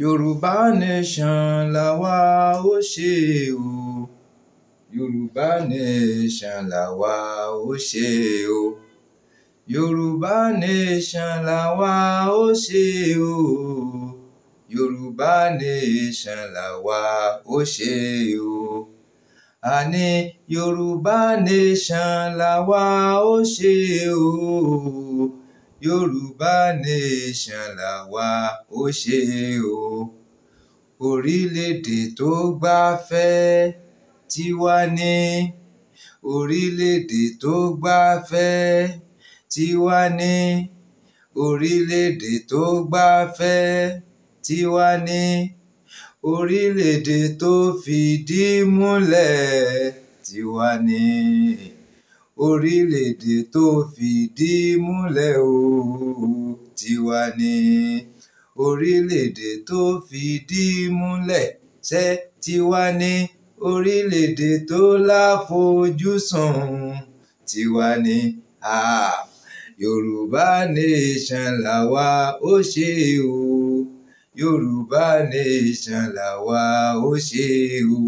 yorùbá nation làwa ó ṣe o yorùbá nation làwa ó ṣe o yorùbá nation làwa ó ṣe o yorùbá nation làwa ó ṣe o àní yorùbá nation làwa ó ṣe o yorùbá nation làwa ó ṣe o orílẹ̀-èdè tó gbáfẹ́ tiwa ní orílẹ̀-èdè tó gbáfẹ́ tiwa ní orílẹ̀-èdè tó gbáfẹ́ tiwa ní orílẹ̀-èdè tó fìdí múlẹ̀ tiwa ní orílẹ̀-èdè tó fìdí múlẹ̀ o tiwa ni orílẹ̀-èdè tó fìdí múlẹ̀ ṣe tiwa ni orílẹ̀-èdè tó láfojúsùn tiwa ni. Ah. Yorùbá nation làwa ó ṣe o Yorùbá nation làwa ó ṣe o.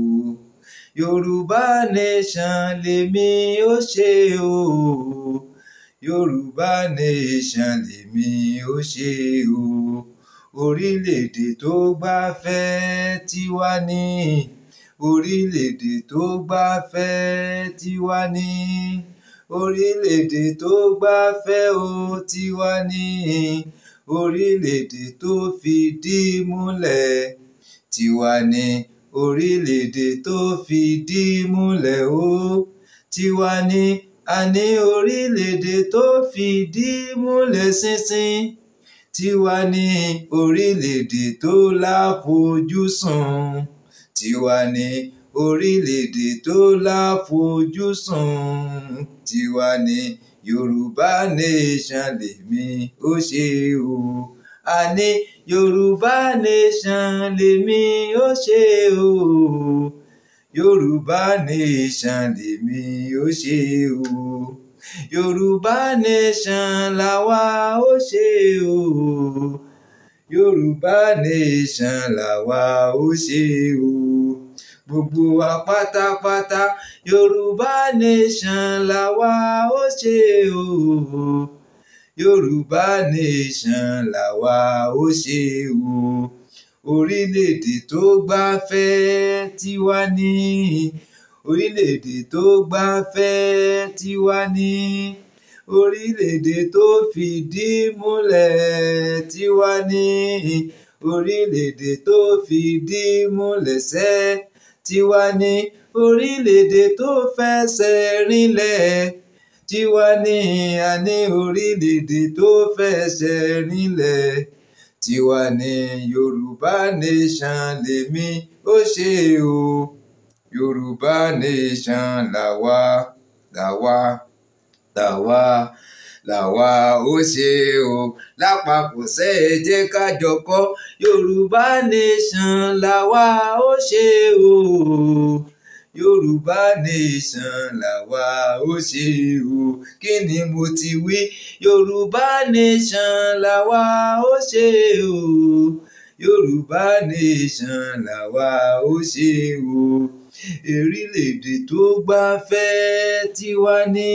Yorùbá nation lèmi ó ṣe o. Yorùbá nation lèmi ó ṣe o. Orílẹ̀-èdè tó bá fẹ́ tiwa ni. Orílẹ̀-èdè tó bá fẹ́ tiwa ni. Orílẹ̀-èdè tó bá fẹ́ o tiwa ni. Orílẹ̀-èdè tó fìdí múlẹ̀ tiwa ni orílẹ̀-èdè tó fìdí múlẹ̀ o. Tiwa ni a ní orílẹ̀-èdè tó fìdí múlẹ̀ ṣinṣin. Tiwa ni orílẹ̀-èdè tó láfojúsùn. Tiwa ni orílẹ̀-èdè tó láfojúsùn. Tiwa ni Yorùbá nation lèmi ó ṣe o. A ní yorùbá nation lèmi ó ṣe o yorùbá nation lèmi ó ṣe o yorùbá nation làwa ó ṣe o yorùbá nation làwa ó ṣe o gbogbo wa pátápátá yorùbá nation làwa ó ṣe o yorùbá nation làwa ó ṣe o orílẹ̀-èdè tó gbáfẹ́ tiwa ní orílẹ̀-èdè tó gbáfẹ́ tiwa ní orílẹ̀-èdè tó fìdí múlẹ̀ tiwa ní orílẹ̀-èdè tó fìdí múlẹ̀ sẹ́ tiwa ní orílẹ̀-èdè tó fẹsẹ̀ rinlẹ̀. Tiwantiwa ní orílẹ̀-èdè tó fẹsẹ̀ rinlẹ̀, tiwa ní Yorùbá nation lèmi ó ṣe o. Yorùbá nation làwa, làwa, làwa, làwa ó ṣe o. Lápapọ̀ ṣe ẹ jẹ́ ká jọ kọ Yorùbá nation làwa ó ṣe o yorùbá nation làwa ó ṣe o kí ni mo ti wí yorùbá nation làwa ó ṣe o yorùbá nation làwa ó ṣe o orílẹ̀-èdè tó gbà fẹ́ tiwa ní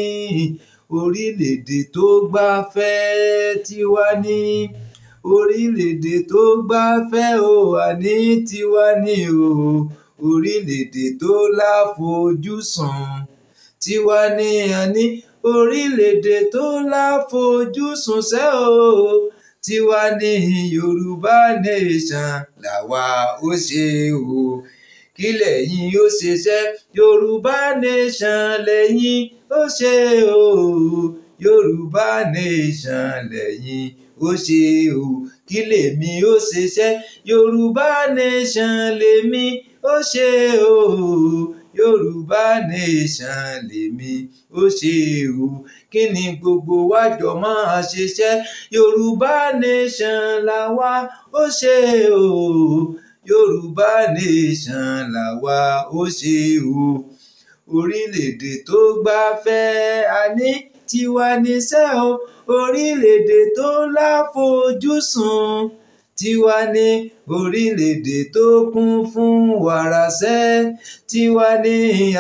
orílẹ̀-èdè tó gbà fẹ́ tiwa ní orílẹ̀-èdè tó gbà fẹ́ o àní tiwa ní o orílẹ̀-èdè tó láfojúsùn tiwa ni a ní orílẹ̀-èdè tó láfojúsùn ṣe o tiwa ní yorùbá nation làwa ó ṣe o kí lẹ́yìn ó ṣeṣẹ́ yorùbá nation lẹ́yìn ó ṣe o yorùbá nation lẹ́yìn ó ṣe o kí lèmi ó ṣeṣẹ́ yorùbá nation lèmi ó ṣe o yorùbá nation lèmi ó ṣe o kí ni gbogbo wa jọ máa ṣiṣẹ́ yorùbá nation làwa ó ṣe o yorùbá nation làwa ó ṣe o orílẹ̀-èdè tó gbáfẹ́ a ní tiwa níṣẹ́ o orílẹ̀-èdè tó láfojúsùn tiwa ní orílẹ̀-èdè tó kún fún wàràṣẹ́ tiwa ní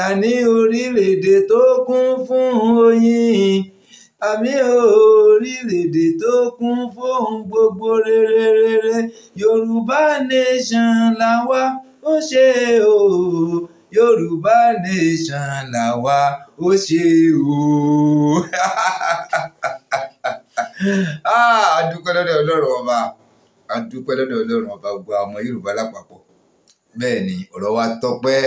àní orílẹ̀-èdè tó kún fún oyin àmì orílẹ̀-èdè tó kún fún gbogbo rere rere yorùbá nation la ó ṣe o yorùbá nation la wá ó ṣe o ah, a dúpẹ́ lọ́dọ̀ ọlọ́run ọba a dúpẹ́ lọ́dọ̀ ọlọ́run ọba gbogbo ọmọ yorùbá lápapọ̀ bẹ́ẹ̀ ni ọ̀rọ̀ wa tọ́pẹ́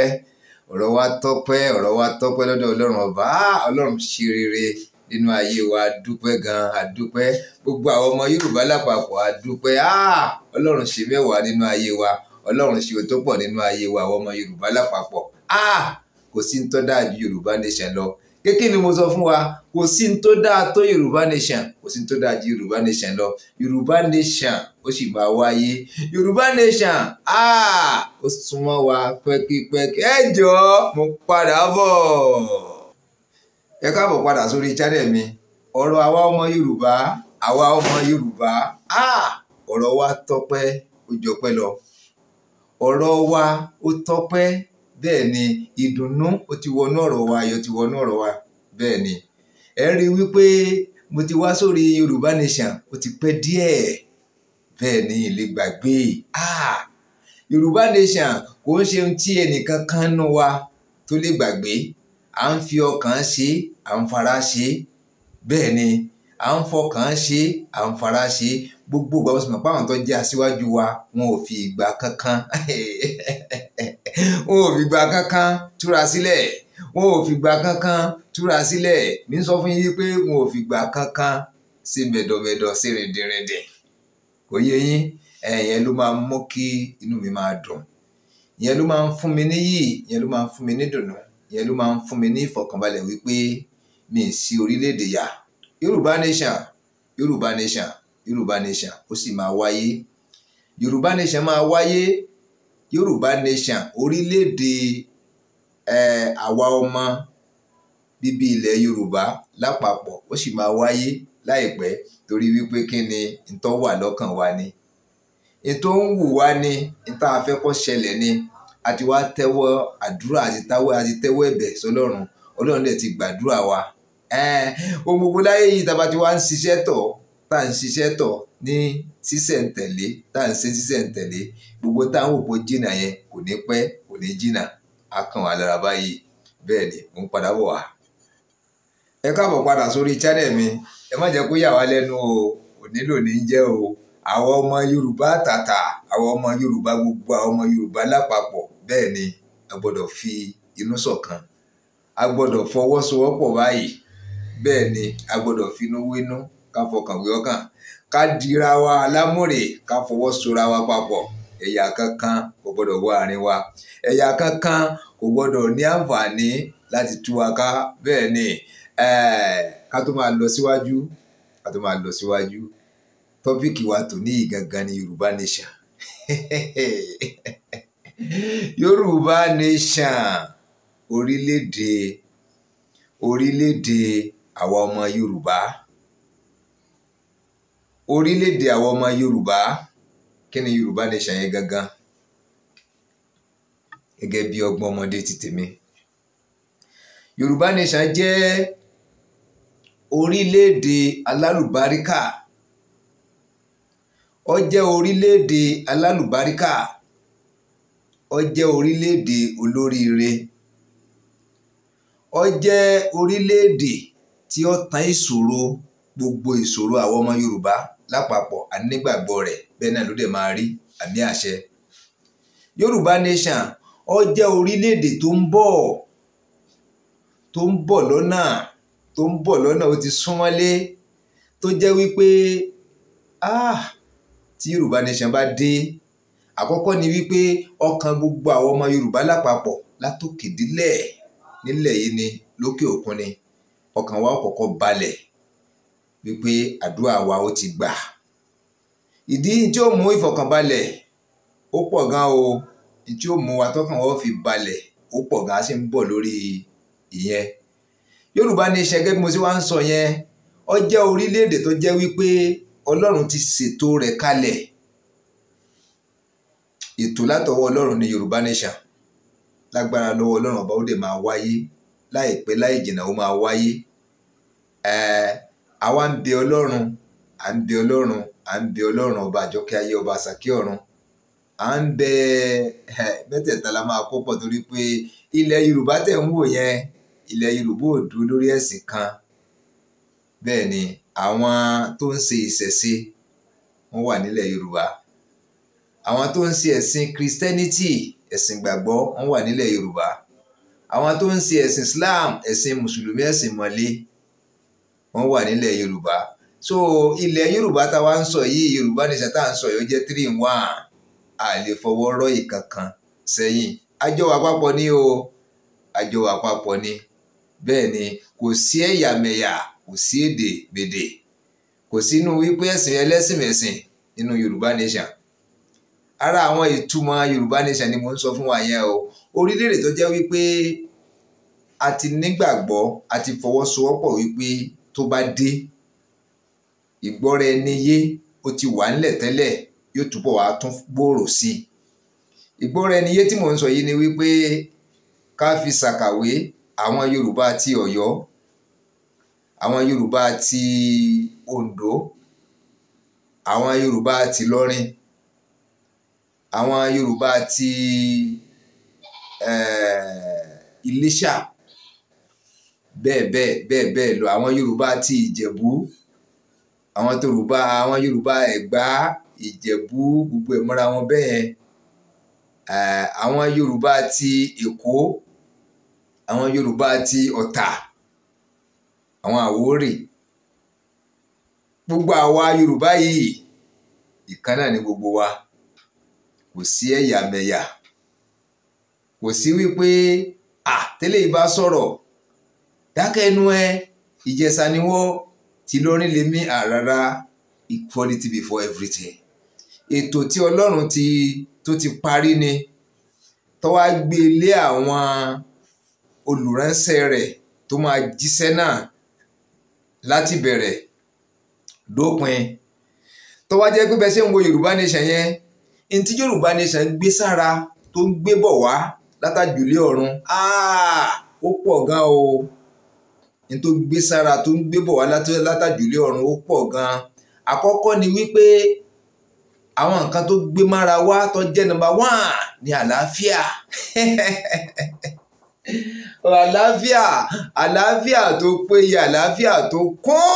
ọ̀rọ̀ wa tọ́pẹ́ ọ̀rọ̀ wa tọ́pẹ́ lọ́dọ̀ ọlọ́run ọba ah, ọlọ́run ṣe rere nínú ayé wa a dúpẹ́ gan a dúpẹ́ gbogbo àwọn ọmọ yorùbá lápapọ̀ a dúpẹ́ ah, ọlọ́run ṣe mẹ́wàá nínú ayé wa ọlọ́run ṣe tó pọ̀ nínú ayé wa àwọn ọmọ yorùbá lápapọ̀ ah, kò sí ń tọ́ dáa ju yorùbá nation lọ kékeré ni mo sọ fún wa kò sí ní tó dáa tó yorùbá nation kò sí ní tó dáa ju yorùbá nation lọ yorùbá nation ó sì máa wáyé yorùbá nation ah, ó súnmọ́ wa pẹ́kípẹ́kí ẹ jọ̀ọ́ mo padà bọ̀ ẹ káàbọ̀ padà sórí channel mi ọ̀rọ̀ àwa ọmọ yorùbá àwa ọmọ yorùbá ah, ọ̀rọ̀ wa tọ́pẹ́ ó jọpẹ́ lọ ọ̀rọ̀ wa ó tọ́pẹ́ bẹ́ẹ̀ ni ìdùnnú ó ti wọnú ọ̀rọ̀ wa ayọ̀ ti wọnú ọ̀rọ̀ wa bẹ́ẹ̀ ni ẹ rí i wípé mo ti wá sórí Yorùbá Nation ó ti pẹ́ díẹ̀ bẹ́ẹ̀ ni ilé gbàgbé ah Yorùbá Nation kò ń ṣe ohun tí ẹnìkan kan nú wa tó lè gbàgbé à ń fi ọkàn ṣe à ń fara ṣe bẹ́ẹ̀ ni à ń fọkàn ṣe à ń fara ṣe gbogbo ìgbà wọn sì mọ̀ pé àwọn tó jẹ́ aṣíwájú wa wọn ò fi ìgbà kankan wọn ò fìgbà kankan túra sílẹ̀ wọn ò fìgbà kankan túra sílẹ̀ mi sọ fún yín pé wọn ò fìgbà kankan sí mẹ̀dọ̀mẹ̀dọ̀ sí rìndìnrìndìn kò yé yín ẹ̀yẹn ló máa ń mú kí inú mi máa dùn ìyẹn ló máa ń fún mi níyì ìyẹn ló máa ń fún mi nídùnnú ìyẹn ló máa ń fún mi ní ìfọ̀kànbalẹ̀ wípé mi ì sí orílẹ̀-èdè yà Yorùbá nation Yorùbá nation Yorùbá nation ó sì máa wáyé Yorùbá nation máa wáyé yorùbá nation orílẹ̀-èdè àwa ọmọ bíbí ilẹ̀ yorùbá lápapọ̀ ó sì máa wáyé láìpẹ́ torí wípé kí ni ntọ́ wà lọ́kàn wa ni ètò ń wù wá ni níta afẹ́kọ́ ṣẹlẹ̀ ni àti wá tẹ́wọ́ àdúrà àti táwọ́ àti tẹ́wọ́ ẹ̀bẹ̀ sọlọ́run ọlọ́run dẹ̀ ti gbàdúrà wa ohun gbogbo láyé yìí tàbá ti wá ń ṣiṣẹ́ tọ̀ tá à ń ṣiṣẹ́ tọ̀ ní sísẹ̀ǹtẹ̀lé tá à ń ṣe sísẹ̀ǹtẹ̀lé gbogbo tá à ń wò pé jìnnà yẹn kò ní pẹ́ kò ní jìnnà á kàn wá lára báyìí bẹ́ẹ̀ ni mò ń padà bọ̀ wá. ẹ káàbọ̀ padà sórí channel mi ẹ má jẹ́ kó yà wá lẹ́nu o ò nílò ní jẹ́ o àwọn ọmọ Yorùbá tàtà àwọn ọmọ Yorùbá gbogbo àwọn ọmọ Yorùbá lápapọ̀ bẹ́ẹ̀ ni a gbọ́dọ̀ fi inú ṣọ̀kan a gbọ́dọ̀ fọwọ́sowọ́pọ̀ báyìí bẹ́ẹ̀ ni a gbọ́dọ̀ finú wínú ká fọkàn wé ọkàn ká dira wa lámúre ká fọwọ́ sora wa papọ̀ ẹ̀yà kankan kò gbọ́dọ̀ wọ àárín wa ẹ̀yà kankan kò gbọ́dọ̀ ní àǹfààní láti tú wa ká bẹ́ẹ̀ ni eh, ká tó máa lọ síwájú ká tó máa lọ síwájú tọ́píìkì wa tò ní ìgangan ni Yorùbá Nation Yorùbá Nation orílẹ̀-èdè orílẹ̀-èdè àwa ọmọ Yorùbá orílẹ̀-èdè àwọn ọmọ Yorùbá kí ni Yorùbá nation yẹn gangan gẹ́gẹ́ bí ọgbọ́n ọmọdé ti tèmi Yorùbá nation jẹ́ orílẹ̀-èdè alálùbáríkà ó jẹ́ orílẹ̀-èdè alálùbáríkà ó jẹ́ orílẹ̀-èdè olóríire ó jẹ́ orílẹ̀-èdè tí ó tán ìṣòro gbogbo ìṣòro àwọn ọmọ Yorùbá lápapọ̀ a nígbàgbọ́ rẹ̀ bẹ́ẹ̀ náà ló dẹ̀ máa rí àmì àṣẹ. Yorùbá nation ó jẹ́ orílẹ̀-èdè tó ń bọ̀ tó ń bọ̀ lọ́nà tó ń bọ̀ lọ́nà ó ti súnmọ́lé tó jẹ́ wípé ah, tí Yorùbá nation bá dé àkọ́kọ́ ni wípé ọkàn gbogbo àwọn ọmọ Yorùbá lápapọ̀ látòkè délẹ̀ nílẹ̀ yìí ni lókè òkun ni ọkàn wa ó balẹ̀ wípé àdúrà wa ó ti gbà ìdí tí ó mú ìfọ̀kànbalẹ̀ ó pọ̀ gan o tí ó mú wa tọkàn wọn fi balẹ̀ ó pọ̀ gan a sì ń bọ̀ lórí ìyẹn Yorùbá ní iṣẹ́ gẹ́gẹ́ bí mo ṣe wá ń sọ yẹn ó jẹ́ orílẹ̀-èdè tó jẹ́ wípé Ọlọ́run ti ṣètò rẹ̀ kalẹ̀ ètò látọwọ́ Ọlọ́run ní Yorùbá nation lágbára lọ́wọ́ Ọlọ́run ọba ó dẹ̀ máa wáyé láìpẹ́ láì jìnnà ó máa wáyé ẹ̀ẹ́. àwa ń de ọlọ́run à ń de ọlọ́run à ń de ọlọ́run ọba àjọkẹ́ ayé ọba àsàkí ọ̀run à ń bẹ mẹ́tẹ̀ẹ̀ta la máa kó pọ̀ torí pé ilẹ̀ yorùbá tẹ̀ ń wò yẹn ilẹ̀ yorùbá ò dúró lórí ẹ̀sìn kan bẹ́ẹ̀ ni àwọn tó ń ṣe ìṣẹ̀ṣe wọ́n wà nílẹ̀ yorùbá àwọn tó ń ṣe ẹ̀sìn christianity ẹ̀sìn gbàgbọ́ wọ́n wà nílẹ̀ yorùbá àwọn tó ń ṣe ẹ̀sìn islam ẹ̀sìn mùsùlùmí ẹ̀sìn mọ̀lẹ́ wọ́n wà nílẹ̀ yorùbá so ilẹ̀ yorùbá tá a wá ń sọ yìí yorùbá nìṣẹ́ tá à ń sọ yìí ó jẹ́ three in one a ìkankan sẹ́yìn àjọ wà ni o àjọ wà papọ̀ ni bẹ́ẹ̀ ni kò sí ẹ̀yàmẹ̀yà kò sí èdè gbèdè kò sínú wípé ẹ̀sìn ẹlẹ́sìn mẹ̀sìn nínú yorùbá nation ara àwọn ìtumọ̀ yorùbá nation ni mo ń sọ fún wa yẹn o orílẹ̀-èdè tó jẹ́ wípé a ti nígbàgbọ́ a ti fọwọ́sowọ́pọ̀ wípé tó bá dé ìgbọ́ra ẹni yé ó ti wà ńlẹ̀ tẹ́lẹ̀ yóò túbọ̀ wá tún gbòòrò sí i ìgbọ́ra ẹni yé tí mò ń sọ yìí ni wípé ká fi ṣàkàwé àwọn Yorùbá ti Ọ̀yọ́ àwọn Yorùbá ti Oǹdó àwọn Yorùbá ti Ìlọrin àwọn Yorùbá ti eh, Iléṣà bẹ́ẹ̀ bẹ́ẹ̀ bẹ́ẹ̀ bẹ́ẹ̀ lọ àwọn Yorùbá ti Ìjẹ̀bú àwọn Yorùbá àwọn Yorùbá Ẹ̀gbá Ìjẹ̀bú gbogbo ẹ̀ mọ́ra wọn bẹ́ẹ̀ eh, àwọn Yorùbá ti Èkó àwọn Yorùbá ti Ọ̀tà àwọn Àwórì gbogbo àwa Yorùbá yìí ìkan náà ni gbogbo wa kò sí ẹ̀yàmẹ̀yà kò sí wípé à bá sọ̀rọ̀ dákẹ́ ẹnu ẹ ìjẹsà ni wọ́n ti lórin lèmi àràrà equality before everything ètò tí ọlọ́run ti tó ti parí ni tó wá gbé lé àwọn olùránṣẹ́ rẹ̀ tó máa jíṣẹ́ náà láti bẹ̀rẹ̀ dópin tó wá jẹ́ pé bẹ́ẹ̀ ṣe ń wo yorùbá nation yẹn ní tí yorùbá nation gbé sára tó ń gbé bọ̀ wá látàjùlé ọ̀run ó pọ̀ gan o. Ah, ní tó gbé sára tó ń gbé bọ̀ wá látàjùlé ọ̀run ó pọ̀ gan-an àkọ́kọ́ ni wípé àwọn nǹkan tó gbé mára wá tó jẹ́ nọ́mbà wán ní àlàáfíà àlàáfíà àlàáfíà tó péye àlàáfíà tó kún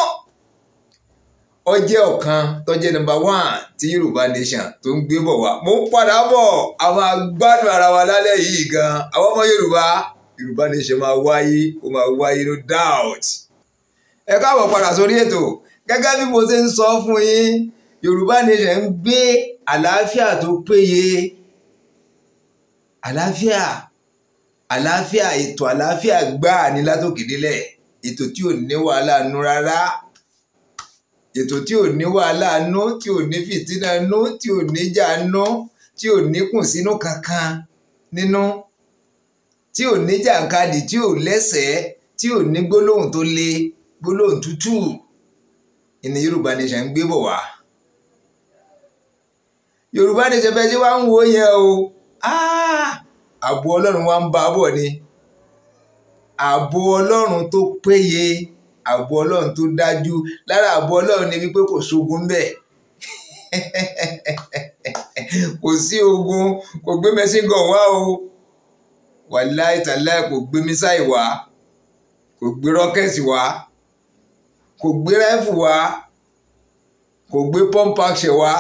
ó ọ̀kan tó jẹ́ nọ́mbà wán tí Yorùbá nation tó ń gbé bọ̀ wá mo ń padà bọ̀ àwọn agbádùn ara wa lálẹ́ yìí gan àwọn ọmọ Yorùbá Yorùbá nation máa wáyé ó máa wáyé no doubt. ẹ káàbọ̀ padà sórí ètò gẹ́gẹ́ bí mo ṣe ń sọ fún yín Yorùbá nation ń gbé àlàáfíà tó péye àlàáfíà àlàáfíà ètò àlàáfíà gbáà ní látòkèdélẹ̀ ètò tí ò ní wàhálà nú rárá ètò tí ò ní wàhálà nú tí ò ní fìtínà nú tí ò ní jà nú tí ò ní kùnsínú kankan nínú. No tí ò ní jàǹkadì tí ò lẹ́sẹ̀ẹ́ tí ò ní gbólóhùn tó le gbólóhùn tútù ìní Yorùbá Nation ń gbé bọ̀ wá. Yorùbá Nation fẹ́ ṣe wá ń wo yẹn o ah! ààbò Ọlọ́run wa ń bá a bọ̀ ni ààbò Ọlọ́run tó péye ààbò Ọlọ́run tó dájú lára ààbò Ọlọ́run ni wípé kò sógun bẹ́ẹ̀ kò sí ogun kò gbé mẹsìn gàn wá o wàláì tàláì kò gbé mísáì wá kò gbé rọ́kẹ́tì wá kò gbé ráìfù wá kò gbé pọ́ǹpù àṣẹ wá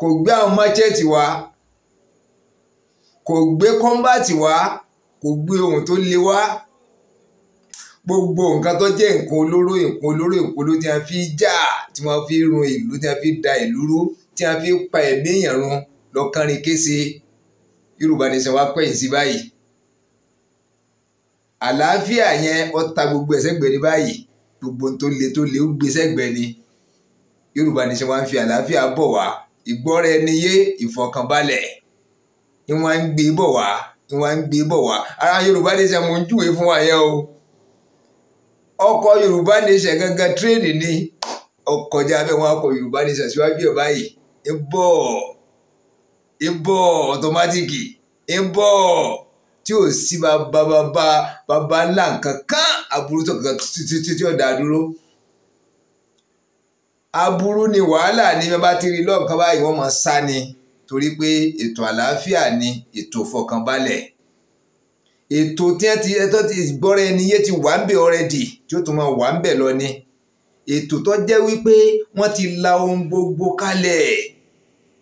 kò gbé àwọn máchẹ́ẹ̀tì wá kò gbé kọ́mbàtì wá kò gbé ohun tó le wá gbogbo nǹkan tó jẹ́ nǹkan olóró nǹkan olóró nǹkan olóró tí a fi jà tí wọ́n fi run ìlú tí a fi da ìlú rú tí a fi pa ẹ̀mí èèyàn run lọ́kànrin kése yorùbá nation wa pẹ̀yìn sí báyìí àlàáfíà yẹn ọta gbogbo ẹ̀sẹ̀gbẹ́ ní báyìí gbogbo tó le tó le ó gbé sẹ́gbẹ́ ni yorùbá nation wa ń fi àlàáfíà bọ̀ wá ìgbọ́ra ẹni yé ìfọkànbalẹ̀ ni wọ́n ń gbé bọ̀ wá ni wọ́n ń gbé bọ̀ wá ara yorùbá nation mo ń júwe fún wa yẹn o ọkọ̀ yorùbá nation gangan tírèdì ni ọkọ̀ jáfẹ́ wọn akọ̀ yorùbá nation síwájú ẹ̀ báyìí ń bọ̀ ń bọ̀ ọ̀tọ́mátìkì ń bọ̀ tí ò sí bàbá bàbá bàbá ńlá nǹkan kan aburú tó kankan títí tí ọ̀dà dúró aburú ni wàhálà ni bàbá ti rí lọ́ọ̀kan báyìí wọ́n máa sá ni torí pé ètò àlàáfíà ni ètò ìfọkànbalẹ̀ ètò tí ẹ ti ẹtọ́ ti gbọ́ra ẹni yé ti wà ń bẹ̀ ọ̀rẹ́dì tí ó tún máa wà ń bẹ̀ lọ ni ètò tó jẹ́ wípé wọ́n ti la ohun gbogbo kalẹ̀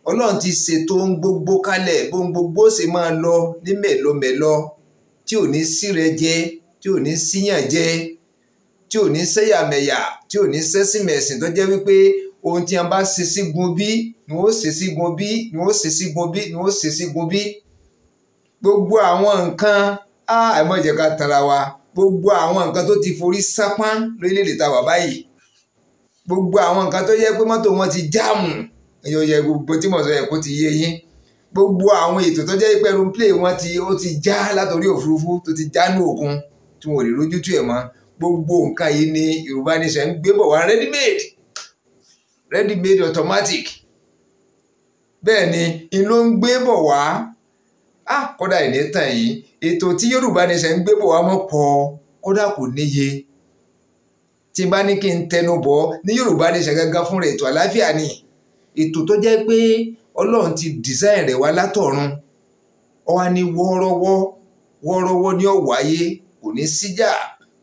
ọlọ́run ti ṣètò ohun gbogbo kalẹ̀ bóun gbogbo ṣe máa lọ ní mẹ̀lọmẹ̀lọ tí ò ní sírẹ jẹ tí ò ní síyàn jẹ tí ò ní sẹ́yàmẹ̀yà tí ò ní sẹ́sìmẹ̀sìn tó jẹ́ wípé ohun tí a bá ṣe sígun bí ni ó ṣe sígun bí ni ó ṣe sígun bí ni ó ṣe sígun bí gbogbo àwọn nǹkan á àìmọ̀jẹ̀ ká tara wa gbogbo àwọn nǹkan tó ti forí sápán lórílẹ̀‐èdè tá a wà báyìí gbogbo àwọn nǹkan tó yẹ pé mọ́tò wọn ti jáàmù yóò yẹ gbogbo tí mo sọ yẹ kó ti yé yín gbogbo àwọn ètò tó jẹ́ pẹ́rù play wọn ti ó ti já látòrí òfurufú tó ti já ní òkun tí wọn lè rójú tú ẹ̀ mọ́ gbogbo nǹkan yìí ni Yorùbá Nation ń gbé bọ̀ wá ready made ready made automatic bẹ́ẹ̀ ni n ń gbé bọ̀ wá á kódà ìní tàn yìí ètò tí Yorùbá Nation ń gbé bọ̀ wá mọ́ pọ̀ kódà kò níye tí bá ní kí n tẹnu bọ̀ ní Yorùbá Nation gángan fúnra ètò àlàáfíà nìyí ètò tó jẹ́ pé ọlọ́run ti design rẹ̀ wá látọ̀run ọwá ní wọ́ọ́rọ́wọ́ wọ́ọ́rọ́wọ́ ní ọ̀wáyé kò ní síjà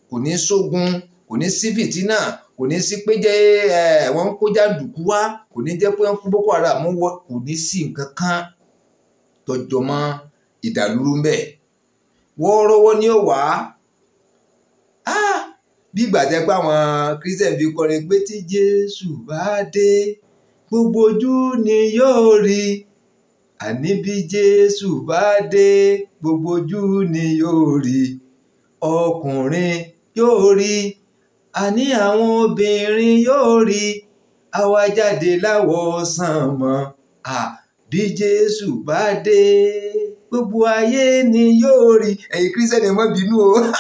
kò ní sógun kò ní sí fìtínà kò ní sí pé jẹ́ ẹ̀ eh, wọ́n ń kó jàǹdùkú wá kò ní jẹ́ pé wọ́n ń kó boko haram wọ́ kò ní sí nǹkan kan tọjọ́ mọ́ ìdàlúrú ń bẹ̀ wọ́ọ́rọ́wọ́ ní ọ̀wá ah! bí ìgbà jẹ́ pé àwọn christian fi kọrin pé tí Jésù bá dé gbogbo ojú ni yóò rí àní bí Jésù bá dé gbogbo ojú ni yóò rí ọkùnrin yóò rí àní àwọn obìnrin yóò rí àwa jáde láwọ̀ sànmọ́ à bí Jésù bá dé gbogbo ayé ni yóò rí ẹ̀yin kírísítẹ́nì ẹ má bínú o.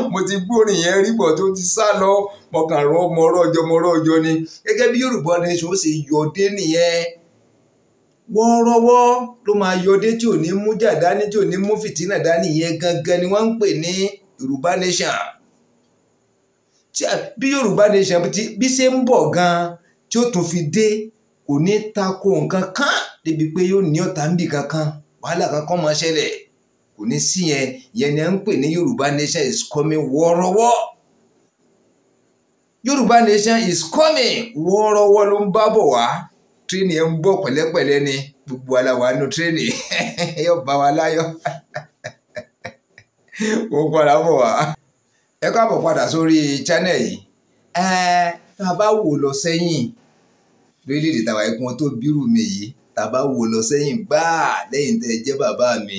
mo ti gbórin yẹn rí bọ̀ tó ti sá lọ mọ̀kànrún ọmọ ọrọ̀jọ́ ọmọ ọrọ̀jọ́ ni gẹgẹ bí Yorùbá nation ó sì yọdé nìyẹn wọ́ọ́rọ́wọ́ ló máa yọdé tí ò ní mú jà dání tí ò ní mú fìtínà dání yẹn gangan ni wọn ń pè ní Yorùbá nation bí Yorùbá nation bí ṣe ń bọ̀ gan tí ó tún fi dé kò ní tako nǹkan kan débi pé yóò ní ọ̀tá ń bì kankan wàhálà kankan máa ṣẹlẹ̀ kò ní sí yẹn yẹn ni à ń pè ní Yorùbá nation is coming wọ́ọ́rọ́wọ́ Yorùbá nation is coming wọ́ọ́rọ́wọ́ ló ń bá bọ̀ wá tírínì ẹ̀ ń bọ̀ pẹ̀lẹ́pẹ̀lẹ́ ni gbogbo aláwa nu tírínì yóò bá wa láyọ̀ ó ń padà bọ̀ wá. ẹ káàbọ̀ padà sórí channel yìí ẹ tá a bá wò lọ sẹ́yìn lórílẹ̀‐èdè tàwa ẹ̀kún tó bírù mi yìí tá a bá wò lọ sẹ́yìn báà lẹ́yìn tẹ́ ẹ jẹ́ bàbá mi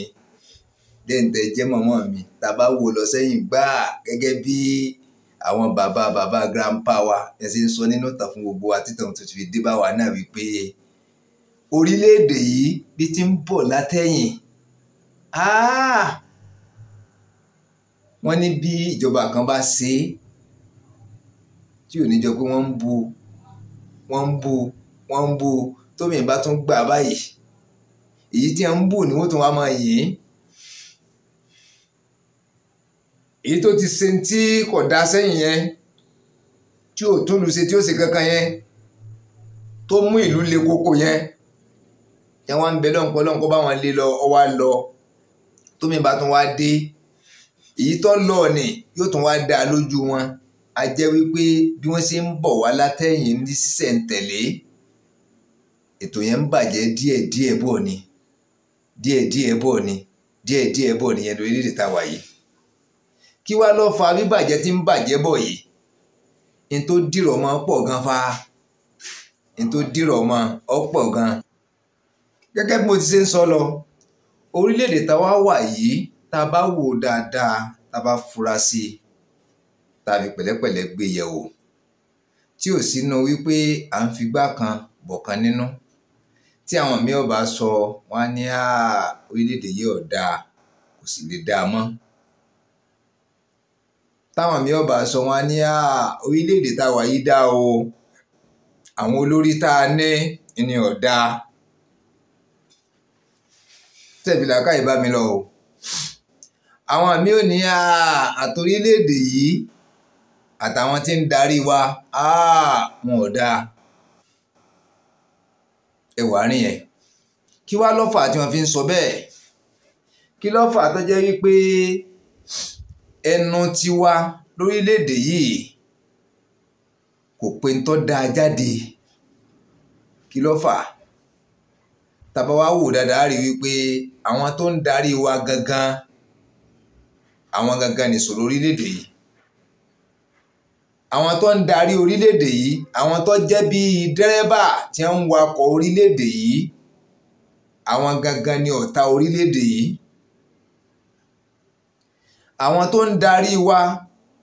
dẹ́ǹtẹ́ jẹ́ mọ̀mọ́ mi tá a bá wò lọ sẹ́yìn gbáà gẹ́gẹ́ bí àwọn bàbá bàbá grandpa wa ẹ ṣe ń sọ nínú ìtàn fún gbogbo wa títàn tó ti fi dé bá wa náà wípé orílẹ̀-èdè yìí bí ti ń bọ̀ látẹ̀yìn ah! wọ́n ní bí ìjọba kan bá ṣe é tí ò ní jọ pé wọ́n ń bu wọ́n ń bu wọ́n ń bu tómi ìbá gbà báyìí èyí tí wọ́n ń bù ni wọ́n tún wá máa yìn ín èyí tó ti ṣe tí kò dá sẹ́yìn yẹn tí ò tún lu ṣe tí ó ṣe kankan yẹn tó mú ìlú le koko yẹn yẹn wá ń bẹ lọ́nkọ́ lọ́nkọ́ bá wọn lé lọ ọwá lọ tómi bá tún wá dé èyí tó lọ ni yóò tún wá dá lójú wọn a jẹ́ wípé bí wọ́n ṣe ń bọ̀ wá látẹ̀yìn ní sísẹ̀ǹtẹ̀lé ètò yẹn ń bàjẹ́ díẹ̀díẹ̀ bọ̀ ni díẹ̀díẹ̀ bọ̀ ni díẹ̀díẹ̀ bọ̀ ni yẹn lórí èdè tá a kí wá ló fa bíbàjẹ́ tí ń bàjẹ́ bọ̀ yìí n tó dìrọ̀ mọ́ pọ̀ gan fa n tó dìrọ̀ mọ́ ọ pọ̀ gan. gẹ́gẹ́ bí mo ti ṣe ń sọ lọ orílẹ̀-èdè táwa wà yìí tá a bá wò dáadáa tá a bá fura sí i tá a fi pẹ̀lẹ́pẹ̀lẹ́ gbé yẹ̀ wò tí ò sínú wípé à ń figbá kan bọ̀kan nínú tí àwọn mi ò bá sọ wọn á ní orílẹ̀-èdè yìí ò dáa kò sì lè dáa mọ́ táwọn mi ọba sọ wọn ní orílẹ̀-èdè táwa yìí dá o àwọn olórí tá a ní ni ọ̀dà tẹ̀bílà ká ìbá mi lọ o àwọn àmì ò ní àtòrílẹ̀-èdè yìí àtàwọn tí ń darí wa wọn ò dáa ẹwà rìn yẹn kí wá lọ́fà tí wọ́n fi ń sọ bẹ́ẹ̀ kí lọ́fà tó jẹ́ wípé ẹnu tiwa lórílẹ̀‐èdè yìí kò pe ń tọ́ da jáde kí ló fà tàbá wa wò dáadáa rí wípé àwọn tó ń darí wa gangan àwọn gangan nìṣòro orílẹ̀ yìí àwọn tó ń darí orílẹ̀ yìí àwọn tó jẹ́ bíi dẹ́rẹ́bà tí ń wakọ̀ orílẹ̀ yìí àwọn gangan ni ọ̀tá orílẹ̀ yìí àwọn tó ń darí wa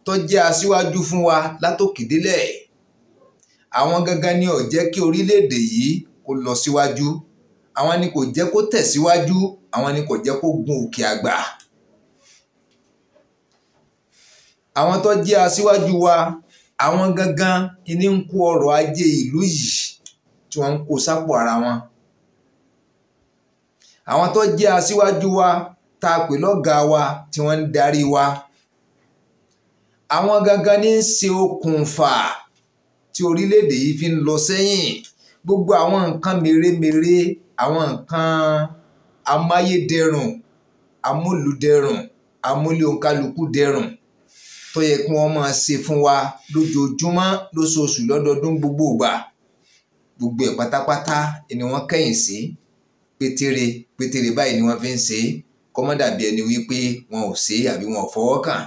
tó jẹ́ aṣíwájú fún wa látòkè délẹ̀ àwọn gangan ni ó jẹ́ kí orílẹ̀-èdè yìí kó lọ síwájú àwọn ni kò jẹ́ kó tẹ̀síwájú àwọn ni kò jẹ́ kó gun òkè àgbà àwọn tó jẹ́ aṣíwájú wa àwọn gangan ni ń kó ọrọ̀ ajé ìlú yìí tí wọ́n ń kó sápò ara wọn àwọn tó jẹ́ aṣíwájú wa tá a pè lọ́gàá wa tí wọ́n ń darí wa àwọn gangan ní ń ṣe okùnfà tí orílẹ̀-èdè yìí fi ń lọ sẹ́yìn gbogbo àwọn nǹkan mèremère àwọn nǹkan amáyédẹrùn amúlùdẹrùn amúlẹ̀ọ́nkálukú dẹrùn tó yẹ kí wọ́n máa ṣe fún wa lójoojúmọ́ lóṣooṣù lọ́dọọdún gbogbo ìgbà gbogbo ẹ̀ pátápátá ni wọ́n kẹ́yìn sí pétére pétére báyìí ni wọ́n fi ń ṣe é kó má dàbí ẹni wípé wọn ò ṣe àbí wọn ò fọwọ́ kàn.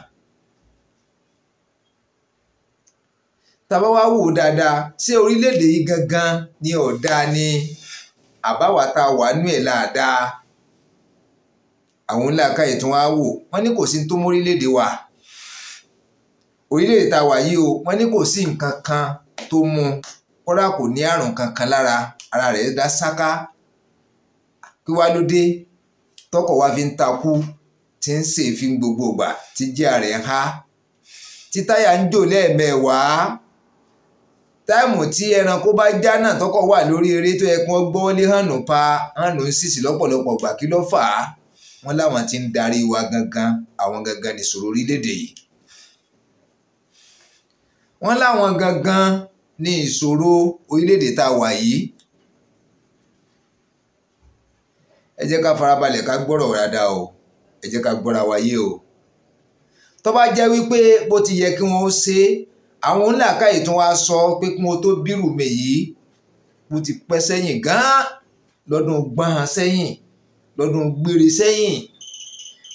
tàbá wá wò dáadáa ṣé orílẹ̀-èdè yìí gangan ni ọ̀dà ni àbáwá tá a wà nú ẹ̀ láàdáa àwọn ńlá káyè tún wá wò wọ́n ní kò sí tó mórílẹ̀-èdè wa orílẹ̀-èdè tá a wà yìí o wọ́n ní kò sí nǹkan kan tó mú kódà kò ní àrùn kankan lára ara rẹ̀ dá sáká kí wá ló dé tọkọ wa fi ń takú tí ń ṣèfín gbogbo ìgbà tí jíà rẹ̀ ń há tí táyà ń jò lẹ́ẹ̀mẹ́wàá táìmù tí ẹranko bá já náà tọkọ wà lórí eré tó yẹ kí wọ́n gbọ́ lé hànú pa hànú sísì lọ́pọ̀lọpọ̀ gbà kí ló fà á wọ́n láwọn ti ń darí wa gangan àwọn gangan nìṣòro orílẹ̀-èdè yìí wọ́n láwọn gangan ní ìṣòro orílẹ̀-èdè tá a wà yìí ẹ jẹ́ ká farabalẹ̀ ká gbọ́rọ̀ dáadáa o ẹ jẹ́ ká gbọ́ra wa yé o tó bá jẹ́ wípé bó ti yẹ kí wọ́n ṣe àwọn onílàákàyè tó wá sọ pé kí wọ́n tó bírù mi yìí mo ti pẹ́ sẹ́yìn gan-an lọ́dún gbọ́n sẹ́yìn lọ́dún gbére sẹ́yìn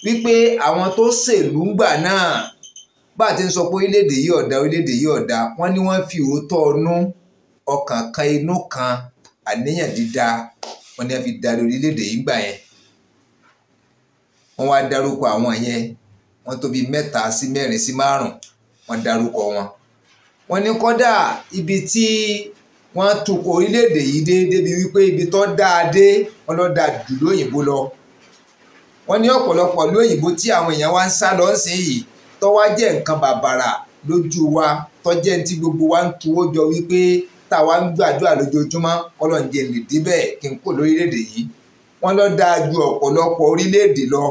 wípé àwọn tó ṣèlú ńgbà náà bá a ti ń sọ pé orílẹ̀-èdè yìí ọ̀dà orílẹ̀-èdè yìí ọ̀dà wọ́n ní wọ́n fi òótọ́ ọnú ọkàn kan inú kan àníyàn dídá wọ́n ní wọ́n fi darí orílẹ̀-èdè yìí gbà yẹn wọ́n wá dárúkọ àwọn yẹn wọ́n tó bí mẹ́ta sí mẹ́rin sí márùn wọ́n dárúkọ wọn wọ́n ní kọ́dà ibi tí wọ́n tukọ̀ orílẹ̀-èdè yìí dé débi wípé ibi tó dáa dé wọ́n lọ da jù lóyìnbó lọ wọ́n ní ọ̀pọ̀lọpọ̀ lóyìnbó tí àwọn èèyàn wá ń sá lọ sí yìí tó jẹ́ nǹkan bàbàrà lójú wa tó jẹ́ gbogbo wa ń tuwó jọ wípé tá táwa ń gbàdúrà lójoojúmọ́ kọ́lọ́njẹ lè débẹ̀ kí n kó lórílẹ̀‐èdè yìí wọ́n lọ dáa ju ọ̀pọ̀lọpọ̀ orílẹ̀‐èdè lọ.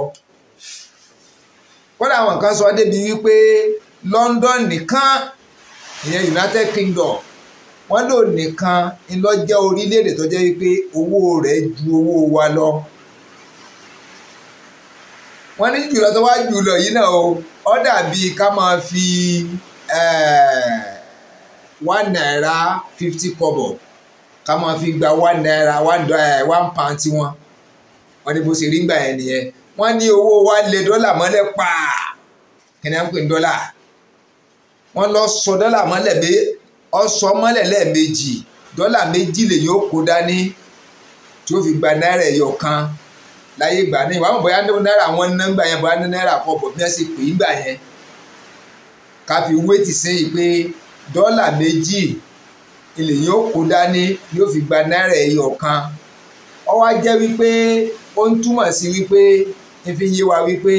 kódà àwọn kan sọ débi wípé London nìkan ìyẹn United Kingdom wọ́n lò nìkan ńlọ jẹ́ orílẹ̀‐èdè tó jẹ́ wípé owó rẹ̀ ju owó wa lọ wọ́n ní jùlọ tó wá jùlọ yìí náà ó dàbí ká máa fi ẹ̀ẹ́ one naira fifty kọ́bọ̀ ká máa fi gba one naira one dollar eh, one pound tiwọn wọ́n ní bó ṣe rí gbà yẹn nìyẹn wọ́n ní owó wa lé dọ́là mọ́lẹ̀ pa kí ni à ń pè ní dọ́là wọ́n lọ sọ dọ́là mọ́lẹ̀ bí ọ̀sọ́ mọ́lẹ̀ lẹ́ẹ̀mejì dọ́là méjì lè yóò kó dání tí ó fi gba náírà ẹ̀yọ kan láyé ìgbà ní ìwà bóyá náírà wọn ná gbà yẹn bóyá náírà kọ́bọ̀ bí wọ́n ṣe pè é gbà yẹn ká fi wéètì sí i pé dọ́là méjì ilẹ̀ yóò kó dání yóò fi gba náírà ẹyọ kan ó wá jẹ́ wípé ó ń túmọ̀ sí wípé ń fi yé wa wípé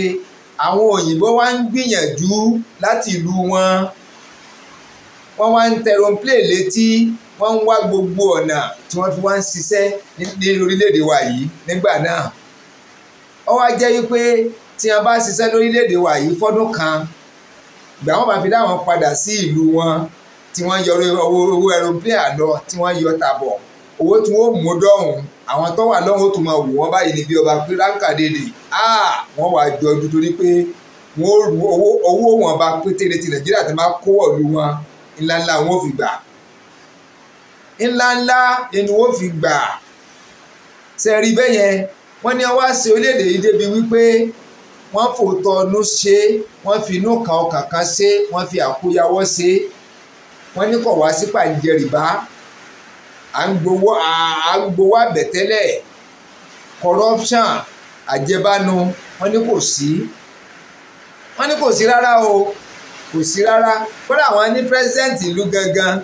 àwọn òyìnbó wá ń gbìyànjú láti ìlú wọn wọ́n wá ń tẹ̀rọ̀mplé létí wọ́n ń wá gbogbo ọ̀nà tí wọ́n fi wá ń ṣiṣẹ́ ní orílẹ̀-èdè wa yìí nígbà náà ó wá jẹ́ wípé tí wọ́n bá ṣiṣẹ́ lórílẹ̀-èdè wa yìí fọ́dún kan gbà wọ́n máa fi dá wọn padà sí ìlú wọn tí wọ́n yọ owó owó aeroplane àlọ tí wọ́n yọ tàbọ̀ owó tí wọ́n mú dọ́hùn àwọn tó wà lọ́hùn ó tún máa wò wọ́n báyìí níbi ọba ránkàdédè ah! wọ́n wàá jọjú torí pé wọ́n ru owó wọn bá pétéré ti nàìjíríà ti máa kó wọ̀lú wọn ńláńlá wọn fi gbà ńláńlá ni wọ́n fi gbà sẹ́ẹ̀rí bẹ́yẹn wọ́n ní wọ́n wá ṣe orílẹ̀ yìí débi wípé wọ́n fòótọ́ ọnú ṣe é wọ́n fi inú kan ọkàn kan ṣe é wọ́n fi àkóyawọ́ ṣe é wọ́n ní kọ̀ wá sí pàǹjẹ à ń gbowó à ń gbowó àbẹ̀tẹ́lẹ̀ corruption àjẹbánu wọ́n ní kò sí wọ́n ní kò sí rárá o kò sí rárá kódà wọ́n ní pírẹsidẹ́ǹtì ìlú gangan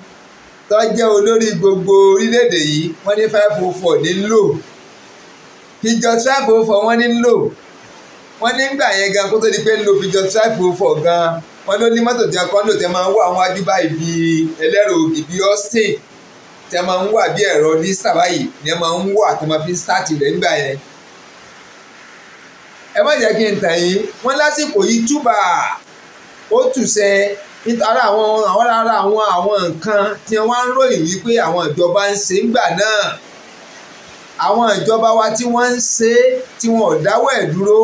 tó jẹ́ olórí gbogbo orílẹ̀-èdè yìí wọ́n ní five oh four ní lò ìjọ twelve oh four wọ́n ní lò wọ́n nígbà yẹn gan kó tó di pé ń lo pigeon type fọ̀ gan wọ́n ló ní mọ́tò tí akọ́ńdò tẹ máa ń wọ àwọn adúbá ibi ẹlẹ́rọ ibi austin tẹ máa ń wà bí ẹ̀rọ ní sàbáyì ni ẹ máa ń wà tó máa fi ń start rẹ̀ nígbà yẹn ẹ má jẹ́ kí n tàn yín wọ́n lásìkò yìí túbà ó tùsẹ̀ nítorí àwọn àwọn ara àwọn àwọn nǹkan tí wọ́n ń ròyìn wípé àwọn ìjọba ń ṣe ń gbà náà àwọn ìjọba wa tí wọ́n ń ṣe tí wọ́n ò dáwọ́ ẹ̀ dúró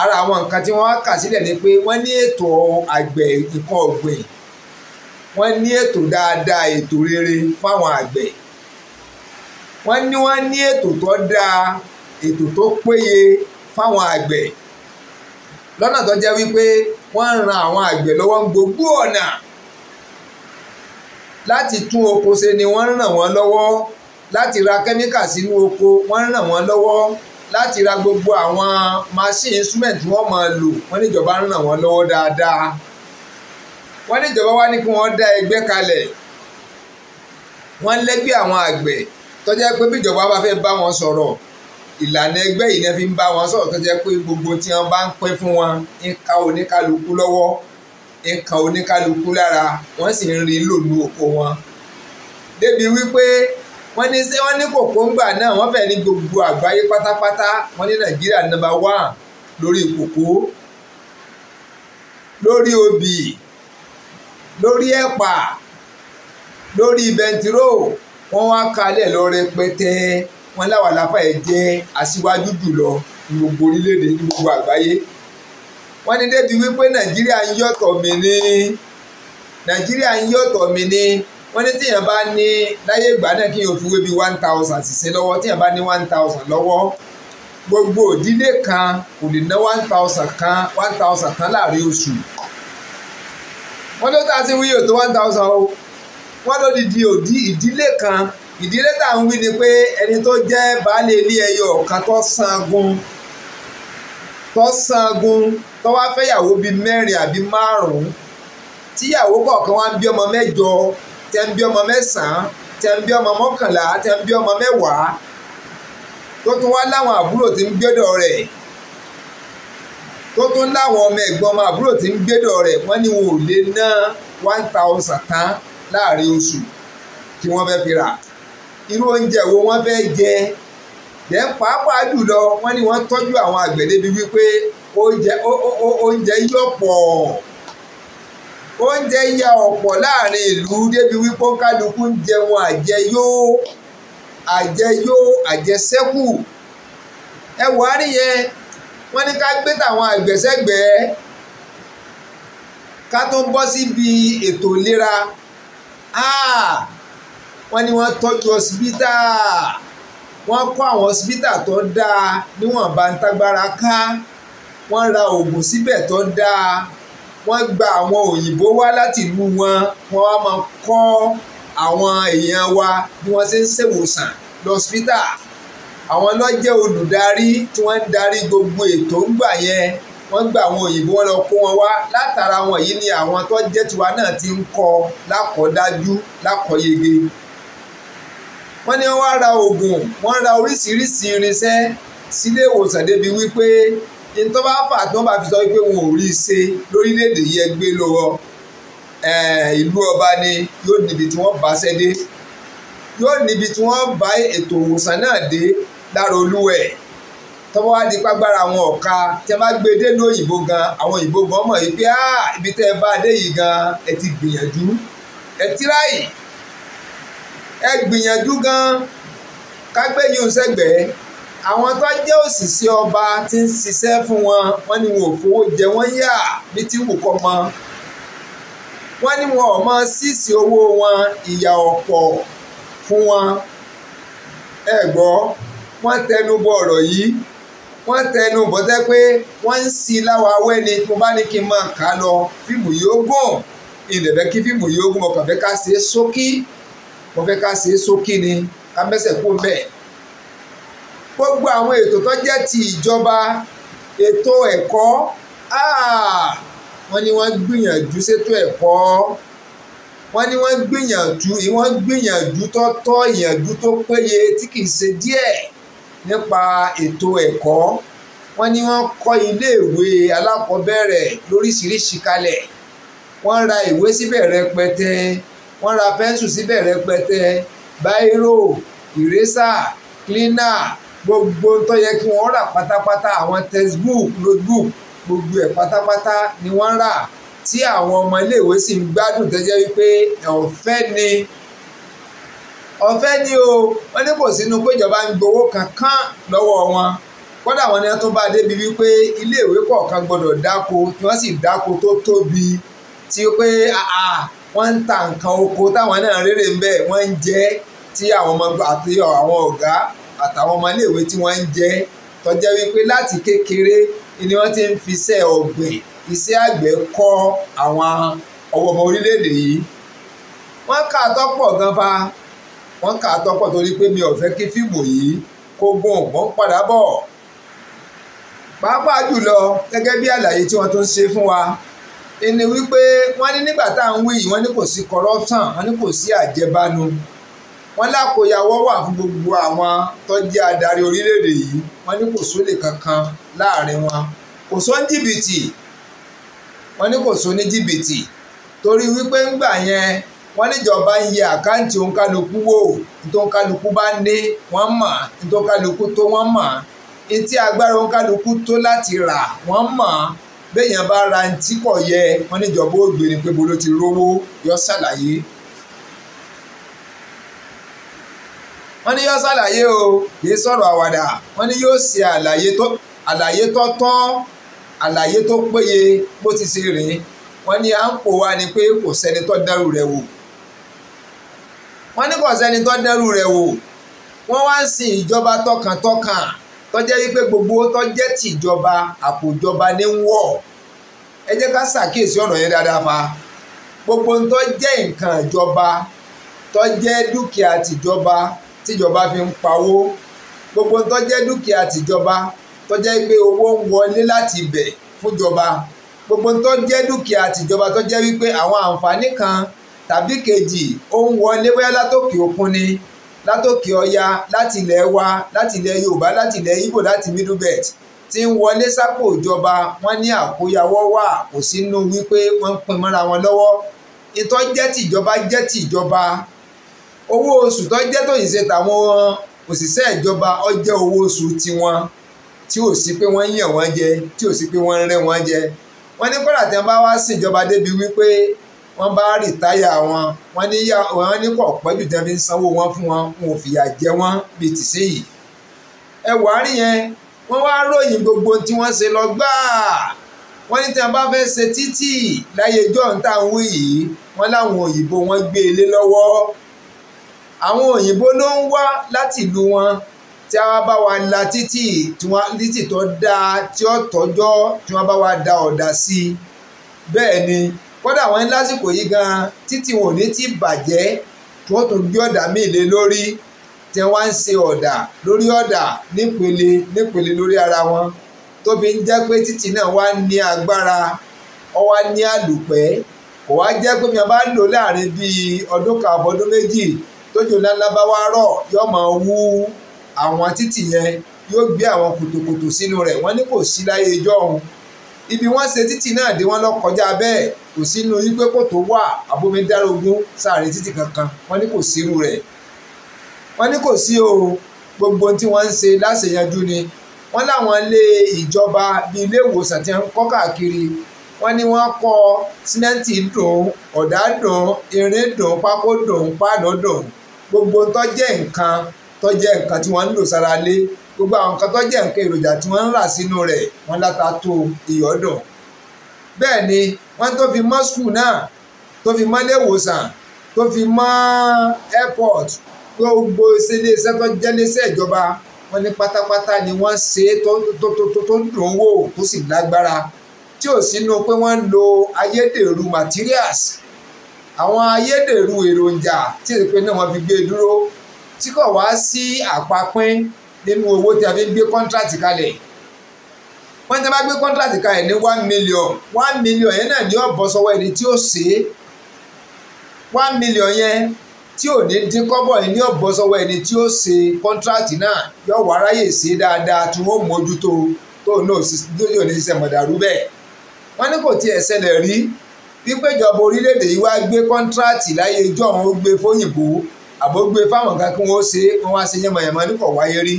ara àwọn nǹkan tí wọ́n kà sílẹ̀ ni pé wọ́n ní ètò àgbẹ̀ nǹkan ọ̀gbìn wọ́n ní ètò dáadáa ètò rere fáwọn àgbẹ̀ wọ́n ní wọ́n ní ètò tó dáa ètò tó péye fáwọn àgbẹ̀ lọ́nà tó jẹ́ wípé wọ́n ń ran àwọn àgbẹ̀ lọ́wọ́ ń gbogbo ọ̀nà láti tún oko ṣe ni wọ́n ń ràn wọ́n lọ́wọ́ láti ra kẹ́míkà sínú oko wọ́n ń ràn wọ́n lọ́wọ́ láti ra gbogbo àwọn machine instrument wọ́n máa lò wọ́n níjọba ń ràn wọ́n lọ́wọ́ dáadáa wọ́n níjọba wá ní kí wọ́n dá ẹgbẹ́ kalẹ̀ wọ́n lẹ́gbẹ́ àwọn àgbẹ̀ tó jẹ́ pé bíjọba bá fẹ́ bá wọn sọ̀rọ̀ ìlànà ẹgbẹ́ yìí náà fi ń bá wọn sọ̀rọ̀ tó jẹ́ pé gbogbo tí wọ́n bá ń pín fún wọn ń ka oníkálukú lọ́wọ́ ń ka oníkálukú lára wọ́n sì ń rí lò ní oko wọn débi wípé wọ́n ní ṣé wọ́n ní kòkóńgbà náà wọ́n fẹ́ ní gbogbo àgbáyé pátápátá wọ́n ní nàìjíríà nọ́mbà one lórí kòkó lórí obì lórí ẹ̀pà lórí bẹntiró wọ́n wá kalẹ̀ lọ rẹpẹtẹ wọ́n láwọn aláfàyè jẹ́ aṣíwájú jùlọ ní gbogbo orílẹ̀-èdè ní gbogbo àgbáyé wọ́n ní débi wípé nàìjíríà ń yọ̀tọ̀ mi ní nàìjíríà ń yọ̀tọ̀ mi ní wọ́n ní tíyàn bá ní láyé ìgbà náà kí yóò fi wé one thousand sì sí lọ́wọ́ tíyàn bá ní one thousand lọ́wọ́ gbogbo òdílé kan kò lè ná one thousand kan one thousand kan láàrin oṣù wọ́n ló ta sí wíyò tó one thousand o wọ́n ló di di òdí ìdílé kan ìdílé tá à ń wí ni pé ẹni tó jẹ́ baálé ilé ẹyọ kan tó sangun tó sangun tó wá fẹ́yàwó bíi mẹ́rin àbí márùn-ún tíyàwó kọ̀ọ̀kan wá ń bí ọmọ mẹ́jọ tẹ́ ń bí ọmọ mẹ́sàn-án tẹ́ ń bí ọmọ mọ́kànlá tẹ́ ń bí ọmọ mẹ́wàá tó tún wá láwọn àbúrò tí ń gbẹ́dọ̀ rẹ̀ tó tún láwọn ọmọ ẹ̀gbọ́n ọmọ àbúrò tí ń gbẹ́dọ̀ rẹ̀ wọ́n ní wọn ò lè ná one thousand tán láàrin oṣù tí wọ́n fẹ́ fi rà irú oúnjẹ wo wọ́n fẹ́ jẹ dẹ́n pàápàá jùlọ wọ́n ní wọ́n tọ́jú àwọn àgbẹ̀ débi wípé oúnjẹ yọ̀pọ̀ oúnjẹ ya ọ̀pọ̀ láàrin ìlú débi wípé kálukú ń jẹun àjẹyó àjẹyó àjẹsẹ́kù ẹ wò á nìyẹn wọ́n ní ká gbé tàwọn àgbẹ̀sẹ̀gbẹ̀ẹ́ ká tó ń bọ́ síbi ètò ìlera wọ́n ní wọ́n tọ́jú ọsibítà wọ́n kọ́ àwọn ọsibítà tó dáa níwọ̀nba ń tágbára ká wọ́n ra oògùn síbẹ̀ tó dáa wọ́n gba àwọn òyìnbó wá láti ìlú wọn wọ́n wá máa kọ́ àwọn èèyàn wa bí wọ́n ṣe ń ṣèwòsàn lọ́sípítà àwọn lọ́jẹ́ olùdarí tí wọ́n ń darí gbogbo ètò ń gbà yẹn wọ́n gba àwọn òyìnbó wọn lọ kó wọn wá látara wọn yìí ni àwọn tó jẹ́ tiwa náà ti ń kọ́ lákọ̀ọ́dájú lákọ̀ọ́yege wọ́n ní wọ́n ra oògùn wọ́n ra oríṣiríṣi irinṣẹ́ sílé ìwòsàn débi wípé ní tó bá fà tí wọ́n bá fi sọ pé wọn ò rí i ṣe lórílẹ̀‐èdè yẹ gbé lọ́wọ́ ìlú ọba ni yóò níbi tí wọ́n bá ṣẹ́ dé yóò níbi tí wọ́n bá ètò òwòsàn náà dé lára olúwẹ̀ tọ́wọ́ wá di pàgbára àwọn ọ̀ka tí a bá gbé dé ní òyìnbó gan àwọn òyìnbó gan mọ̀ yìí pé ibi tẹ́ ẹ bá dé yìí gan ẹ ti gbìyànjú ẹ tíráyì ẹ gbìyànjú gan kágbé yìí ń sẹ́gbẹ̀ẹ́ àwọn tó jẹ́ òṣìṣẹ́ ọba ti ń ṣiṣẹ́ fún wọn wọ́n ní wọn ò fowó jẹ wọ́n yà bí tí wù kọ́ mọ́ wọ́n ní wọn ò mọ ṣíṣì owó wọn ìyà ọ̀pọ̀ fún wọn ẹ gbọ́ wọ́n tẹnu bọ ọ̀rọ̀ yìí wọ́n tẹnu bọ̀ tẹ́ pé wọ́n ń si láwa wẹ́ni tó bá ní kí n máa kà á lọ fíìmù yìí ó gùn ilẹ̀ bẹ́ kí fíìmù yìí ó gùn mo kàn fẹ́ ká ṣe é sókí mo fẹ́ ká ṣe é sókí ni ká mẹ́sẹ̀ kú bẹ́ẹ̀ gbogbo àwọn ètò tó jẹ́ ti ìjọba ètò ẹ̀kọ́ ah, wọ́n ní wọ́n gbìyànjú ṣètò ẹ̀kọ́ wọ́n ní wọ́n gbìyànjú wọ́n gbìyànjú tó tọ́ ìyànjú tó péye tí kì í ṣe díẹ̀ nípa ètò ẹ̀kọ́ wọ́n ní wọ́n kọ́ iléèwé alákọ̀ọ́bẹ̀rẹ̀ lóríṣiríṣi kalẹ̀ wọ́n ra ìwé síbẹ̀ rẹpẹtẹ wọ́n ra pẹ́ńsù síbẹ̀ rẹpẹtẹ báírò ìrésà kílínà gbogbo tó yẹ kí wọ́n rà pátápátá àwọn textbook notebook gbogbo ẹ̀ pátápátá ni wọ́n rà tí àwọn ọmọ iléèwé sì ń gbádùn tó jẹ́ wípé ọ̀fẹ́ ni ọ̀fẹ́ ni o wọ́n ní kò sínú pé ìjọba ń gbowó kankan lọ́wọ́ wọn kódà wọn ni wọn tó bá débi wípé iléèwé kọ̀ọ̀kan gbọ́dọ̀ dáko tí wọ́n sì dáko tó tóbi tí pé wọ́n ń ta nǹkan oko táwọn náà rere ń bẹ̀ wọ́n ń jẹ tí àwọn ọmọ àti àwọn ọ̀gá àtàwọn ọmọléèwé tí wọ́n ń jẹ́ tọ́jẹ́ wípé láti kékeré ni wọ́n ti ń fi iṣẹ́ ọ̀gbìn iṣẹ́ àgbẹ̀ kọ́ àwọn ọwọ́ ọmọ orílẹ̀-èdè yìí wọ́n kà á tọ́pọ̀ gan fa wọ́n kà á tọ́pọ̀ torí pé mi ò fẹ́ kí fíìmù yìí kó gùn wọ́n padà bọ̀ pàápàá jùlọ gẹ́gẹ́ bí àlàyé tí wọ́n tún ṣe fún wa ẹni wípé wọ́n ní nígbà tá à ń wí yìí wọ́n ní kò sí corruption wọ́n lákòyàwọ́ wà fún gbogbo àwọn tó jẹ́ adarí orílẹ̀-èdè yìí wọ́n ní kò sólè kankan láàrin wọn kò sọ jìbìtì wọ́n ní kò sọ ní jìbìtì torí wípé ńgbà yẹn wọ́n níjọba ń yẹ àkáǹtì òǹkálukú wò ntòǹkálukú bá ní wọ́n mọ̀ ntòǹkálukú tó wọ́n mọ̀ etí agbára òǹkálukú tó láti rà wọ́n mọ̀ béèyàn bá ra ntí kò yẹ wọ́n níjọba ó pé bolo ti rówó yọ ṣàlàyé wọ́n ní yóò ṣàlàyé o kì í sọ̀rọ̀ àwàdà wọ́n ní yóò ṣe àlàyé tó tọ́ àlàyé tó péye bó ti ṣe rèé wọ́n ní à ń pò wá ni pé kò sẹ́ni tó dẹ́rù rẹ̀ wò wọ́n ní kò sẹ́ni tó dẹ́rù rẹ̀ wò wọ́n wá ń sin ìjọba tọkàntọkàn tó wípé gbogbo tó tìjọba àpòjọba ní ń ẹ jẹ́ ká ṣàkíyèsí ọ̀nà yẹn dáadáa fa gbogbo tó nǹkan ìjọba tó dúkìá tìjọba tíjọba fi ń pawó gbogbo tó jẹ́ dúkìá tìjọba tó jẹ́ pé owó ń wọlé láti ibẹ̀ fúnjọba gbogbo tó jẹ́ dúkìá tìjọba tó jẹ́ wípé àwọn àǹfààní kan tàbí kejì ó ń wọlé bóyá látòkè òkun ni látòkè ọya láti ilẹ̀ wa láti ilẹ̀ yorùbá láti ilẹ̀ ibo láti middle belt tí ń wọlé sápò ìjọba wọn ní àkóyawọ́ wà kò sínú wípé wọ́n ń pin mọ́ra wọn lọ́wọ́ ìtọ́ jẹ́ tìjọba jẹ́ tìjọba owó oṣù tó jẹ́ tó yìí tàwọn òṣìṣẹ́ ìjọba ó owó oṣù tiwọn tí ò sí pé wọ́n yàn wọ́n jẹ tí ò sí pé wọ́n rẹ́ wọ́n jẹ wọ́n ní kọ́lá tí wọ́n bá wá sí ìjọba débi wípé wọ́n bá rìtáyà wọn wọ́n ní yá wọ́n ní kọ̀ pẹ́jù tí ń sanwó wọn fún wọn wọn ò fìyà jẹ wọ́n bíi tì sí yìí ẹ wàá rí yẹn wọ́n wá ròyìn gbogbo tí wọ́n ṣe lọ gbáà wọ́n ní tí wọ́n bá fẹ́ ṣe títì láyé john ń wí yìí wọ́n láwọn òyìnbó wọ́n gbé e lé lọ́wọ́ àwọn òyìnbó ló ń wá láti ìlú wọn tí a bá wa la títì títì tó dáa tí ó tọ́jọ́ tí wọ́n bá wa da ọ̀dà sí i bẹ́ẹ̀ ni kódà wọ́n ní lásìkò yìí gan títì wọn ò ní ti bàjẹ́ tí wọ́n tún gbé ọ̀dà míì lé lórí tí wọ́n ń ṣe ọ̀dà lórí ọ̀dà nípele nípele lórí ara wọn tó fi ń jẹ́ pé títì náà wá ní agbára ó wá ní àlùpẹ́ kò wá jẹ́ pé mi bá lò láàrin bíi ọdún kan àbọ̀dún méjì tójò ńláńlá bá yóò máa wú àwọn títì yẹn yóò gbé àwọn kòtòkòtò sínú rẹ̀ wọ́n ní kò sí láyé ijọ́ ọ̀hún ibi wọ́n ṣe títì náà dé wọ́n lọ kọjá bẹ́ẹ̀ kò sínú wípé kòtò wà abomidárógún sáré títì kankan wọ́n ní kò sírú rẹ̀ wọ́n ní kò sí o gbogbo tí wọ́n ń ṣe láṣẹyanjú ni wọ́n láwọn ilé ìjọba bíi ilé ìwòsàn tí wọ́n kọ́ káàkiri wọ́n ní wọ́n kọ́ símẹ́ǹtì dùn ọ̀dà dùn irin dùn pákó dùn páànù dùn gbogbo tó jẹ́ nǹkan tó jẹ́ nǹkan tí wọ́n ń lò sára lé gbogbo àwọn nǹkan tó jẹ́ nǹkan èròjà tí wọ́n ń rà sínú rẹ̀ wọ́n láta tó ìyọ́dọ̀ bẹ́ẹ̀ ni wọ́n tó fi mọ́ skul náà tó fi mọ́ léwòsàn tó fi mọ́ airport gbogbo ìṣẹ̀lẹ̀ iṣẹ́ tó jẹ́ léṣẹ́ ìjọba wọ́n ní pátápátá ni wọ́n ṣe é tó ń dùn wò tó sì lágbára tí ò sínú pé wọ́n lo ayédèrú materials àwọn ayédèrú èròjà tí èpè náà wọ́n fi gbé e dúró tí kò wá sí àpapín nínú owó tí a fi ń gbé kọ́ńtrátì kalẹ̀ wọ́n ti máa gbé kọ́ńtrátì kalẹ̀ ní one million one million yẹn náà ní ọ̀bọ̀ sọ́wọ́ ẹni tí ó ṣe é one million yẹn tí ò ní dín kọ́bọ̀ yẹn ní ọ̀bọ̀ sọ́wọ́ ẹni tí ó ṣe kọ́ńtrátì náà yóò wá ráyè ṣe dáadáa tí wọ́n mójútó tóun náà yóò ní ṣiṣẹ́ mọ̀dàrú bẹ́ẹ̀ wọ́n ní kò tiẹ̀ ṣẹlẹ̀ rí pípéjọba orílẹ̀-èdè yìí wá gbé kọ́ńtíráàtì láyé ijó àwọn ó gbé fóyìnbó àbó gbé fáwọn kan kí wọ́n ṣe wọ́n wá ṣe yánmọ̀yánmọ́ nípò wáyé rí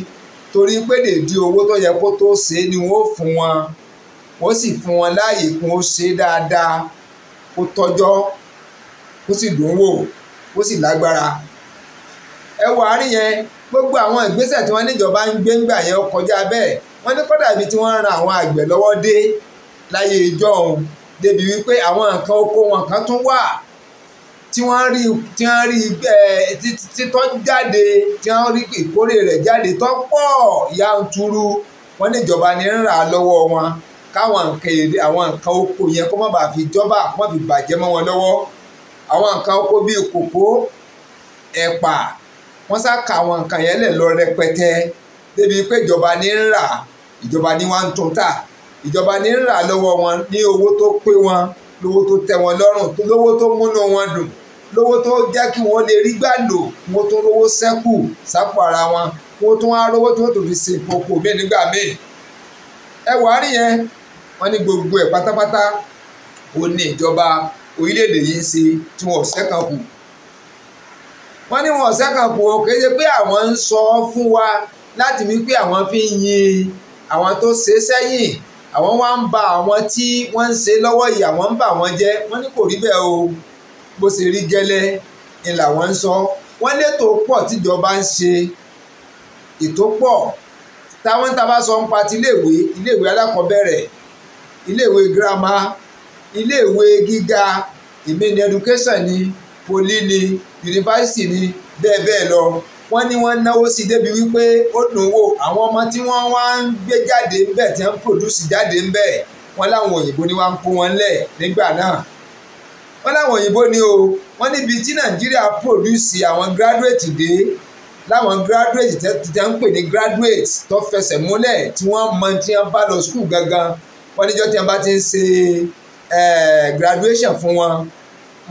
torí pé dèédé owó tó yẹ kó tó ṣe ni wọ́n fún wọn wọ́n sì fún wọn láàyè kí wọ́n ṣe dáadáa kó tọ́jọ́ kó sì dùn wò kó sì lágbára ẹ wà á rí yẹn gbogbo àwọn ìgbésẹ̀ tí wọ́n níjọba ń gbé ńgbà yẹn kọjá bẹ́ẹ̀ wọ́n ní kọ́dà ibi tí wọ́n ń ran àwọn àgbẹ̀ lọ́wọ́ dé láyé ìjọ́un débi wípé àwọn nǹkan oko wọn kan tún wà tí wọ́n rí tí wọ́n rí títọ́ jáde tí wọ́n rí ìkórè rẹ̀ jáde tó pọ̀ yanturu wọ́n níjọba ní ń rà lọ́wọ́ wọn káwọn nǹkan èrè àwọn nǹkan oko yẹn kó má bàa fi jọba kó fi bàjẹ́ mọ́ wọn lọ́wọ́ àwọn nǹkan oko bíi kòkó ẹ̀pà wọ́n sá ka àwọn nǹkan yẹn lẹ̀ lọ rẹpẹtẹ débi pé ìjọba ní ń rà ìjọba ní wọ́n ń tún tà ìjọba ní rà lọ́wọ́ wọn ní owó tó pé wọn lówó tó tẹ́ wọn lọ́rùn lówó tó múnú wọn dùn lówó tó jẹ́ kí wọ́n lè rí gbà lò wọ́n tún rówó sẹ́kù sápò ara wọn wọ́n tún á rówó tó tó fi ṣe ìpòkò míì nígbà míì ẹ wàá rí yẹn wọ́n ní gbogbo ẹ̀ pátápátá ò ní ìjọba orílẹ̀-èdè yìí ń ṣe tí wọ́n ọ̀sẹ̀ kù wọ́n ní wọn ọ̀sẹ̀ kù òkè ṣe pé àwọn ń sọ fún wa láti wí pé àwọn fi ń yin àwọn tó ṣe sẹ́yìn àwọn wá ń ba àwọn tí wọ́n ń ṣe lọ́wọ́ yìí àwọn ń bà wọ́n jẹ́ wọ́n ní kò rí bẹ́ẹ̀ o bó ṣe rí gẹ́lẹ́ ni làwọn ń sọ wọ́n létò pọ̀ tíjọba ń ṣe ètò pọ̀ táwọn ń taba sọ ń pa ti iléèwé iléèwé alákọ̀ọ́bẹ̀rẹ̀ iléèwé girama iléèwé gíga ìmìnì education ni poli ni yunifásitì ni bẹ́ẹ̀ bẹ́ẹ̀ lọ wọ́n ní wọ́n náwó sí débi wípé ó dùn wò àwọn ọmọ tí wọ́n wá ń gbé jáde ńbẹ̀ tí wọ́n ń pòdúsì jáde ńbẹ̀ wọ́n láwọn òyìnbó ni wá ń kó wọn lẹ̀ nígbà náà wọ́n láwọn òyìnbó ni o wọ́n níbi tí nàìjíríà pòdúsì àwọn gírádùétì dé láwọn gírádùétì tẹ́ ń pè ní gírádùétì tó fẹsẹ̀ múlẹ̀ tí wọ́n mọ tí wọ́n bá lọ skul gangan wọ́n níjọ́ tí wọ́n bá ti ń ṣe eh, graduation fún wọn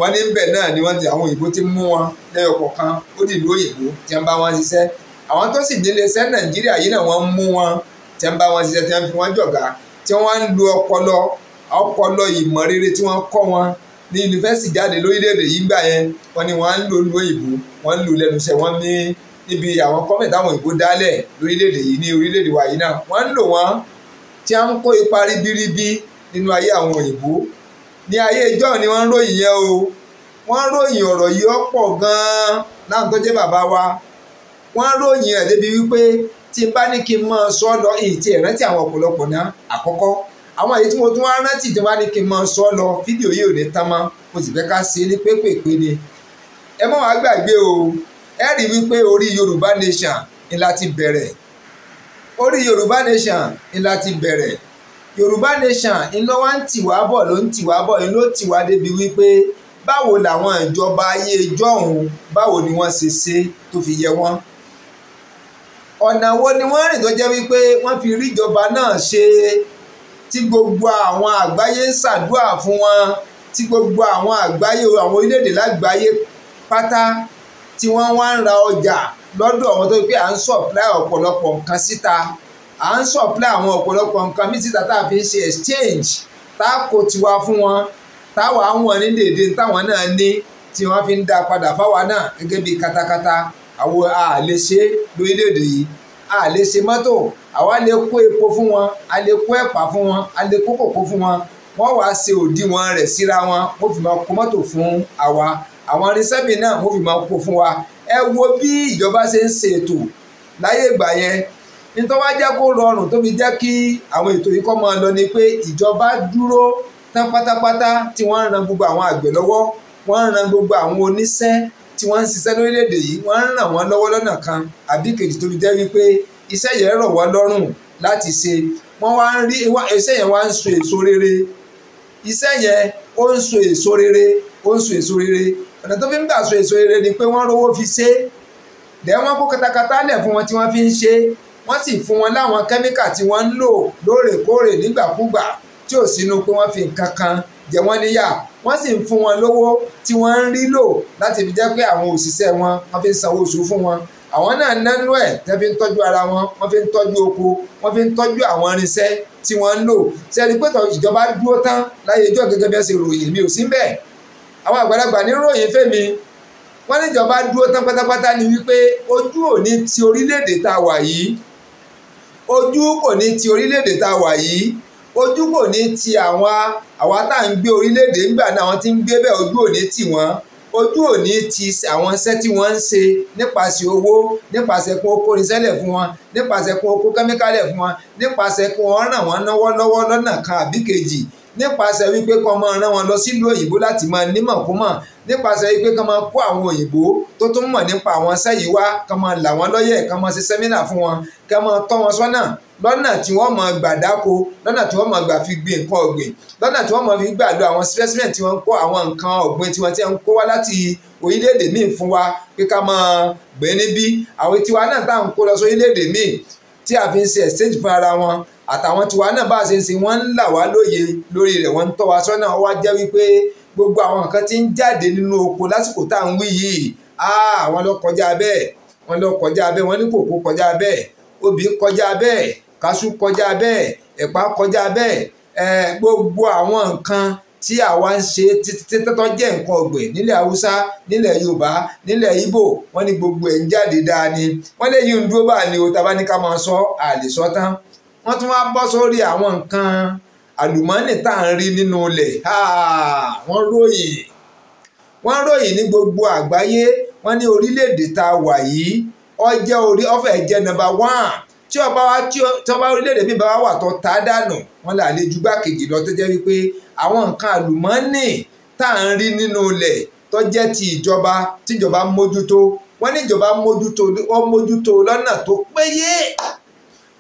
wọ́n ní bẹ́ẹ̀ náà ni wọ́n ti àwọn òyìnbó ti mú wọn lẹ́yọ kọ̀ọ̀kan ó dì lóyè bó tí wọ́n bá wọn ṣiṣẹ́ àwọn tó sì délé iṣẹ́ nàìjíríà yìí náà wọ́n mú wọn tí wọ́n bá wọn ṣiṣẹ́ tí wọ́n fi wọ́n jọ̀gá tí wọ́n ń lo ọpọlọ ọpọlọ ìmọ̀ rere tí wọ́n kọ́ wọn ní yunifásitì jáde lórílẹ̀ yìí gbà yẹn wọ́n ní wọ́n ń lo lu òyìnbó wọ́n ń lu lẹ́nu iṣẹ́ wọ́n ní níbi àwọn kọ́mẹ̀tì àwọn òyìnbó dálẹ̀ lórílẹ̀ yìí ní orílẹ̀ ní ayé ìjọ ni wọ́n ń ròyìn yẹn o wọ́n ń ròyìn ọ̀rọ̀ yìí ọ̀pọ̀ gan-an láwọn tó wa wọ́n ròyìn ẹ̀ wípé tí n bá ní kí n máa sọ ọ́ lọ èyí tí ẹ̀ àwọn ọ̀pọ̀lọpọ̀ náà àkọ́kọ́ àwọn èyí mo tún wá rántí tí n bá ní kí n sọ lọ fídíò yìí ò ní tán mọ́ mo sì fẹ́ ká ṣe ní pépèpé ni ẹ gbàgbé o ẹ rí wípé Nation ni láti bẹ̀rẹ̀ orí yorùbá nation ń lọ wá ń tìwá bọ̀ ló ń tìwá bọ̀ ń ló tìwá débi wípé báwo làwọn ìjọba ayé jọ̀hún báwo ni wọ́n ṣe ṣe tó fi yẹ wọ́n ọ̀nà wo ni wọ́n rìn tó jẹ́ wípé wọ́n fi rí ìjọba náà ṣe tí gbogbo àwọn àgbáyé ń ṣàdúrà fún wọn tí gbogbo àwọn àgbáyé àwọn orílẹ̀-èdè lágbàáyé pátá tí wọ́n wá ń ra ọjà lọ́dọ̀ àwọn tó pé à ń sọ̀pláì ọ̀pọ̀lọpọ̀ nǹkan síta à ń supply àwọn ọ̀pọ̀lọpọ̀ nǹkan míì síta tá a fi ń ṣe exchange tá a kó tiwa fún wọn táwa ń wọ̀n ní dèédé táwọn náà ní tí wọ́n fi ń dá padà fáwa náà gẹ́gẹ́ bí katakata àwọn àlè ṣe lórílẹ̀‐èdè yìí àlè ṣe mọ́tò àwa lè kó epo fún wọn a lè kó ẹ̀pà fún wọn a lè kó kòkó fún wọn wọ́n wá ṣe òdiwọ̀n rẹ̀ síra wọn ó fi máa kó mọ́tò fún àwa àwọn irinṣẹ́bì náà ó fi máa kó fún wa ẹ wo bí ìjọba ṣe ń ṣètò láyé ìgbà yẹn nítorí wá jẹ́ kó rọrùn tó fi jẹ́ kí àwọn ètò yìí kọ́ máa lọ ni pé ìjọba dúró tán pátápátá tí wọ́n ń ran gbogbo àwọn àgbẹ̀ lọ́wọ́ wọ́n ń ran gbogbo àwọn oníṣẹ́ tí wọ́n ń ṣiṣẹ́ lórílẹ̀‐èdè yìí wọ́n ń ràn wọ́n lọ́wọ́ lọ́nà kan àbí kejì tó fi jẹ́ wípé iṣẹ́ yẹn rọ̀ wọ́n lọ́rùn láti ṣe wọ́n wá ń rí iṣẹ́ yẹn wá ń so èso rere iṣẹ́ yẹn ó ń so èso rere ó ń so èso rere ọ̀nà tó fi ń gbà so èso rere ni pé wọ́n rówó fi ṣe é dẹ̀ kó katakata lẹ̀ fún wọn tí wọ́n fi ń ṣe é wọ́n sì fún wọn láwọn kẹ́míkà tí wọ́n ń lò lóòrèkóòrè nígbàkúgbà tí ò sínú pé wọ́n fi nǹkan kan jẹ wọ́n níyà wọ́n sì ń fún wọn lówó tí wọ́n ń rí lò láti fi jẹ́ pé àwọn òṣìṣẹ́ wọn wọ́n fi ń sanwó oṣù fún wọn àwọn náà nánú ẹ̀ tẹ́ fi ń tọ́jú ara wọn wọ́n fi ń tọ́jú oko wọ́n fi ń tọ́jú àwọn irinṣẹ́ tí wọ́n ń lò sẹ́ni pẹ̀tọ̀ ìjọba dúró tán láyé ijó gẹ́gẹ́ bí ẹ ṣe ròyìn mi ò sí bẹ́ẹ̀ àwọn àgbàlagbà ní ròyìn fẹ́mi wọ́n níjọba dúró tán pátápátá ni wípé ojú òní ti orílẹ̀-èdè tá wà yìí ojú kò ní ti orílẹ̀-èdè tá a wà yìí ojú kò ní ti àwọn àwa tá à ń gbé orílẹ̀-èdè ńgbà náà àwọn tí ń gbé bẹ́ẹ̀ ojú ò ní tì wọ́n ojú òní ti àwọn iṣẹ́ tí wọ́n ń ṣe nípasẹ̀ owó nípasẹ̀ kó kórin sẹ́lẹ̀ fún wọn nípasẹ̀ kó kó kẹ́míkálẹ̀ fún wọn nípasẹ̀ kó wọ́n ràn wọ́n lọ́wọ́ lọ́wọ́ lọ́nà kan àbí kejì nípasẹ̀ wípé kọ́ máa rán wọn lọ sílùú òyìnbó láti máa nímọ̀ kó mọ̀ nípasẹ̀ wípé kọ́ máa kó àwọn òyìnbó tó tún mọ̀ nípa àwọn iṣẹ́ yìí wá kọ́ máa là wọ́n lọ́yẹ̀ kọ́ máa ṣe sẹ́mínà fún wọn kọ́ máa tọ́ wọn sọ́nà lọ́nà tí wọ́n máa gbà dáko lọ́nà tí wọ́n máa gbà fi gbin nǹkan ọ̀gbìn lọ́nà tí wọ́n máa fi gbà lo àwọn specimen tí wọ́n ń kó àwọn nǹkan ọ̀gbìn tí wọ́n ti ń kó wá láti orílẹ̀-èdè míì fún wa pé ká máa gbé níbí àwọn tiwa náà tá à ń kó lọ sí orílẹ̀-èdè míì tí a fi ń ṣe exchange fún ara wọn àtàwọn tiwa náà bá a ṣe ń ṣe wọ́n ń là wá lóye lórí rẹ̀ wọ́n ń tọ́ wa sọ́nà wá jẹ́ wípé gbogbo àwọn nǹkan tí ń jáde nínú oko lásìkò tá à ń wí yìí ah, àwọn lọ kọjá bẹ́ẹ̀ wọ́n lọ kọjá bẹ́ẹ̀ wọ́n ní kòkó kọjá bẹ́ẹ̀ obì kọjá bẹ́ẹ̀ kaṣú kọjá bẹ́ẹ̀ ẹ̀pà kọjá bẹ́ẹ̀ gbogbo àwọn nǹkan tí àwa ń ṣe títọ́ jẹ́ nǹkan ọ̀gbìn nílẹ̀ haúsá nílẹ̀ yorùbá nílẹ̀ ìgbò wọ́n ní gbogbo ẹ̀ ń jáde dáa ni wọ́n lè yí ń dúró bá ní o tàbá ní ká máa sọ àlè sọ tán wọ́n tún wá bọ́ sórí àwọn nǹkan àlùmọ́ọ́nì tá à ń rí nínú ilẹ̀ wọ́n ròyìn wọ́n ròyìn ní gbogbo àgbáyé wọ́n ní orílẹ̀-èdè tá a wà yìí ó orí ó jẹ́ nọ́mbà wán tí ọba wa tí ọba orílẹ̀-èdè mi bá wà tó ta dànù wọ́n là lè ju gbákejì lọ tó jẹ́ wípé àwọn nǹkan àlùmọ́ọ́nì tá à ń rí nínú ilẹ̀ tó jẹ́ ti ìjọba tíjọba mójútó wọ́n ní ìjọba mójútó lọ́nà tó péye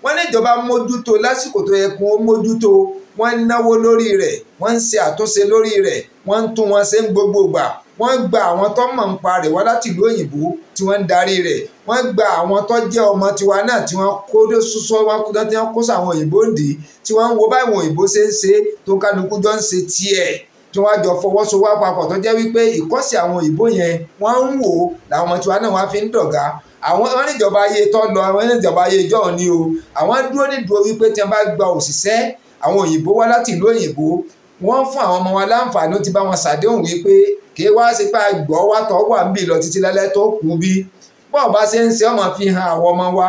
wọ́n ní ìjọba mójútó lásìkò tó yẹ kó mójútó wọ́n ń náwó lórí rẹ̀ wọ́n ń ṣe àtúnṣe lórí rẹ̀ wọ́n ń tún wọn ṣe ń gbogbo gbà wọ́n gba àwọn tó mọ̀ ń pa rẹ̀ wá láti ìlú òyìnbó tí wọ́n ń darí rẹ̀ wọ́n gba àwọn tó jẹ́ ọmọ tiwa náà tí wọ́n kó dé sọ́sọ́ wọn kó dán tí wọ́n kó sàwọn òyìnbó dì í tí wọ́n ń wo báwọn òyìnbó ṣe ń ṣe tó kálukú jọ ń ṣe tiẹ̀ tí wọ́n á jọ fọwọ́sowọ́pọ̀ tó jẹ́ wípé ìkọ́sí àwọn òyìnbó yẹn wọ́n ń wò làwọn tiwa náà wá fi ń dọ̀gá àwọn wọn níjọba ayé tó lọ àwọn níjọba ayé jọ ni o àwọn dúró nídúró wípé tí wọn bá gba òṣìṣẹ́ àwọn òyìnbó wá láti ìlú òyìnbó wọ́n fún àwọn ọmọ wa láǹfààní ó ti bá wọn ṣàdéhùn wípé kí wá sí pa gbọ́ wá tọ́ wà ń bì lọ títí lálẹ́ tó kú bí bọ́ọ̀ bá ṣe ń ṣe ọmọ fi hàn àwọn ọmọ wa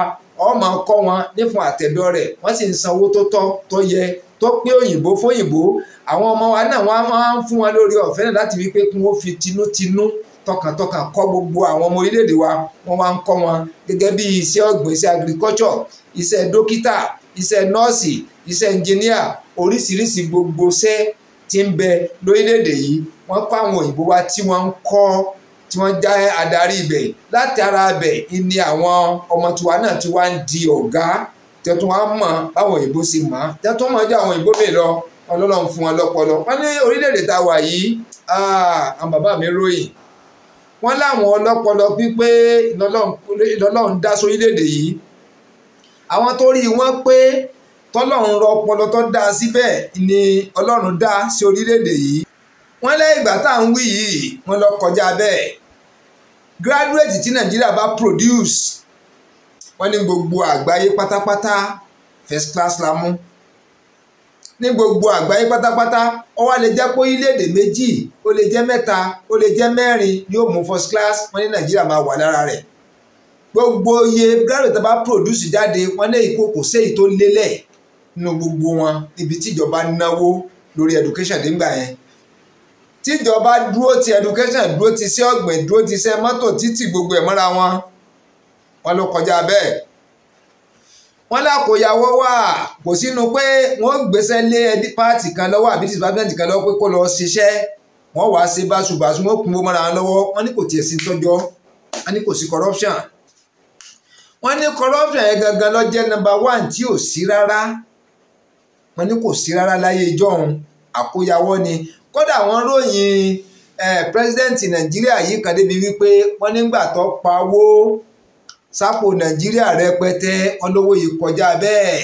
ọmọ kọ́ wọn nífun àtẹ̀dọ́ rẹ̀ wọ́n sì ń san owó tó tọ́ tó yẹ tó pé òyìnbó fóyìnbó àwọn ọmọ wa náà wọ́n á fún wọn lórí ọ̀fẹ́ náà láti wípé kí wọ́n fi tinútinú tọkàntọkàn kọ́ gbogbo àwọn ọmọ orílẹ̀-èdè wa wọ́n máa ń kọ́ wọn gẹ́gẹ́ bí iṣẹ́ ọ̀gbìn iṣẹ́ agriculture iṣẹ́ dókítà iṣẹ́ nọ́ọ̀sì iṣẹ́ ẹnjìníà oríṣiríṣi gbogbo iṣẹ́ tí ń bẹ lórílẹ̀-èdè yìí wọ́n kọ́ àwọn òyìnbó wa tí wọ́n ń kọ́ tí wọ́n já adarí ibẹ̀ láti ara ibẹ̀ ni àwọn ọmọ tiwa náà ti wá ń di ọ̀gá tẹ̀tún wa mọ̀ báwọn òyìnbó ṣe mọ̀ tẹ̀tún mọ̀ jẹ́ àwọn òyìnbó mi lọ ọlọ́run fún wọn lọ́pọ̀lọ́ wọn ní orílẹ̀-èdè tá wà yìí ah, àwọn bàbá mi ròyìn wọ́n láwọn ọlọ́pọlọ pípé ìlọ́lọ́run dá sórílẹ̀-èdè yìí àwọn tó rí wọn pé tọ́lọ́run rọ ọpọlọ tó dá síbẹ̀ ni ọlọ́run dá sí orílẹ̀-èdè yìí wọ́n lẹ́yìn ìgbà tá à ń wí yìí wọ́n lọ kọjá bẹ́ẹ̀ graduate tí nàìjíríà bá produce wọ́n ní gbogbo àgbáyé pátápátá first class la mú ní gbogbo àgbáyé pátápátá ó wá lè jẹ́ pé orílẹ̀-èdè méjì ó lè jẹ́ mẹ́ta ó lè jẹ́ mẹ́rin yóò mú first class wọ́n ní nàìjíríà máa wà lára rẹ̀ gbogbo iye graduate bá produce jáde wọ́n lè kó kò séyìí tó lélẹ̀ nínú gbogbo wọn ibi tíjọba náwó lórí education nígbà yẹn tíjọba dúró ti education dúró ti sí ọ̀gbìn dúró ti sẹ́ mọ́tò títì gbogbo ẹ̀ mọ́ra wọn wọn ló kọjá bẹ́ẹ̀ wọn lákòyàwó wà kò sínú pé wọn gbèsè lé pààtì kan lọ́wọ́ àbí department kan lọ́wọ́ pé kó lọ ṣiṣẹ́ wọ́n wàá ṣe báṣubàṣu wọ́n kún owó mọ́ra lọ́wọ́ wọ́n ní kò tiẹ̀ sí tọ́jọ́ wọ́n ní kò sí corruption wọ́n ní corruption yẹn gangan ló jẹ́ number one tí ò sí rárá wọ́n ní kò sí rárá láyé ìjọ́un àkóyawọ́ ni kódà wọ́n ròyìn eh, pírẹsidẹ́ǹtì nàìjíríà yìí kan débi wípé wọ́n nígbà tó pawó sápò nàìjíríà rẹpẹtẹ olówó yìí kọjá bẹ́ẹ̀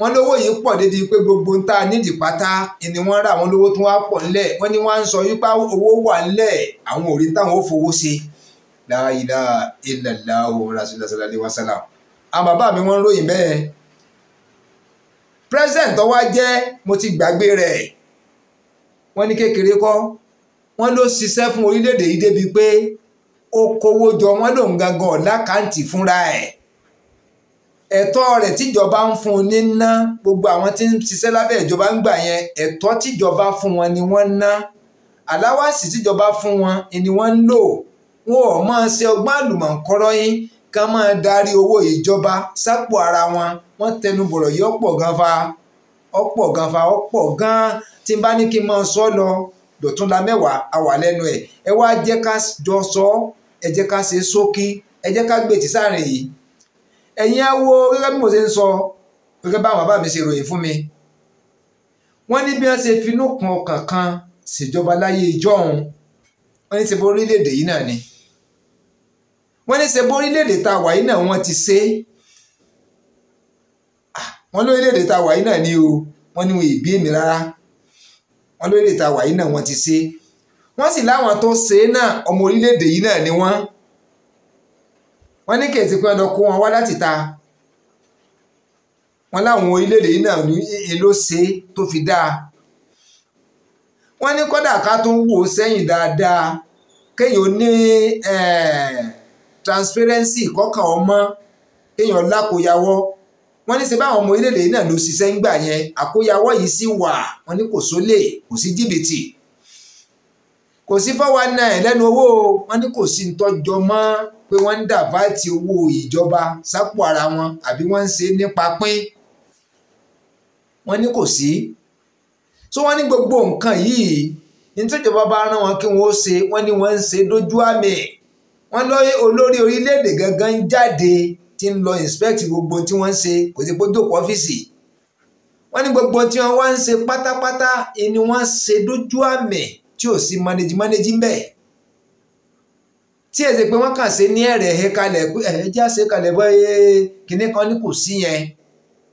wọ́n lówó yìí pọ̀ débi pé gbogbo ń ta nídìí pátá ni wọ́n rà wọ́n lówó tó wá pọ̀ ńlẹ̀ wọ́n ní wọ́n á ń sọ wípé owó wà ńlẹ̀ àwọn òrí táwọn ó fowó ṣe láàyè ìlàlá òun rasulillah alaihi wasallam àwọn bàbá mi wọ́n ń ròyìn president tó wá jẹ́ mo ti gbàgbé rẹ̀ wọ́n ní kékeré kọ́ wọ́n ló ṣiṣẹ́ fún orílẹ̀-èdè yìí débi pé ó jọ wọ́n lòun gangan ọ̀la fúnra ẹ̀ ẹ̀tọ́ rẹ̀ tíjọba ń fún un ní ná gbogbo àwọn tí ń ṣiṣẹ́ lábẹ́ ìjọba ń gbà yẹn ẹ̀tọ́ tíjọba fún wọn ni wọ́n ná aláwàsí tíjọba fún wọn ni wọ́n ń lò wọn ò máa ṣe ọgbọ́n àlùmọ̀ǹkọ́rọ́ yín kán máa darí owó ìjọba sápò ara wọn wọ́n tẹnu bọ̀rọ̀ yìí ọ̀pọ̀ gan fa ọ̀pọ̀ gan fa ọ̀pọ̀ gan tí n bá ní kí n máa sọ lọ dọ̀túnla mẹ́wàá àwà lẹ́nu ẹ̀ ẹ wá jẹ́ ká jọ sọ ẹ jẹ́ ká ṣe sókí ẹ jẹ́ ká gbètì sáàrin yìí ẹ̀yin ẹ wo gẹ́gẹ́ bí mo ṣe ń sọ gẹ́gẹ́ báwọn bàbá mi ṣe ròyìn fún mi wọ́n ní bí wọ́n ṣe finú kan kankan ṣèjọba láyé ìjọ́un wọ́n ní ṣe bó orílẹ̀-èdè yìí náà ni wọ́n ní ṣe bó orílẹ̀-èdè tá a wà náà wọ́n ti ṣe é wọ́n lórílẹ̀-èdè tá a náà ni o wọ́n ní wọn ì èmi rárá wọ́n lórílẹ̀-èdè tá a náà wọ́n ti ṣe wọ́n sì láwọn tó ṣe náà ọmọ orílẹ̀-èdè yìí náà ni wọ́n wọ́n ní kèsì pé ọ̀dọ̀ kó wọn wá láti ta wọ́n láwọn orílẹ̀-èdè yìí náà ní èlò ṣe tó fi dáa wọ́n ní kọ́dà ká tó wò ó sẹ́yìn dáadáa kéèyàn ní eh, transparency kọ́kàn ọmọ kéèyàn lákòyàwọ́ wọ́n ní ṣe báwọn ọmọ orílẹ̀-èdè yìí náà ló ṣiṣẹ́ ń gbà yẹn àkóyawọ́ yìí sì wà wọ́n ní kò sólè kò sí jìbìtì kò sí four one lẹ́nu owó wọ́n ní kò sí ń tọ́jọ mọ́ pé wọ́n ń dàvátì owó ìjọba sápò ara wọn àbí wọ́n ń ṣe nípa pín wọ́n ní kò sí so wọ́n ní gbogbo nǹkan yìí nítòjọba bá rán wọn kí wọ́n ó ṣe wọ́n ní wọ́n ń ṣe dójú àmì wọ́n lọ olórí orílẹ̀-èdè gangan jáde tí ń lọ inspect gbogbo tí wọ́n ń ṣe kò sí pójókòó ọ́fíìsì wọ́n ní gbogbo tí wọ́n wá ń ṣe pátápátá ni wọ́n ṣe dójú àmì tí ò sí manajimánají bẹ́ẹ̀ tí èsì pé wọ́n kàn ṣe ní ẹ̀rẹ̀ ẹ̀ kalẹ̀ pé ẹ̀ já ṣe kalẹ̀ bọ́ ẹ̀ kìnní kan ní kò sí yẹn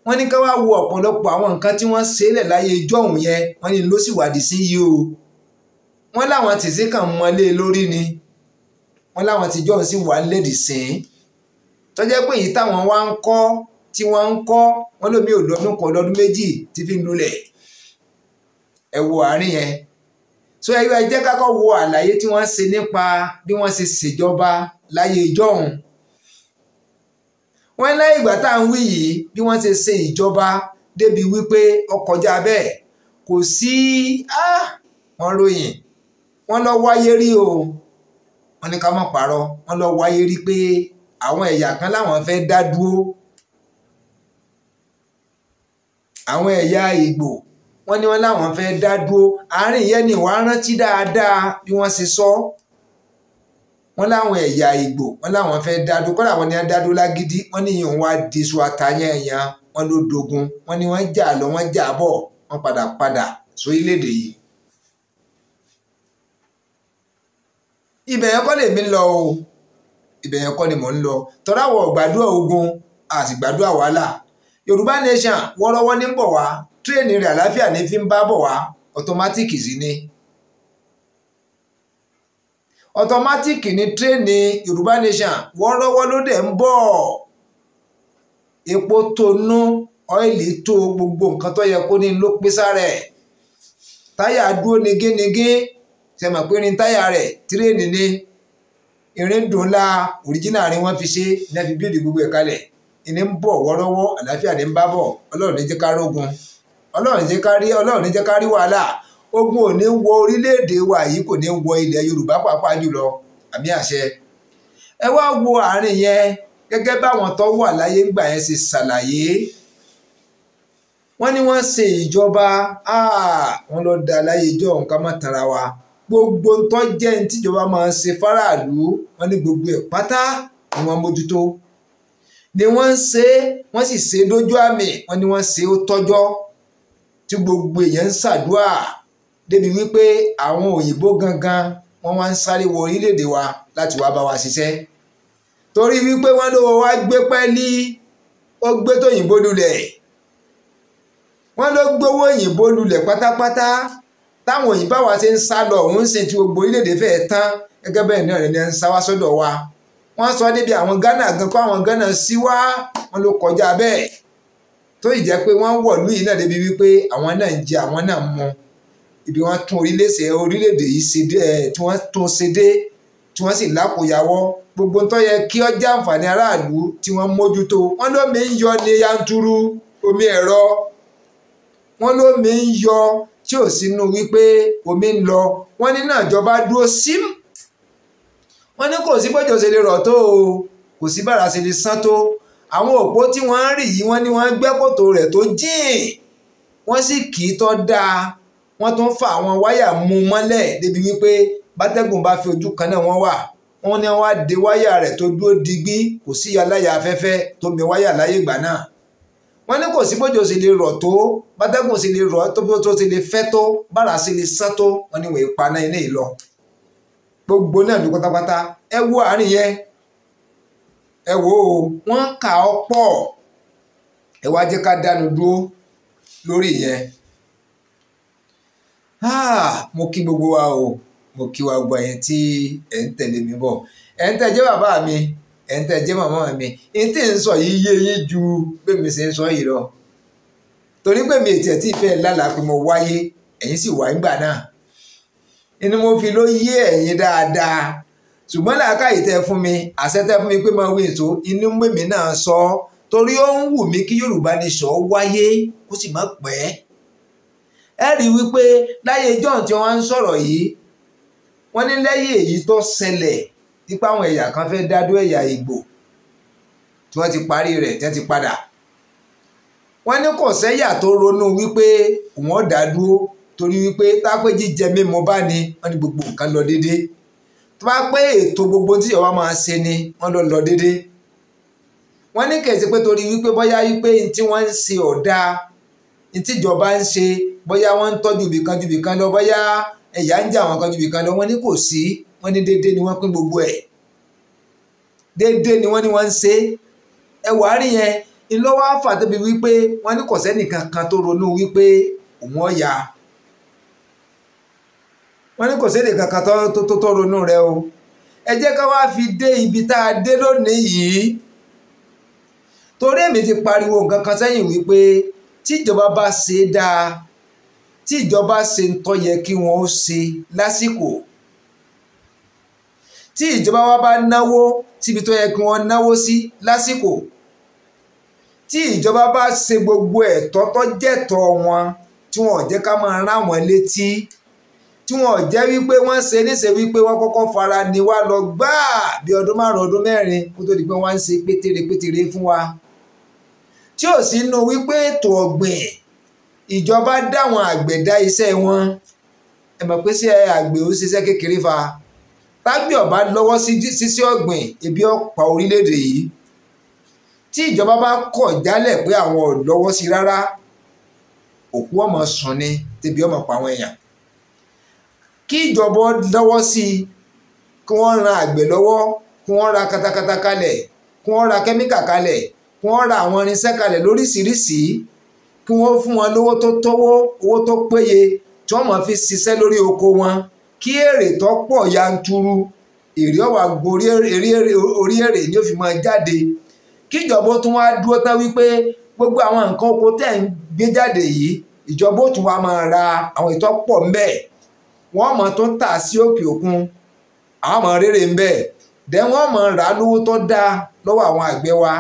wọ́n ní ká wá wo ọ̀pọ̀lọpọ̀ àwọn nǹkan tí wọ́n ṣe lẹ̀ láyé ijó òun yẹn wọ́n ní ló sì wádìí sí yìí o wọ́n láwọn tìṣe kàn mọ́lé e lórí ni wọ́n láwọn tìjọ́ òun sì wà lẹ́dì sìn tó jẹ́ pé èyí táwọn wá ń kọ́ tí wọ́n ń kọ́ wọ́n lómi ò lọ́dún kan lọ́dún méjì tí fi ń lulẹ̀ ẹ wo àárín yẹn so ẹ yóò jẹ́ kákọ́ wo àlàyé tí wọ́n ṣe nípa bí wọ́n ṣe ṣèjọba láyé ìjọ́hun wọ́n láyé ìgbà tá à ń wí yìí bí wọ́n ṣe ṣe ìjọba débi wípé ọkọjá bẹ́ẹ̀ kò sí ah, wọ́n ròyìn wọ́n lọ wáyé rí o wọ́n ní ká má parọ́ wọ́n lọ wáyé rí pé àwọn ẹ̀yà kan láwọn fẹ́ dá dúró àwọn ẹ̀yà Ìgbò wọ́n ní wọ́n láwọn fẹ́ dá dúró àárín yẹn ni wàá rántí dáadáa bí wọ́n ṣe sọ wọ́n láwọn ẹ̀yà Ìgbò wọ́n láwọn fẹ́ dá dúró kọ́dà wọ́n ní wọ́n dá dúró lágídí wọ́n ní ìyẹn wá diṣu àtàyàn ẹ̀yàn wọ́n ló dogun wọ́n ní wọ́n jà lọ wọ́n jà bọ̀ wọ́n padà padà sórílẹ̀-èdè yìí. ibẹ̀ yẹn kọ́ lèmi ń lọ o ibẹ̀ yẹn kọ́ ni mò ń lọ tọ́láwọ̀ gbàdúrà ogun àti gbàdúrà wàhálà Yorùbá nation wọ́rọ́wọ́ ní ń bọ̀ wá treni rẹ àlàáfíà ní fi ń bá bọ̀ wá ọ̀tọ́mátìkì sí ni ọ̀tọ́mátìkì ni treni Yorùbá Nation wọ́n rọ́wọ́ ló dẹ̀ ń bọ̀ epo tonu ọ́ìlì tó gbogbo nǹkan tó yẹ kó ní ló pín sára ẹ̀ táyà dúró re sẹ́mọ̀ pé irin táyà rẹ̀ ni irin dùn la òríjínà rin wọ́n fi ṣe ní a fi gbogbo ẹ̀ kalẹ̀ ìní ń bọ̀ wọ́rọ́wọ́ àlàáfíà ní ń bá Ọlọ́run ní ọlọ́run jẹ́ ká rí ọlọ́run ní jẹ́ ká rí wàhálà ogun ò ní wọ orílẹ̀-èdè wa yìí kò ní wọ ilẹ̀ yorùbá pàápàá jùlọ àmì àṣẹ ẹ wá wo àárín yẹn gẹ́gẹ́ báwọn tó wà láyé ńgbà yẹn ṣe ṣàlàyé wọ́n ní wọ́n ṣe ìjọba ah, wọ́n lọ da láyé ìjọ òun ká má tara wa gbogbo tó jẹ́ ní tíjọba máa ń ṣe fáráàlú wọ́n ní gbogbo ẹ̀ pátá ni wọ́n mójútó ni wọ́n ń ṣe wọ́n sì ṣe dójú àmì wọ́n ní wọ́n ṣe ó tọ́jọ́ tí gbogbo èèyàn ń ṣàdúà débi wípé àwọn òyìnbó gangan wọ́n wá ń sáré wọ orílẹ̀-èdè wa láti wá bá wa ṣiṣẹ́ torí wípé wọ́n lówó wá gbé pẹ́ẹ́lí ó gbé tóyìnbó lulẹ̀ wọ́n ló gbówó òyìnbó lulẹ̀ pátápátá táwọn òyìnbá wa ṣe ń sá lọ òun ṣe ti gbogbo orílẹ̀-èdè fẹ́ẹ́ tán gẹ́gẹ́ bẹ́ẹ̀ náà rẹ̀ ní ń sá wá sọ́dọ̀ wa wọ́n sọ débi àwọn Ghana gan kó àwọn Ghana sí wá wọ́n ló kọjá bẹ́ẹ̀ tó ì jẹ́ pé wọ́n wọ̀lú yìí náà débi wípé àwọn náà ń jẹ àwọn náà mu ibi wọ́n tún orílẹ̀-èdè orílẹ̀-èdè yìí ṣe dé tí wọ́n tún ṣe dé tí wọ́n sì lákòyàwọ́ gbogbo tó yẹ kí ọjà àǹfààní aráàlú tí wọ́n mójútó wọ́n lómi ń yọ ní yanturu omi ẹ̀rọ wọ́n lómi ń yọ tí ò sínú wípé omi ń lọ wọ́n ní náà ìjọba dúró sim wọ́n ní kò sí bọ́jọ́ ṣe lè rọ̀ tó o kò sí bàrà ṣe lè sán tó o àwọn òpó tí wọ́n ń rì yìí wọ́n ní wọ́n gbẹ́ kòtò rẹ̀ tó jìn wọ́n sì kì í tọ́ dáa wọ́n tún fa àwọn wáyà mú mọ́lẹ̀ débi wípé bátẹ́gùn bá fi ojú kan náà wọ́n wà wọ́n ní wọ́n á de wáyà rẹ̀ tó dúró digbí kò sí aláya afẹ́fẹ́ tó mi wáyà láyé ìgbà náà wọ́n ní kò sí bójú sì lè rọ̀ tó bátẹ́gùn sì lè rọ̀ tó bí tó sì lè fẹ́ tó bára sì lè sán tó wọ́n ní wọ́n ìpaná ilé ìlọ gbogbo náà ní pátápátá ẹ wo àárín yẹn ẹ wo wọ́n kà ọ́ pọ̀ ẹ wá jẹ́ ká dánu dúró lórí yẹn ah, mo kí gbogbo wa o mo kí wa gbogbo ẹ̀yin tí ẹ̀ ń tẹ̀lé mi bọ̀ ẹ̀ ń tẹ̀ jẹ́ bàbá mi ẹ̀ ń tẹ̀ jẹ́ màmá mi n tí ń sọ yìí yé yín ju bí mi ṣe ń sọ yìí lọ torí pé mi ètí ẹ̀ tí lálàá pé mo wáyé ẹ̀yin sì wà nígbà náà inú mo fi ló yé ẹ̀yin dáadáa ṣùgbọ́n làákàyè tẹ fún mi àṣẹ tẹ fún mi pé máa wí ètò inú mímí náà sọ ọ́ torí ó ń wù mí kí Yorùbá Nation wáyé kó sì má pẹ́ ẹ rí i wípé láyé John tí wọ́n ń sọ̀rọ̀ yìí wọ́n ní lẹ́yìn èyí tó ṣẹlẹ̀ nípa àwọn ẹ̀yà kan fẹ́ dádó ẹ̀yà Ìgbò tí wọ́n ti parí rẹ̀ tí wọ́n ti padà wọ́n ní kò sẹ́yà tó ronú wípé wọ́n dá dúró torí wípé tápé jíjẹ mímu bá ní wọ́n ní gbogbo nǹkan lọ déédéé tó bá pé ètò gbogbo tí ìjọba máa ṣe ni wọ́n lọ lọ déédéé wọ́n ní kẹ̀sí pé torí wípé bóyá wípé tí wọ́n ń ṣe ọ̀dà tí ìjọba ń ṣe bóyá wọ́n ń tọ́jú ibìkan ju ibìkan lọ bóyá ẹ̀yà ń jà wọn kan ju ibìkan lọ wọ́n ní kò sí wọ́n ní déédéé ni wọ́n pín gbogbo ẹ̀ déédéé ni wọ́n ní wọ́n ń ṣe ẹ wàá rí yẹn ńlọ́wọ́ àfà tóbi wípé wọ́n ní kọ̀sẹ́nì kankan tó ronú wípé òun ọ̀yà wọ́n ní kò séde kankan tó tó tó ronú rẹ o ẹ jẹ́ ká wá fi dé ibi tá a dé lónìí yìí torí èmi ti pariwo nǹkan kan sẹ́yìn wípé tíjọba bá ṣe dáa tíjọba ṣe ń tọ́ yẹ kí wọ́n ṣe lásìkò tí ìjọba wa bá náwó síbi tó yẹ kí wọ́n náwó sí lásìkò tí ìjọba bá ṣe gbogbo ẹ̀tọ́ tó jẹ́tọ́ wọn tí wọn ò jẹ́ ká máa rán wọn létí tí wọn jẹ́ wípé wọ́n ṣe níṣe wípé wọ́n kọ́kọ́ fara ni wá lọ gbáà bí ọdún márùn ọdún mẹ́rin kó tó di pé wọ́n ń ṣe pétérépétéré fún wa tí ò sí nu wípé ètò ọ̀gbìn ìjọba dáwọn àgbẹ̀ dá iṣẹ́ wọn ẹ mọ̀ pé sí àgbẹ̀ ó ṣiṣẹ́ kékeré fa tágbẹ̀ ọ̀bá lọ́wọ́ sísí ọ̀gbìn ebi ọ̀pá orílẹ̀-èdè yìí tí ìjọba bá kọ̀ jálẹ̀ pé àwọn ò lọ́wọ́ sí rárá òkú ọmọ sùn ni tẹ̀bí ọmọ pa àwọn èèyàn kí ìjọba lọ́wọ́ sí i kí wọ́n ran àgbẹ̀ lọ́wọ́ kí wọ́n ra katakata kalẹ̀ kí wọ́n ra kẹ́míkà kalẹ̀ kí wọ́n ra àwọn irinṣẹ́ kalẹ̀ lóríṣìíríṣìí kí wọ́n fún wọn lówó tó tówó owó tó péye tí wọ́n máa fi ṣiṣẹ́ lórí oko wọn kí èrè tó pọ̀ yanturu èrè ọ̀wà gorí orí èrè ni ó fi máa jáde kíjọba tún wá dúró tán wípé gbogbo àwọn nǹkan oko tẹ̀ ń gbé jáde yìí ìjọba ó tún wá máa ra àwọn ìtọ́pọ̀ ń wọ́n mọ̀ tó tà sí òkè òkun àwọn mọ̀ rere ń bẹ̀ dẹ́ wọ́n mọ̀ rà lówó tó dáa lọ́wọ́ àwọn àgbẹ̀ wa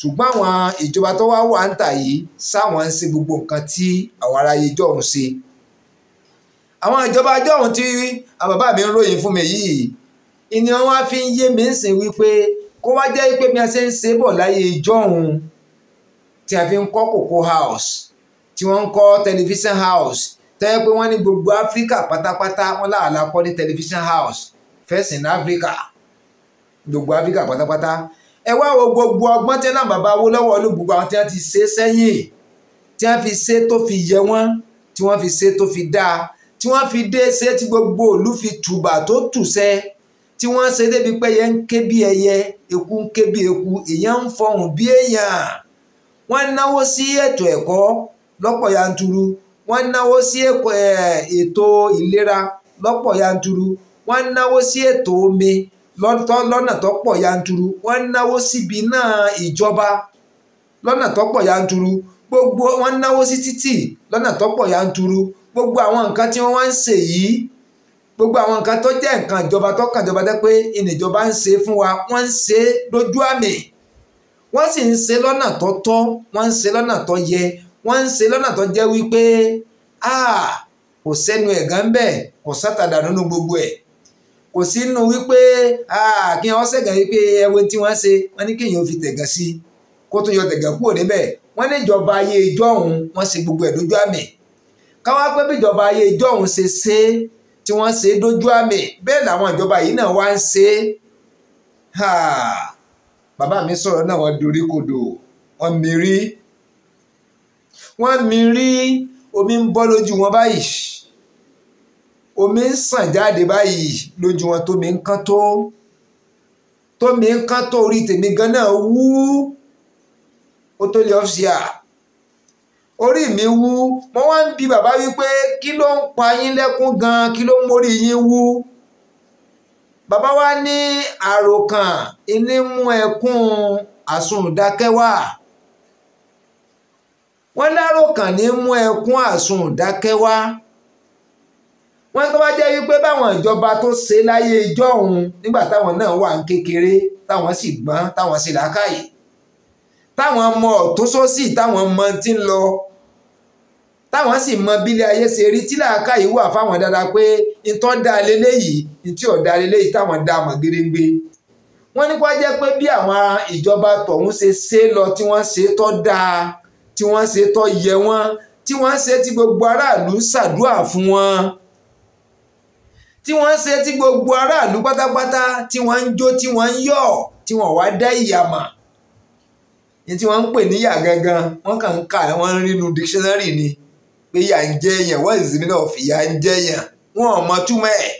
ṣùgbọ́n àwọn ìjọba tó wá wà ń tà yìí sáwọn ń ṣe gbogbo nǹkan tí àwọn aráyé jọ̀hún ṣe àwọn ìjọba jọ̀hún tí àwọn mi ń ròyìn fún mi yìí ìní wọn wá fi ń yé mi ń sìn wípé kó wá jẹ́ pé bí ṣe ń ṣe bọ̀ láyé ìjọ̀hún tí a fi ń kọ́ cocoa house tí wọ́n ń kọ́ television house tẹ́ pé wọ́n ní gbogbo áfíríkà pátápátá wọ́n láàlá kọ́ ní television house first in Africa gbogbo áfíríkà pátápátá ẹ wá wo gbogbo ọgbọ́n tí náà bàbá Awólọ́wọ̀ ló gbogbo àwọn tí wọ́n ti ṣe sẹ́yìn tí wọ́n fi ṣe tó fi yẹ wọ́n tí wọ́n fi ṣe tó fi dáa tí wọ́n fi dé ṣe tí gbogbo òlu fi tùbà tó tùṣẹ́ tí wọ́n ṣe débi pé yẹn ń ké bí ẹyẹ eku ń ké bí eku èèyàn ń fọhùn bí èèyàn wọ́n náwó sí ètò ẹ̀kọ́ lọ́pọ̀ yanturu wọ́n náwó sí ètò ìlera lọ́pọ̀ yanturu wọ́n náwó sí ètò omi lọ́nà tó pọ̀ yanturu wọ́n náwó síbi náà ìjọba lọ́nà tó pọ̀ yanturu gbogbo wọ́n náwó sí títì lọ́nà tó pọ̀ yanturu gbogbo àwọn nǹkan tí wọ́n wá ń ṣe yìí gbogbo àwọn nǹkan tó jẹ́ nǹkan ìjọba tó kàn jọba jẹ́ pé ìnìjọba ń ṣe fún wa wọ́n ń ṣe lójú àmì wọ́n sì ń ṣe lọ́nà tó wọ́n ń ṣe lọ́nà tó wọ́n ń ṣe lọ́nà tó jẹ́ wípé ah, kò sẹ́nu ẹ̀gán bẹ́ẹ̀ kò sátàdà nínú gbogbo ẹ̀ kò sí nínú wípé ah, kí wọ́n ṣẹ̀gàn wípé ẹwọ́n tí wọ́n ṣe wọ́n ní kéèyàn fi tẹ̀gàn sí kó tún yọ tẹ̀gàn kúrò níbẹ̀ wọ́n ní ìjọba ayé ijó ọ̀hún wọ́n ṣe gbogbo ẹ̀ dójú àmì káwá pé bí ìjọba ayé ijó ọ̀hún ṣe ṣe tí wọ́n ṣe dójú àmì bẹ́ẹ̀ làwọn ìjọba yìí náà wá ń ṣe bàbá mi sọ̀rọ̀ náà wọ́n dorí kodò wọ́n mìírí wọ́n mi rí omi ń bọ́ lójú wọn báyìí omi ń sàn jáde báyìí lójú wọn tómi ń kán tó tómi ń kán tó orí tèmi gan náà wú ó tó lè ọ́fíà orí mi wú mo wá ń bi bàbá wípé kí ló ń pa yín lẹ́kún gan kí ló ń mórí yín wú bàbá wa ní àròkàn ilé mú ẹkún àsundakẹ́wàá wọ́n láròkàn ní mú ẹkún àsun ìdákẹ́ wọ́n tó bá jẹ́ wípé báwọn ìjọba tó ṣe láyé ijó ọ̀hún nígbà táwọn náà wà ń kékeré táwọn sì gbọ́n táwọn sì làákàyè táwọn mọ ọ̀tún táwọn mọ tí ń lọ táwọn sì mọ bílẹ̀ ayé ṣe rí tí làákàyè wà fáwọn dáadáa pé ntọ́ da lélẹ́yìí ntí ọ̀dà lélẹ́yìí táwọn da mọ̀ gèrègbè wọ́n ní kó jẹ́ pé bí àwọn ìjọba tọ̀hún ṣe ṣe lọ tí wọ́n ṣe tọ́ dáa tí wọ́n ṣe tọ́ yẹ wọ́n tí wọ́n ṣe tí gbogbo aráàlú ṣàdúà fún wọn tí wọ́n ṣe tí gbogbo aráàlú pátápátá tí wọ́n ń jó tí wọ́n ń yọ̀ tí wọ́n wá dá ìyàmà ní tí wọ́n ń pè níyà gangan wọ́n kàn ń kà wọ́n ń dictionary ni pé ìyà ń jẹ èèyàn wọ́n ìsinmi náà fi ìyà ń jẹ èèyàn wọ́n mọ túmọ̀ ẹ̀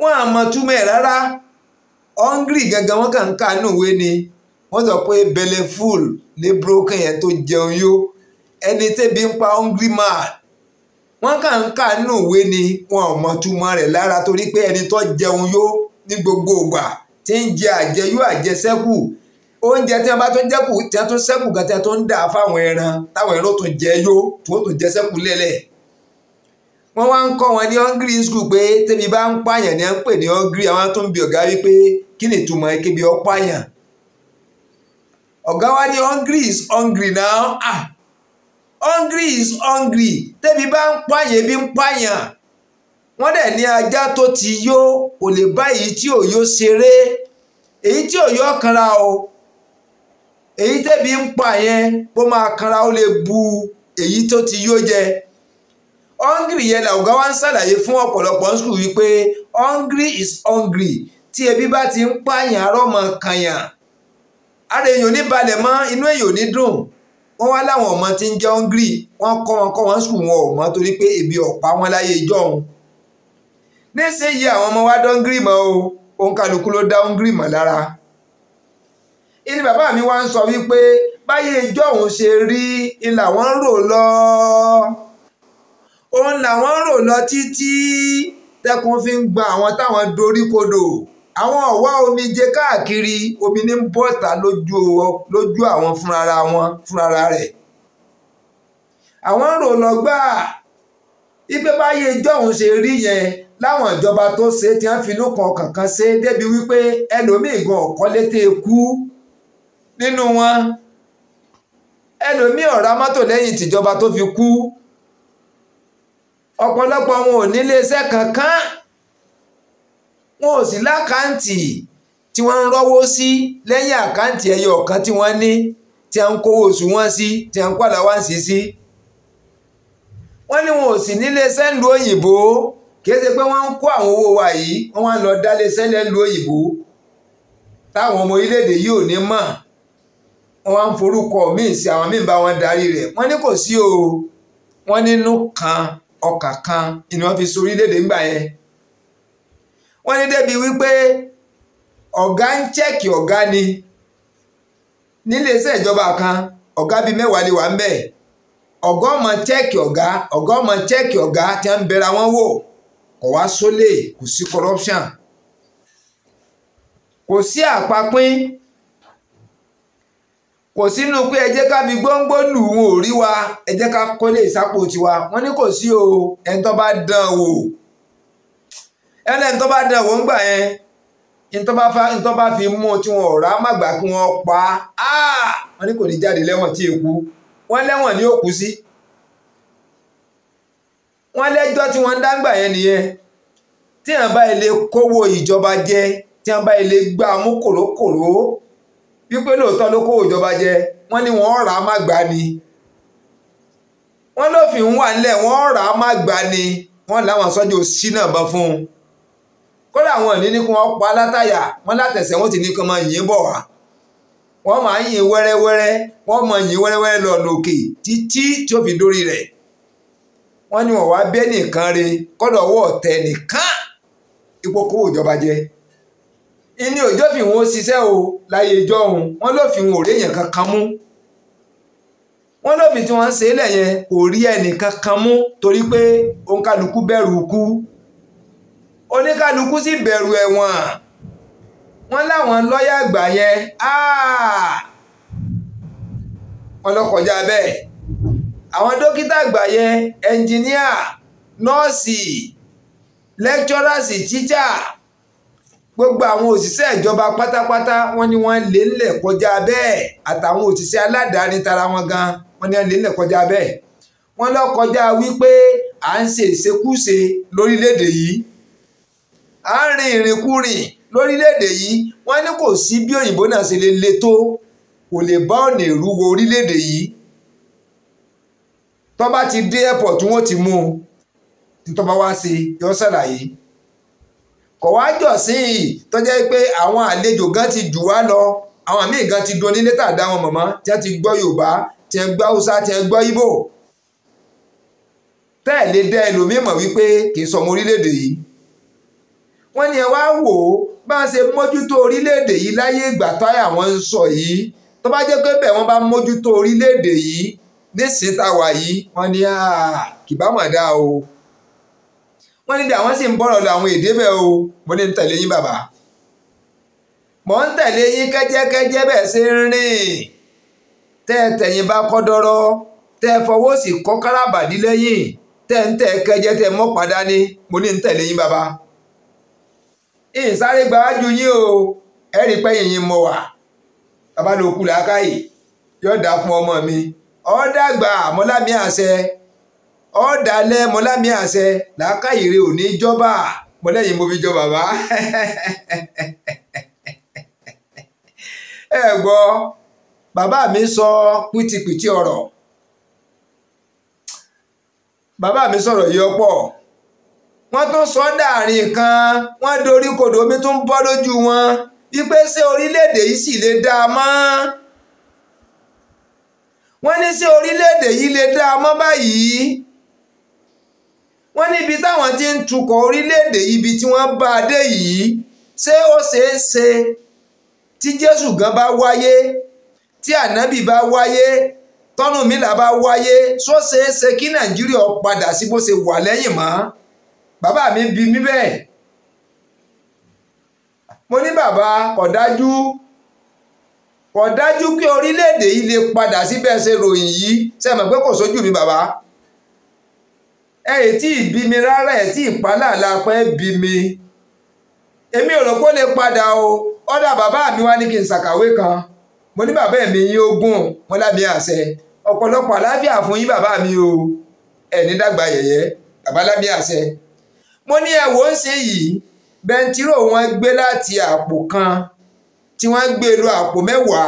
wọ́n mọ túmọ̀ ẹ̀ rárá hungry gangan wọ́n kàn ń kà nùwé ni wọ́n sọ pé belle full ní broken yẹn tó jẹun yó ẹni tẹ́bi ń pa hungry man wọ́n kà ń kà nínú ìwé ni wọn ò mọ túmọ̀ rẹ̀ lára torí pé ẹni tó jẹun yó ní gbogbo ìgbà tí ń jẹ àjẹyó àjẹsẹ́kù oúnjẹ tí wọ́n bá tún jẹ́kù tí wọ́n tún sẹ́kù gan tí wọ́n tún ń dà fáwọn ẹran táwọn ẹran tún jẹ yó tí wọ́n tún jẹ sẹ́kù lẹ́lẹ̀ wọ́n wá ń kọ́ wọn ní hungry school pé tẹ́bi bá ń pààyàn ni à ń pè ní hungry àwọn tó ń bi ọ̀gá wípé kí ni ìtumọ̀ kébi ọ pààyàn ọ̀gá wa ní hungry is hungry now ah hungry is hungry tẹ́bi bá ń pààyàn ebi ń pààyàn wọ́n dẹ̀ ní ajá tó ti yó kò lè bá èyí tí ò yó ṣeré èyí tí ò yó o èyí tẹ́bi ń pa yẹn máa kanra ó lè bu èyí tó ti yó jẹ hungry yẹn làwùgá wa ń ṣàlàyé fún ọ̀pọ̀lọpọ̀ ń sùn wípé hungry is hungry tí ebi bá ti ń pààyàn arọ́ mọ̀ ara èèyàn ní balẹ̀ mọ́ inú èèyàn ní dùn wọ́n wá láwọn ọmọ tí ń jẹ́ hungry wọ́n kọ́ wọn kọ́ wọn sùn wọn ò mọ́ torí pé ebi ọ̀pá wọn láyé ìjọ́un nísìnyí àwọn ọmọ wa dọ́ngírì mọ́ o òun kálukú ló dá hungry mọ́ lára ilé bàbá mi wá ń sọ wípé báyé ìjọ́un ṣe rí ni làwọn ń rò lọ òun làwọn ń rò lọ títí tẹkùn fi ń gba àwọn táwọn dorí kodò àwọn ọ̀wá omijé káàkiri omi ní bọ́ta lójú àwọn fúnra wọn fúnra rẹ̀ àwọn ń rò lọ́gbà ipe báyé jọ̀hún ṣe rí yẹn láwọn ìjọba tó ṣe tí wọ́n fi inú kan kankan ṣe débi wípé ẹlòmíì gan ọ̀kọ́ létí ikú nínú wọn ẹlòmíì ọ̀rá mọ́tò lẹ́yìn tìjọba tó fi kú ọ̀pọ̀lọpọ̀ wọn ò nílé iṣẹ́ kankan wọn ò sí lákàǹtì tí wọ́n ń rọ́wó sí lẹ́yìn àkáǹtì ẹyọ kan tí wọ́n ní tí a ń kówó oṣù wọn sí tí a ń kó àláwáǹsì sí. wọ́n ní wọn ò sì nílé sẹ́ńdù òyìnbó kì í ṣe pé wọ́n ń kó àwọn owó wa yìí wọ́n wá ń lọ dálé sẹ́ńdù òyìnbó táwọn ọmọ orílẹ̀-èdè yìí ò ní mọ̀ wọ́n wá ń forúkọ míì sí àwọn míì bá wọn darí rẹ̀ wọ́n ní kò sí o wọ́n nínú kan ọkà kan ìnáwó fi so orílẹ̀-èdè ńgbà yẹn wọ́n ní débi wípé ọ̀gá ń chẹ́ẹ̀kì ọ̀gá ni níléeṣẹ́ ìjọba kan ọ̀gá bíi mẹ́wàá lè wà ń bẹ̀ ọ̀gá ọmọ chẹ́ẹ̀kì ọ̀gá ọ̀gá ọmọ chẹ́ẹ̀kì ọ̀gá tí ń bẹ̀rẹ̀ àwọn wò kò wá sólè kò sí corruption kò sí àpapín kò sínú pé ẹ ká fi gbóngbó lù wọn ò rí wa ẹ ká kólé ìsápò tiwa wọ́n ní kò sí o ẹni tó bá dán wò ẹlẹ́ni tó bá dẹ̀ wọ́n gbà yẹn ìtọ́ bá fi mú tí wọn ọ̀rá má gbà kí wọ́n pa á ah! wọn ní kò ní jáde lẹ́wọ̀n tí èkú wọ́n lẹ́wọ̀n ní òkú sí wọ́n lẹ́jọ́ tí wọ́n ń dáńgbà yẹn nìyẹn tí wọ́n bá ilé kówó ìjọba jẹ tí wọ́n bá ilé gbá mú kòrókòró wípé lóòótọ́ ló kówó ìjọba jẹ wọ́n ní wọ́n ọ̀rá má gbà ni wọ́n lófin wà nílẹ̀ wọ́n ọ̀rá má gbà ni wọ́n láwọn sọ́jọ́ sí náà fún un kódà àwọn ìní ní kí wọ́n pa látàyà wọ́n látẹ̀sẹ̀ wọ́n ti ní kí wọ́n yìn bọ̀ wá wọ́n máa ń wẹ́rẹ́wẹ́rẹ́ wọ́n máa wẹ́rẹ́wẹ́rẹ́ lọ lòkè títí tí ó fi dórí rẹ̀ wọ́n ní wọ́n wá bẹ́ nìkan re kọ́dọ̀ nìkan ipò ìjọba jẹ inú òjò fi wọn ṣiṣẹ́ o láyé òun wọ́n ló fi wọn kankan mú wọ́n ló fi tí wọ́n ń ṣe yẹn ẹnì oníkálukú sì bẹ̀rù ẹ̀wọ̀n wọ́n láwọn lọ́ọ̀yà àgbà yẹn ah! wọ́n lọ kọjá bẹ́ẹ̀ àwọn dókítà àgbà yẹn ẹnjìníà nọ́ọ̀sì lẹ́kítọ́rọ́sì tíjà gbogbo àwọn òṣìṣẹ́ ìjọba pátápátá wọ́n ní wọ́n lè ńlẹ̀ kọjá bẹ́ẹ̀ àtàwọn òṣìṣẹ́ aládàáni tara wọn gan wọ́n ní wọ́n lè ńlẹ̀ kọjá bẹ́ẹ̀ wọ́n lọ kọjá wípé à ń ṣe ìṣekúṣe lórílẹ̀‐èdè yìí à ń rin ìrìnkúrìn lórílẹ̀‐èdè yìí wọ́n ní kò sí bí òyìnbó náà ṣe lè le tó kò lè bá ọ̀nà èrú wo orílẹ̀‐èdè yìí tó bá ti dé airport wọn ti mú un tó bá wá sí yọ ṣàlàyé kò wá jọ sí i tó jẹ́ pé àwọn àlejò gan ti jù wá lọ àwọn míì gan ti dun onílé tàdá wọn mọ̀mọ́ tí wọ́n ti gbọ́ Yorùbá tí wọ́n gbọ́ Haúsá tí wọ́n gbọ́ Ìgbò tẹ́ẹ̀ lè dá ẹlòmíì mọ̀ wípé kì í sọmọ orílẹ̀ yìí wọ́n ní ẹ wá wò ó bá ń ṣe mójútó orílẹ̀-èdè yìí láyé ìgbà táyà wọn ń sọ yìí tó bá jẹ́ pé bẹ́ẹ̀ wọ́n bá mójútó orílẹ̀-èdè yìí nísìnyí tá a wà yìí wọ́n ní kìbámọ̀ dá o wọ́n ní àwọn sì ń bọ̀rọ̀ lọ àwọn èdè bẹ́ẹ̀ o mo ní ń tẹ̀lé yín bàbá mò ń tẹ̀lé yín kẹ́jẹ́kẹ́jẹ́ bẹ́ẹ̀ ṣe ń rìn tẹ́ ẹ tẹ̀yìn bá kọ́ dọ́rọ́ tẹ́ ẹ fọwọ́ sí kọ́ káràbàdí lẹ́yìn tẹ́ ń tẹ́ kẹ́jẹ́ tẹ́ mọ́ padà ní mo ní ń tẹ̀lé yín bàbá ìsáré gbáwájú yín o ẹ̀rí pé yìnyín mọ̀ wá bàbá ló kú làákàyè yóò dá fún ọmọ mi ọ̀dàgbà mọ́lámí àṣẹ ọ̀dàlẹ̀ mọ́lámí àṣẹ làákàyè rẹ ò ní jọba mọ́lẹ́yìn mo fi jọ bàbá ẹ gbọ́ bàbá mi sọ pìtìpìtì ọ̀rọ̀ bàbá mi sọ̀rọ̀ yìí ọ̀pọ̀ wọ́n tún sọ dàrin kan wọ́n dorí kodò omi tún bọ́ lójú wọn wípé ṣé orílẹ̀-èdè yìí sì lè dáa mọ́ wọ́n ní ṣé orílẹ̀-èdè yìí lè dáa mọ́ báyìí wọ́n níbi táwọn ti ń tukọ̀ orílẹ̀-èdè ibi tí wọ́n bá a dé yìí ṣé ó ṣeé ṣe tí Jésù gan bá wáyé tí ànábì bá wáyé tọ́nùmílà bá wáyé ṣó ṣeé ṣe kí Nàìjíríà padà sí bó ṣe wà lẹ́yìn mọ́ bàbá mi bi mí bẹ́ẹ̀ mo ní bàbá kò dájú kò dájú pé orílẹ̀-èdè yìí lè padà sí bẹ́ẹ̀ ṣe ròyìn yìí ṣe mọ̀ pé kò sójú mi bàbá ẹ ì tí ì bí mi rárá ẹ tí ì pálàlà pẹ́ bí mi èmi ò rò pé ó lè padà o ọ̀dà bàbá mi wá ní kí n ṣàkàwé kan mo ní bàbá mi yín ogún mo lábẹ́ àṣẹ ọ̀pọ̀lọpọ̀ àlàáfíà fún yín bàbá mi o ẹ̀ ní dàgbà yẹ̀yẹ́ bàbá lábẹ́ àṣẹ mo ní ẹ̀wọ̀ ń ṣe yìí bẹntiró wọn gbé láti àpò kan tí wọ́n gbé lọ àpò mẹ́wàá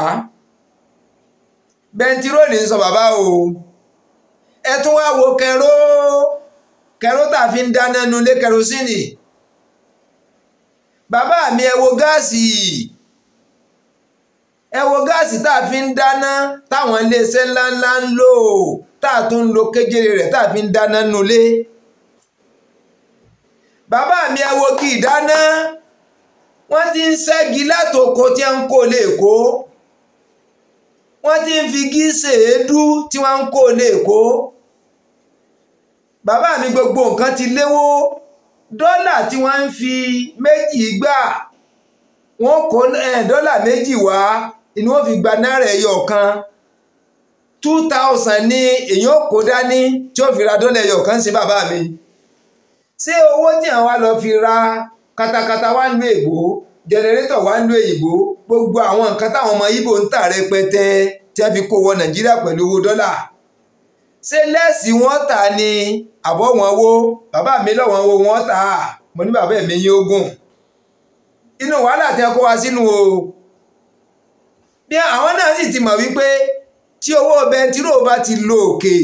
bẹntiró ní sọ bàbá o ẹ tún wá wo kẹró kẹró tá a fi ń dáná nulẹ̀ kẹrosínì bàbá mi ẹ wo gáàsì yìí ẹ wo gáàsì tá a fi ń dáná táwọn iléeṣẹ́ ńláńlá ń lò tá a tún lo kéjere rẹ̀ tá a fi ń dáná nulẹ̀ bàbá mi awogi ìdáná wọ́n ti ń ṣẹ́gi látòkò tí wọ́n ń kó lẹ́kọ́ wọ́n ti ń figi ṣèédú tí wọ́n ń kó lẹ́kọ́ bàbá mi gbogbo nǹkan ti léwó dọ́là tí wọ́n ń fi méjì gbà wọ́n kó eh, dọ́là méjì wá inú wọn fi gba náírà ẹyọ kan two thousand ni èyí ó kó dání tí ó fi ra dọ́là ẹyọ kan sí bàbá mi ṣé owó tí àwọn wa lọ fi ra katakata wá ń lo èbó jẹnẹrétọ̀ wá ń lo èyìnbó gbogbo àwọn nǹkan táwọn ọmọ ibo ń tà rẹpẹtẹ tí a fi kó wọ Nàìjíríà pẹ̀lú owó dọ́là ṣé lẹ́ẹ̀sì wọ́n tà ni àbọ̀ wọn wo bàbá mi lọ́wọ́ wo wọ́n tà á mo ní bàbá mi yín ogún inú wàhálà tí a kó wa sínú o bí àwọn náà sì ti mọ̀ wípé tí owó bẹntiró bá ti lọ òkè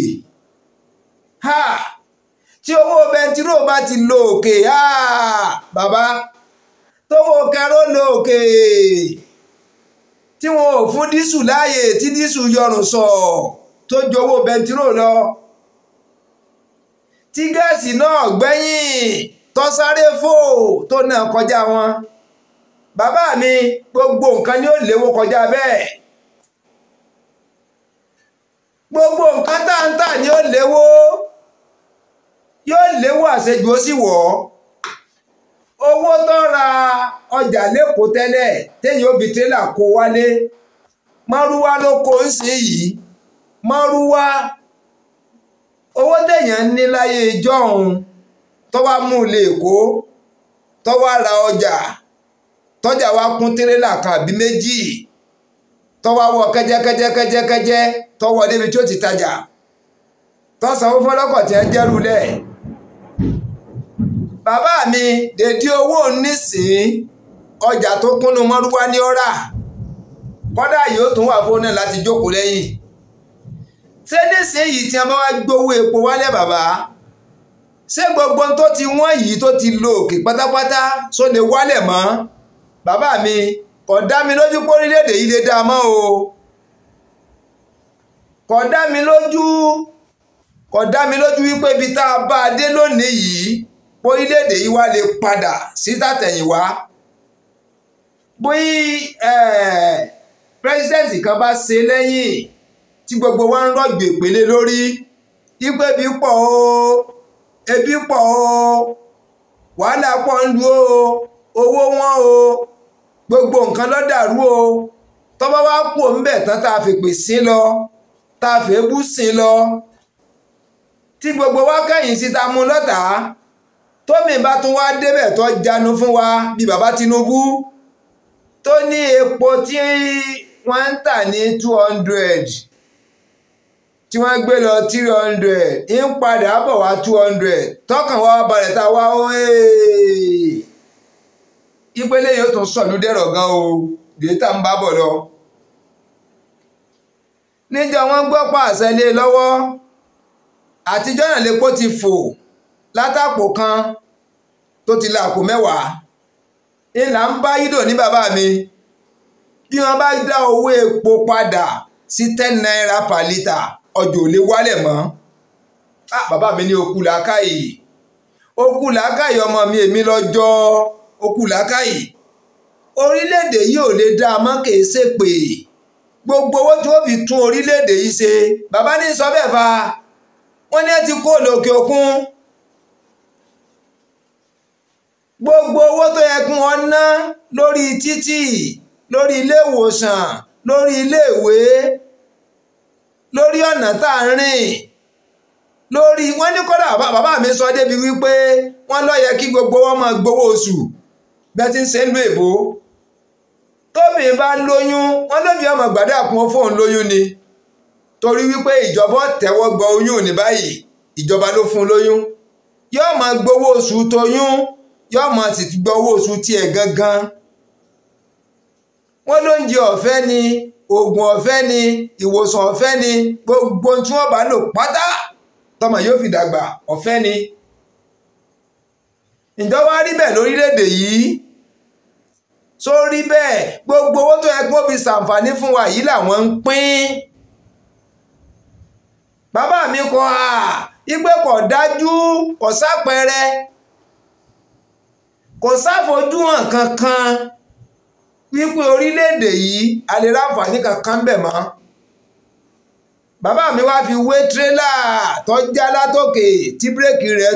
ha tí owó bẹntiró bá ti lọ òkè ah, bàbá tówó kẹró lọ òkè tí wọn ò fún dísù láàyè tí dísù yọrùn sọ tó ju owó bẹntiró lọ tí gáàsì náà gbẹ̀yìn tó sáré fò tó náà kọjá wọn bàbá mi gbogbo nǹkan ni ó léwó kọjá bẹ́ẹ̀ gbogbo nǹkan tá ń tà ni ó léwó. yóò léwọ́ àṣejù ó sì wọ̀ ọ́ owó tó ra ọjà lẹ́kọ̀ọ́ tẹ́lẹ̀ téèyàn ó fi tírélà kó wálé márúwá ló kó ń sìn yìí márúwá owó téèyàn ní láyé ìjọ́hun tó wá mú ilé èkó tó ra ọjà tọ́jà wá kún tírélà kàbí méjì tó wọ kẹ́jẹ́kẹ́jẹ́kẹ́jẹ́kẹ́jẹ́ tó wọ débi tí ó ti tajà tó sanwó fọlọ́kọ̀ tí ẹ jẹ́rú lẹ̀ bàbá mi dèdí owó nísìn ọjà tó kúnnú mọ́rúwá ní ọ̀rà kọ́dà yóò tún wà fún náà láti jókòó lẹ́yìn ṣé nísìnyìí tí a bá wá gbowó epo wálé bàbá ṣé gbogbo tó ti wọ́n yìí tó ti lo òkè pátápátá só lè wálẹ̀ mọ́ bàbá mi kò dá mi lójú pé orílẹ̀-èdè yìí lè dá a mọ́ o kò dá mi lójú kò dá mi lójú wípé ibi tá a bá a dé lónìí yìí orílẹ̀-èdè yìí wá lè padà sí tàtẹ̀yìnwá bí eh, pírẹsidẹ́ǹtì kan bá ṣe lẹ́yìn tí gbogbo wa ń rọ̀gbì ìpele lórí ipò ebi pọ̀ o ebi pọ̀ o wàhálà pọ̀ ń lu o owó wọn o gbogbo nǹkan ló dàrú o tọ́ba wá pò ń bẹ̀ tán tá a fi pè sí lọ tá a fi bú sí lọ tí gbogbo wa kẹ́yìn sí ta mú lọ́tàá tómi bá tún wá débẹ̀ tó jánu fún wa bí bàbá Tinubu tó ní epo tí wọ́n ń tà ní two hundred tí wọ́n gbé lọ three hundred ń padà bọ̀ wá two hundred tọkàn wá balẹ̀ tá a wá ó ìpele yóò tún sọ̀lú dẹ̀rọ̀ gan o dèétà ń bá bọ̀ lọ. níjọ́ wọ́n gbọ́ pàṣẹ lé lọ́wọ́ àtijọ́ náà lè pọ́ ti fò látàpò kan tó ti la àpò mẹ́wàá ìlà ń bá yídò ní bàbá mi bí wọ́n bá dá owó epo padà sí ten naira per litre ọjọ́ ò lè wálẹ̀ mọ́ ah bàbá mi ní okú làákàyè okú làákàyè ọmọ mi èmi lọ́jọ́ okú làákàyè orílẹ̀-èdè yìí ò lè dá a mọ́ kìí ṣe pé gbogbo owó tí wọ́n fi tún orílẹ̀-èdè yìí ṣe bàbá ní sọ bẹ́ẹ̀ fa wọ́n ní ẹ ti kó lókè òkun gbogbo owó tó yẹ kí wọ́n ná lórí títì lórí ilé ìwòsàn lórí ilé ìwé lórí ọ̀nà tá à ń rìn lórí wọ́n ní kódà bàbá mi sọ débi wípé wọ́n ló yẹ kí gbogbo wọn máa gbowó oṣù bẹ́ẹ̀ ti ń ṣe ń lo èbó tóbìnrin bá lóyún wọ́n lóbi ọmọ gbàdúrà kún fóun lóyún ni torí wípé ìjọba tẹ́wọ́ gba oyún ní báyìí ìjọba ló fún lóyún yóò máa gbowó oṣù tóyún yóò mọ̀ sì gbọ́ owó oṣù tiẹ̀ gangan wọ́n ló ń jẹ ọ̀fẹ́ ni oògùn ọ̀fẹ́ ni ìwòsàn ọ̀fẹ́ ni gbogbo tí wọ́n bá lò pátá tọmọ yóò fi dàgbà ọ̀fẹ́ ni ǹjọ́ wá rí bẹ́ẹ̀ lórílẹ̀‐èdè yìí só rí bẹ́ẹ̀ gbogbo owó tó yẹ kó fi ṣàǹfààní fún wa yìí làwọn ń pín bàbá mi kọ́ à ìgbẹ́kọ̀ dájú ọ̀sápẹrẹ kò hàn kankan wípé orílẹ̀-èdè yìí a lè kankan bẹ̀ mọ́ bàbá mi wá fi wé tírélà tó já látòkè tí bírèkì rẹ̀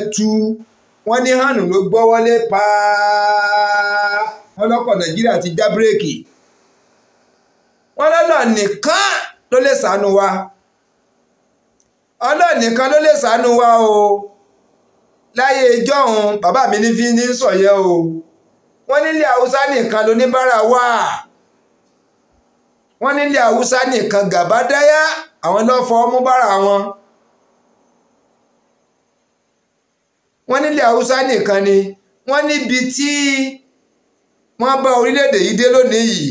wọ́n ní hànú ló gbọ́ wọlé pa wọ́n lọ́kọ̀ ti já bírèkì wọ́n lọ́lọ́ nìkan ló wa ló lè wa o. láyé ìjọ́hun bàbá mi ní fi ní sọ̀yẹ́ o wọ́n nílẹ̀ haúsá nìkan lóníbàárà wà wọ́n nílẹ̀ haúsá nìkan gàbádáyà àwọn lọ́fọ́ múbára wọn wọ́n nílẹ̀ haúsá nìkan ni wọ́n níbi tí wọ́n bá orílẹ̀-èdè yìí dé lónìí yìí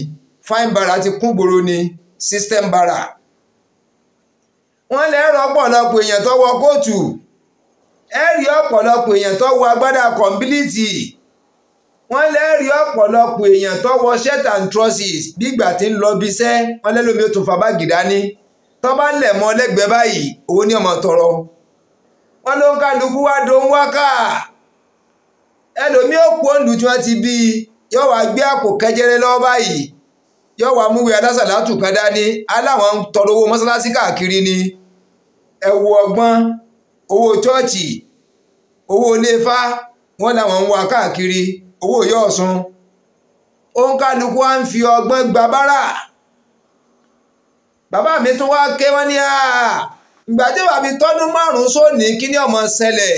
fine bara ti kún gbòòrò ni system bara wọ́n lè rọ́pọ̀lọpọ̀ èèyàn tó wọ kóòtù ẹ rí ọ̀pọ̀lọpọ̀ èèyàn tó wọ agbádá kọ̀m̀bílìtì wọ́n lẹ́rí ọ̀pọ̀lọpọ̀ èèyàn tó wọ shirt and trousers nígbà tí ń lọ bí iṣẹ́ wọ́n lẹ́lómi ó tún fa báàgì dání tó bá ń lẹ̀ mọ́ lẹ́gbẹ̀ẹ́ báyìí òun ni ọmọ tọrọ wọ́n ló ń kálukú wá dóhùn wákà ẹlòmí òkú òǹdù tí wọ́n ti bí yóò wá gbé àpò kẹjẹrẹ lọ́wọ́ báyìí yóò wá múwèé adásàlátù kan dání aláwọn tọrọ owó mọ́sálásí káàkiri ni ẹ ọgbọ́n owó chọ́ọ̀chì owó iléfá wọ́n làwọn ń wá káàkiri owó yọ̀ọ̀sùn òǹkàlùkù wa ń fi ọgbọ́n gba bára bàbá mi tún wá ké wọ́n ní àá tí bàbá mi tọ́dún márùn-ún sóòní kíní ni ọmọ ṣẹlẹ̀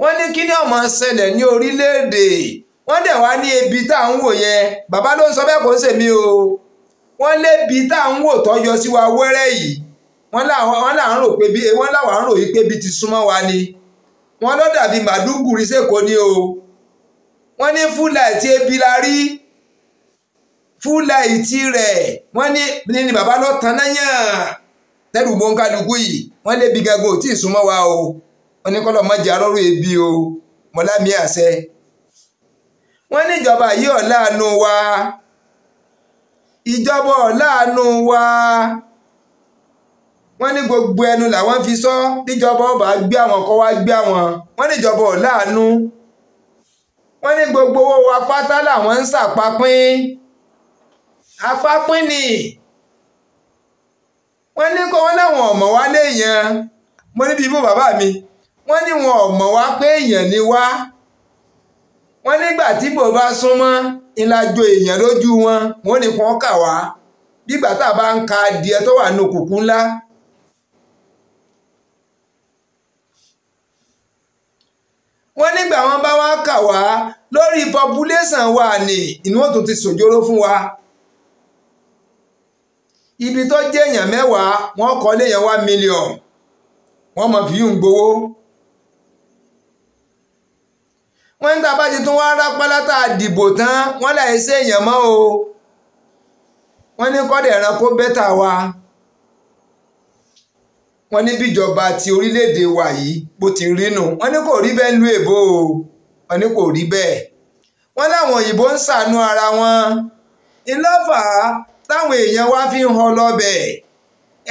wọ́n ní kíní ni ọmọ ṣẹlẹ̀ ní orílẹ̀-èdè wọ́n dẹ̀ wá ní ebi tá à ń wò yẹn bàbá ló ń sọ bẹ́ẹ̀ kó ń ṣèmi o wọ́n lébi tá à ń wò tó yọ sí wa wẹ́rẹ́ yìí wọ́n láwọn rò pé bí wọ́n láwọn rò yí pé bí ti súnmọ́ wa ni wọ́n lọ dàbí màdúgùrì sẹ́kọ̀ọ́ ni o wọ́n ní fúláìtì ebi la rí fúláìtì rẹ̀ wọ́n ní ní bàbá lọ tán náà yàn tẹ́lù gbọ́nkálukú yìí wọ́n lébi gangan ò tí ì súnmọ́ wa o wọ́n ní kọ́lọ́ mọ́jà rọ́rùn ebi o mọ́lámí àṣẹ wọ́n ní ìjọba yìí ọ̀láàánú wa ìjọba ọ̀láàánú wa wọ́n ní gbogbo ẹnu làwọn fi sọ bíjọba ọba gbé àwọn kọ́ wá gbé àwọn wọ́n níjọba ò láàánú wọ́n ní gbogbo owó wa pátá làwọn ń ṣàpapín apápín ni wọ́n ní kó wọ́n láwọn ọ̀mọ̀ wá léèyàn mo níbi ibú bàbá mi wọ́n ní wọn ọ̀mọ̀ wá pé èèyàn ni wá wọ́n nígbà tí bò bá súnmọ́ ìlàjò èèyàn lójú wọn wọ́n ní kàn kà wá bígbà tá a bá ń ka adìẹ tó wà ní òkùnkùn ńlá wọ́n nígbà wọn bá wá kà wá lórí population wa ni inú òtún ti sòjóró fún wa ibi tó jẹ́ èèyàn mẹ́wàá wọ́n kọ́ léèyàn wá mílíọ̀nù wọ́n mọ̀ fi yún gbowó wọ́n ní tàbá ti tún wá rápálá tá a dìbò tán wọ́n láì ṣe èèyàn mọ́ o wọ́n ní kọ́dẹ̀ ẹranko bẹ́tà wa wọ́n ní bíjọba ti orílẹ̀-èdè wa yìí bó ti rí nù wọ́n ní kò rí bẹ́ẹ̀ lu èbó o wọ́n ní kò rí bẹ́ẹ̀ wọ́n láwọn òyìnbó ń ṣàánú ara wọn ìlọ́fà táwọn èèyàn wá fi ń họ lọ́bẹ̀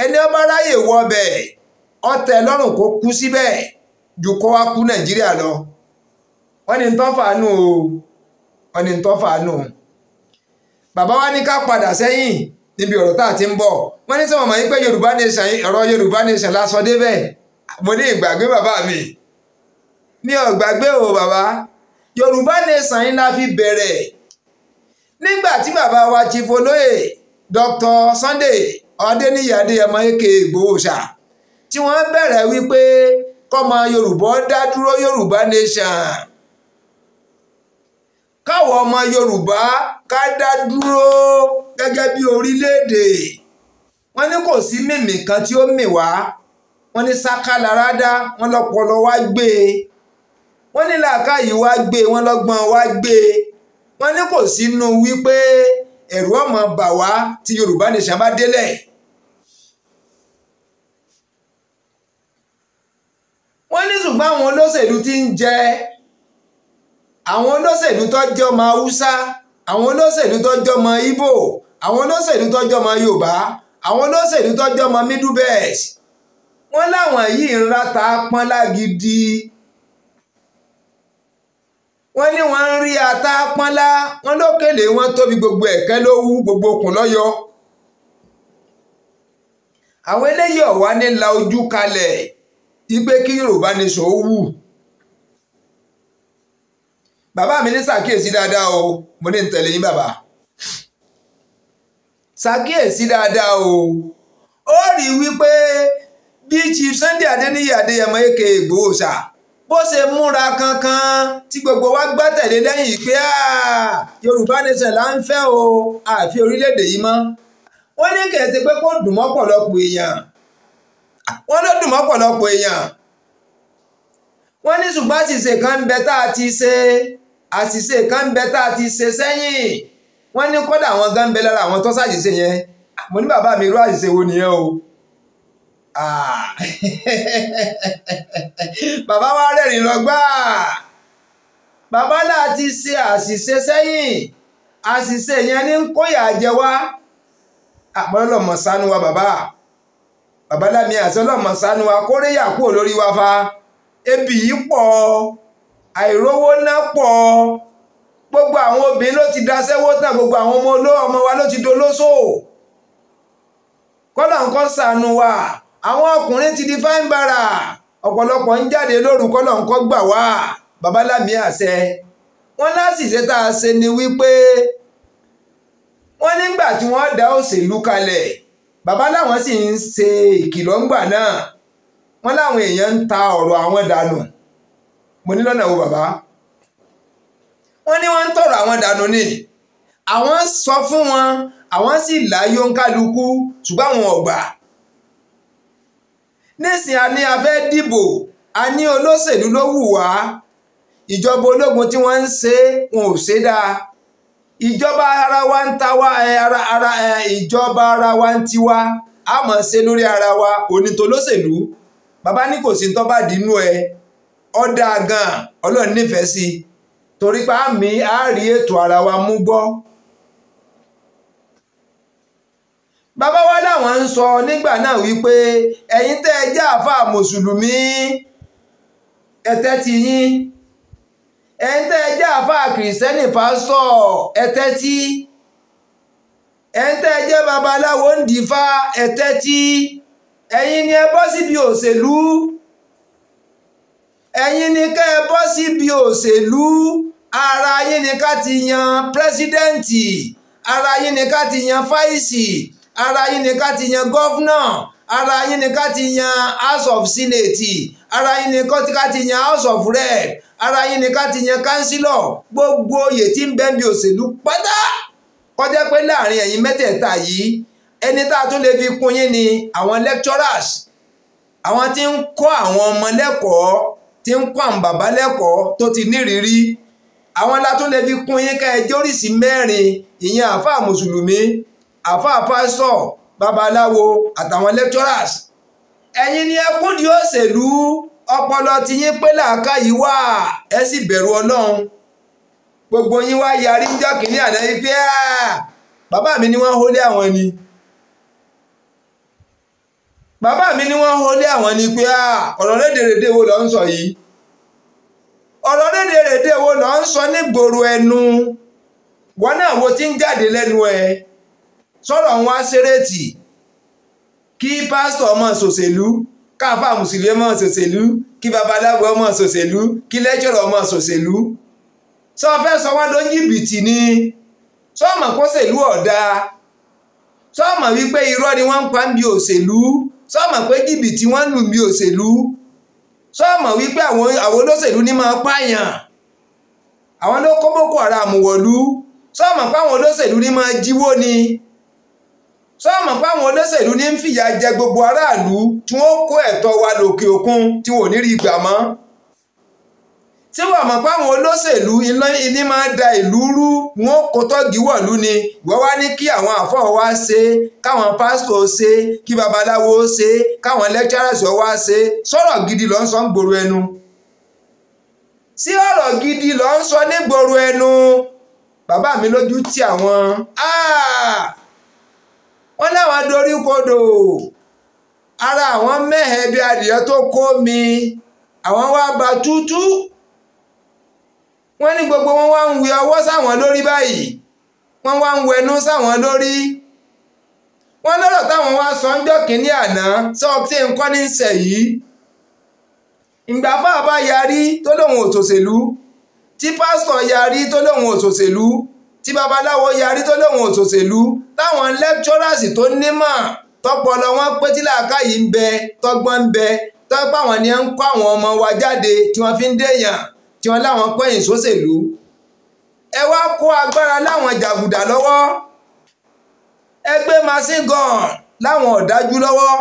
ẹni ọba ráyè wọ ọbẹ̀ ọtẹ lọ́rùn kó kú síbẹ̀ ju kó wá kú nàìjíríà lọ wọ́n ní tán fàánù o wọ́n ní tán fàánù bàbá wa ní ká padà sẹ́yìn níbi ọ̀rọ̀ tá a ti ń bọ̀ wọ́n ní sọ̀rọ̀ màá pé yorùbá nation ọ̀rọ̀ yorùbá nation la débẹ̀ mo ní ìgbàgbé bàbá mi mi ò gbàgbé o bàbá yorùbá nation la fi bẹ̀rẹ̀ nígbà tí bàbá wa ti folóyè dr sunday ọdẹniyí adéyẹmọ aka ìgbòhòṣà tí wọ́n bẹ̀rẹ̀ wípé kọ́mọ yorùbá dá dúró yorùbá nation káwọ ọmọ yorùbá ká dá dúró gẹ́gẹ́ bí orílẹ̀-èdè wọ́n ní kò sí mìmì kan tí ó mì wá wọ́n ní sáká lára dá wọ́n lọ́pọlọ wá gbé e wọ́n ní làákàyè wá gbé e wọ́n lọ́gbọ́n wá gbé e wọ́n ní kò sínú wípé ẹ̀rù ọmọ bà wá tí Yorùbá nìṣàn bá délẹ̀. wọ́n ní ṣùgbọ́n àwọn olóṣèlú ti ń jẹ àwọn olóṣèlú tó jọmọ Haúsá àwọn olóṣèlú tó jọmọ Ìgbò àwọn olóṣèlú tọ́jọ́ ọmọ Yorùbá àwọn olóṣèlú tọ́jọ́ ọmọ Middle Belt wọ́n láwọn yìí ń ráta pọ́nlá gidi wọ́n ní wọ́n ń rí ata pọ́nlá wọ́n lókèlè wọ́n tóbi gbogbo ẹ̀kẹ́ ló wú gbogbo okùn lọ́yọ́ àwọn eléyìí ọ̀wá ní la ojú kalẹ̀ igbe kí Yorùbá ní sọ wù bàbá mi ní ṣàkíyèsí dáadáa o mo ní ń tẹ̀lé yín bàbá ṣàkíyèsí dáadáa o ó rí i wípé bí Chief Sunday Adéníyì Adéyẹmọ èké Ìgbòho bó ṣe múra kankan tí gbogbo wa gbá tẹ̀lé lẹ́yìn pé Yorùbá nation là ń fẹ́ o àfi orílẹ̀-èdè yìí mọ́ wọ́n ní kẹ̀sí pé kó dùn mọ́pọ̀lọpọ̀ èèyàn wọ́n ló dùn mọ́pọ̀lọpọ̀ èèyàn wọ́n ní ṣùgbọ́n àṣìṣe kan ń bẹ tá a ti ṣe àṣìṣe kan ń bẹ tá a ti ṣe sẹ́yìn wọ́n ní kọ́dà àwọn gan bẹ lára àwọn tó ṣàṣìṣe yẹn mo ní bàbá mi irú àṣìṣe wo nìyẹn o ah. bàbá wa rẹ̀rìn lọ́gbà bàbá náà ti ṣe àṣìṣe sẹ́yìn àṣìṣe yẹn ní kóyà jẹ wá àpọ́nlọ́mọ ah, sánú wa bàbá bàbá lámì àṣọlọ́mọ sánú wa kórèyà kúrò lórí wa fa ebi yìí pọ̀ àìrówó ná pọ̀ gbogbo àwọn obìnrin ló ti daṣẹ́wó tán gbogbo àwọn ọmọ olówó ọmọ wa ló ti dolóṣò kọ́lá nǹkan ṣàánú wa àwọn ọkùnrin ti di fáin bara ọ̀pọ̀lọpọ̀ ń jáde lóru kọ́lá nǹkan gbà wá babalámi àṣẹ wọn láṣìṣe tá a ṣe ni wípé wọn nígbà tí wọ́n dá òṣèlú kalẹ̀ bàbá làwọn sì ń ṣe ìkìlọ̀ ńgbà náà wọn láwọn èèyàn ń ta ọ̀rọ̀ àwọn dànù mo ní lọ́nà wo bàbá wọ́n ní wọ́n ń tọrọ àwọn dànù ni àwọn sọ fún wọn àwọn sì láyọ̀ ń kálukú ṣùgbọ́n àwọn ọ̀gbà nísìn a ní a fẹ́ dìbò a ní olóṣèlú ló wù wá ìjọba ológun tí wọ́n ń ṣe wọn ò ṣe dáa ìjọba ara wa ń ta wá ìjọba ara wa ń tiwa a mọ̀ ṣe lórí ara wa onítòlóṣèlú bàbá ní kò sí tọ́ba dínú ẹ ọ̀dà gan ọlọ́run nífẹ̀ẹ́ sí i torí pa mi á rí ètò ara wa mú gbọ́. bàbá wa làwọn ń sọ nígbà náà wípé ẹ̀yin tẹ́ ẹ jẹ́ àáfàá mùsùlùmí ẹ̀tẹ́ ti yín ẹ̀yin tẹ́ ẹ jẹ́ àáfàá kìrìsìtẹ́nì pásítọ̀ ẹ̀tẹ́ tí ẹ̀yin tẹ́ ẹ jẹ́ babaláwo ń dìfá ẹ̀tẹ́ tí ẹ̀yin ni ẹ bọ́ síbi òṣèlú ẹ̀yin ni kẹ́ ẹ bọ́ síbi òṣèlú ara yín ni ká ti yan pírẹsidẹ́ǹtì ara yín ni ká ti yan fáìsì ara yín ni ká ti yan gọ́fúnà ara yín ni ká ti yan house of senate ara yín ni ká ti yan house of rep ara yín ni ká ti yan kánsílọ̀ gbogbo oyè tí ń bẹ́ẹ̀ bí òṣèlú pátá kọjá pé láàrin ẹ̀yin mẹ́tẹ̀ẹ̀ta yìí ẹni tá a tún lè fi kún yín ni àwọn lecturers àwọn tí ń kọ́ àwọn ọmọ lẹ́kọ̀ọ́ tí ń kọ́ àwọn bàbá lẹ́kọ̀ọ́ tó ti nírìírí àwọn látó lè fi kún yín ká ẹ jẹ́ oríṣi mẹ́rin ìyẹn àáfàá mùsùlùmí àáfàá pásítọ̀ babaláwo àtàwọn lecturers ẹ̀yin ni ẹkún di òṣèlú ọpọlọ ti yín pé làákà yìí wà ẹ sì bẹ̀rù ọlọ́run gbogbo yín wá yarí ń jọ́ kìíní àná yìí pé bàbá mi ni wọ́n hólé àwọn ni bàbá mi ni wọ́n hólé àwọn ni pé ọ̀rọ̀ rédèrèdè wo ló ń sọ yìí ọ̀rọ̀ rédèrèdè wo náà ń sọ nígboro ẹnu wọn náà wo ti ń jáde lẹ́nu ẹ sọ̀rọ̀ wọn á ṣeréètì kí pásítọ̀ ọmọ ṣòṣèlú káfà mùsùlùmí ọmọ ṣòṣèlú kí babaláwo ọmọ ṣòṣèlú kí lẹ́jọ̀rọ̀ ọmọ ṣòṣèlú sọ fẹ́ sọ wọ́n ló ń jìbìtì ni sọ́ọ̀mọ̀ kó ṣèlú ọ̀dà sọ́ọ̀mọ̀ wípé irọ́ ni wọ́n ń pa ń bi òṣèlú sọ́ọ̀mọ̀ pé jìbìtì wọ́n ń lù ń òṣèlú sọ́ọ̀mọ̀ wípé àwọn olóṣèlú ní máa pààyàn àwọn ló kó boko haram wọ̀lú sọ́ọ̀mọ̀ páwọn olóṣèlú ní máa jíwó ni sọ́ọ̀mọ̀ páwọn olóṣèlú ní ń fìyà jẹ gbogbo aráàlú tí wọ́n kó ẹ̀tọ́ wa lòkè òkun tí wọ́n ò ní rí gbà mọ́ tí wọ́n mọ̀ páwọn olóṣèlú iná ilé máa da ìlú rú wọn kò tọ́gì wọ̀lú ni wọ́n wá ní kí àwọn àfọ́ wa ṣe káwọn pásítọ̀ ṣe kí babaláwo ṣe káwọn lẹ́kítírọ̀sì wa ṣe sọ̀rọ̀ gidi ló ń sọ nígboro ẹnu. sí ọ̀rọ̀ gidi ló ń sọ nígboro ẹnu bàbá mi lójú ti àwọn wọ́n láwọn dorí kodò ara àwọn mẹ́hẹ̀ẹ́ bí adìyẹ tó kó mi àwọn wá ba tútú wọ́n ní gbogbo wọn wá ń wẹ ọwọ́ sáwọn lórí báyìí wọ́n wá ń wẹnu sáwọn lórí wọ́n lọ́rọ̀ táwọn wá sọ ń jọ́ kínní àná sọ tí nǹkan ní sẹ̀ yìí ìgbà fáà bá yarí tó lóun òṣòṣèlú tí pásítọ̀ yarí tó lóun òṣòṣèlú tí babaláwo yarí tó lóun òṣòṣèlú táwọn lẹ́kítọ́rọ̀sì tó nímọ̀ tọpọlọ wọn pé tí làákàyè ń bẹ tọgbọ́n ń bẹ tọ́pọ̀ àwọn ni ń kọ́ àwọn ọmọ wa jáde tí wọ́n fi ń dèèyàn tí wọ́n láwọn kọ̀yìn sóṣèlú ẹ wá kó agbára láwọn jàgùdà lọ́wọ́ ẹ gbé machine gun láwọn ọ̀dájú lọ́wọ́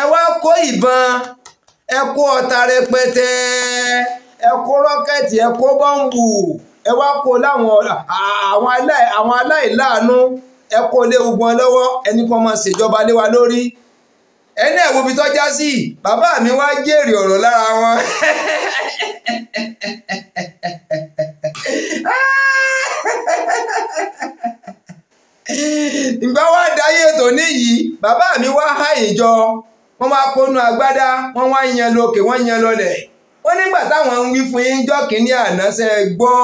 ẹ wá kó ìbọn ẹ kó ọta rẹpẹtẹ ẹ kó rọ́kẹ̀tì ẹ kó bọ́ǹbù ẹ wá kó láwọn àwọn aláìláàánú ẹ kó léwu gan lọ́wọ́ ẹni kan máa ṣèjọba lé wa lórí. ẹni ẹ̀ wo ibi tó já sí bàbá mi wá jèrè ọ̀rọ̀ lára wọn. ìgbà wá dáyé tó níyìí bàbá mi wá há ìjọ wọ́n wá kónú agbádá wọ́n wá yan lókè wọ́n yan lọlẹ̀ wọ́n nígbà táwọn ń wí fún yín jọ́ kínní àná ṣe gbọ́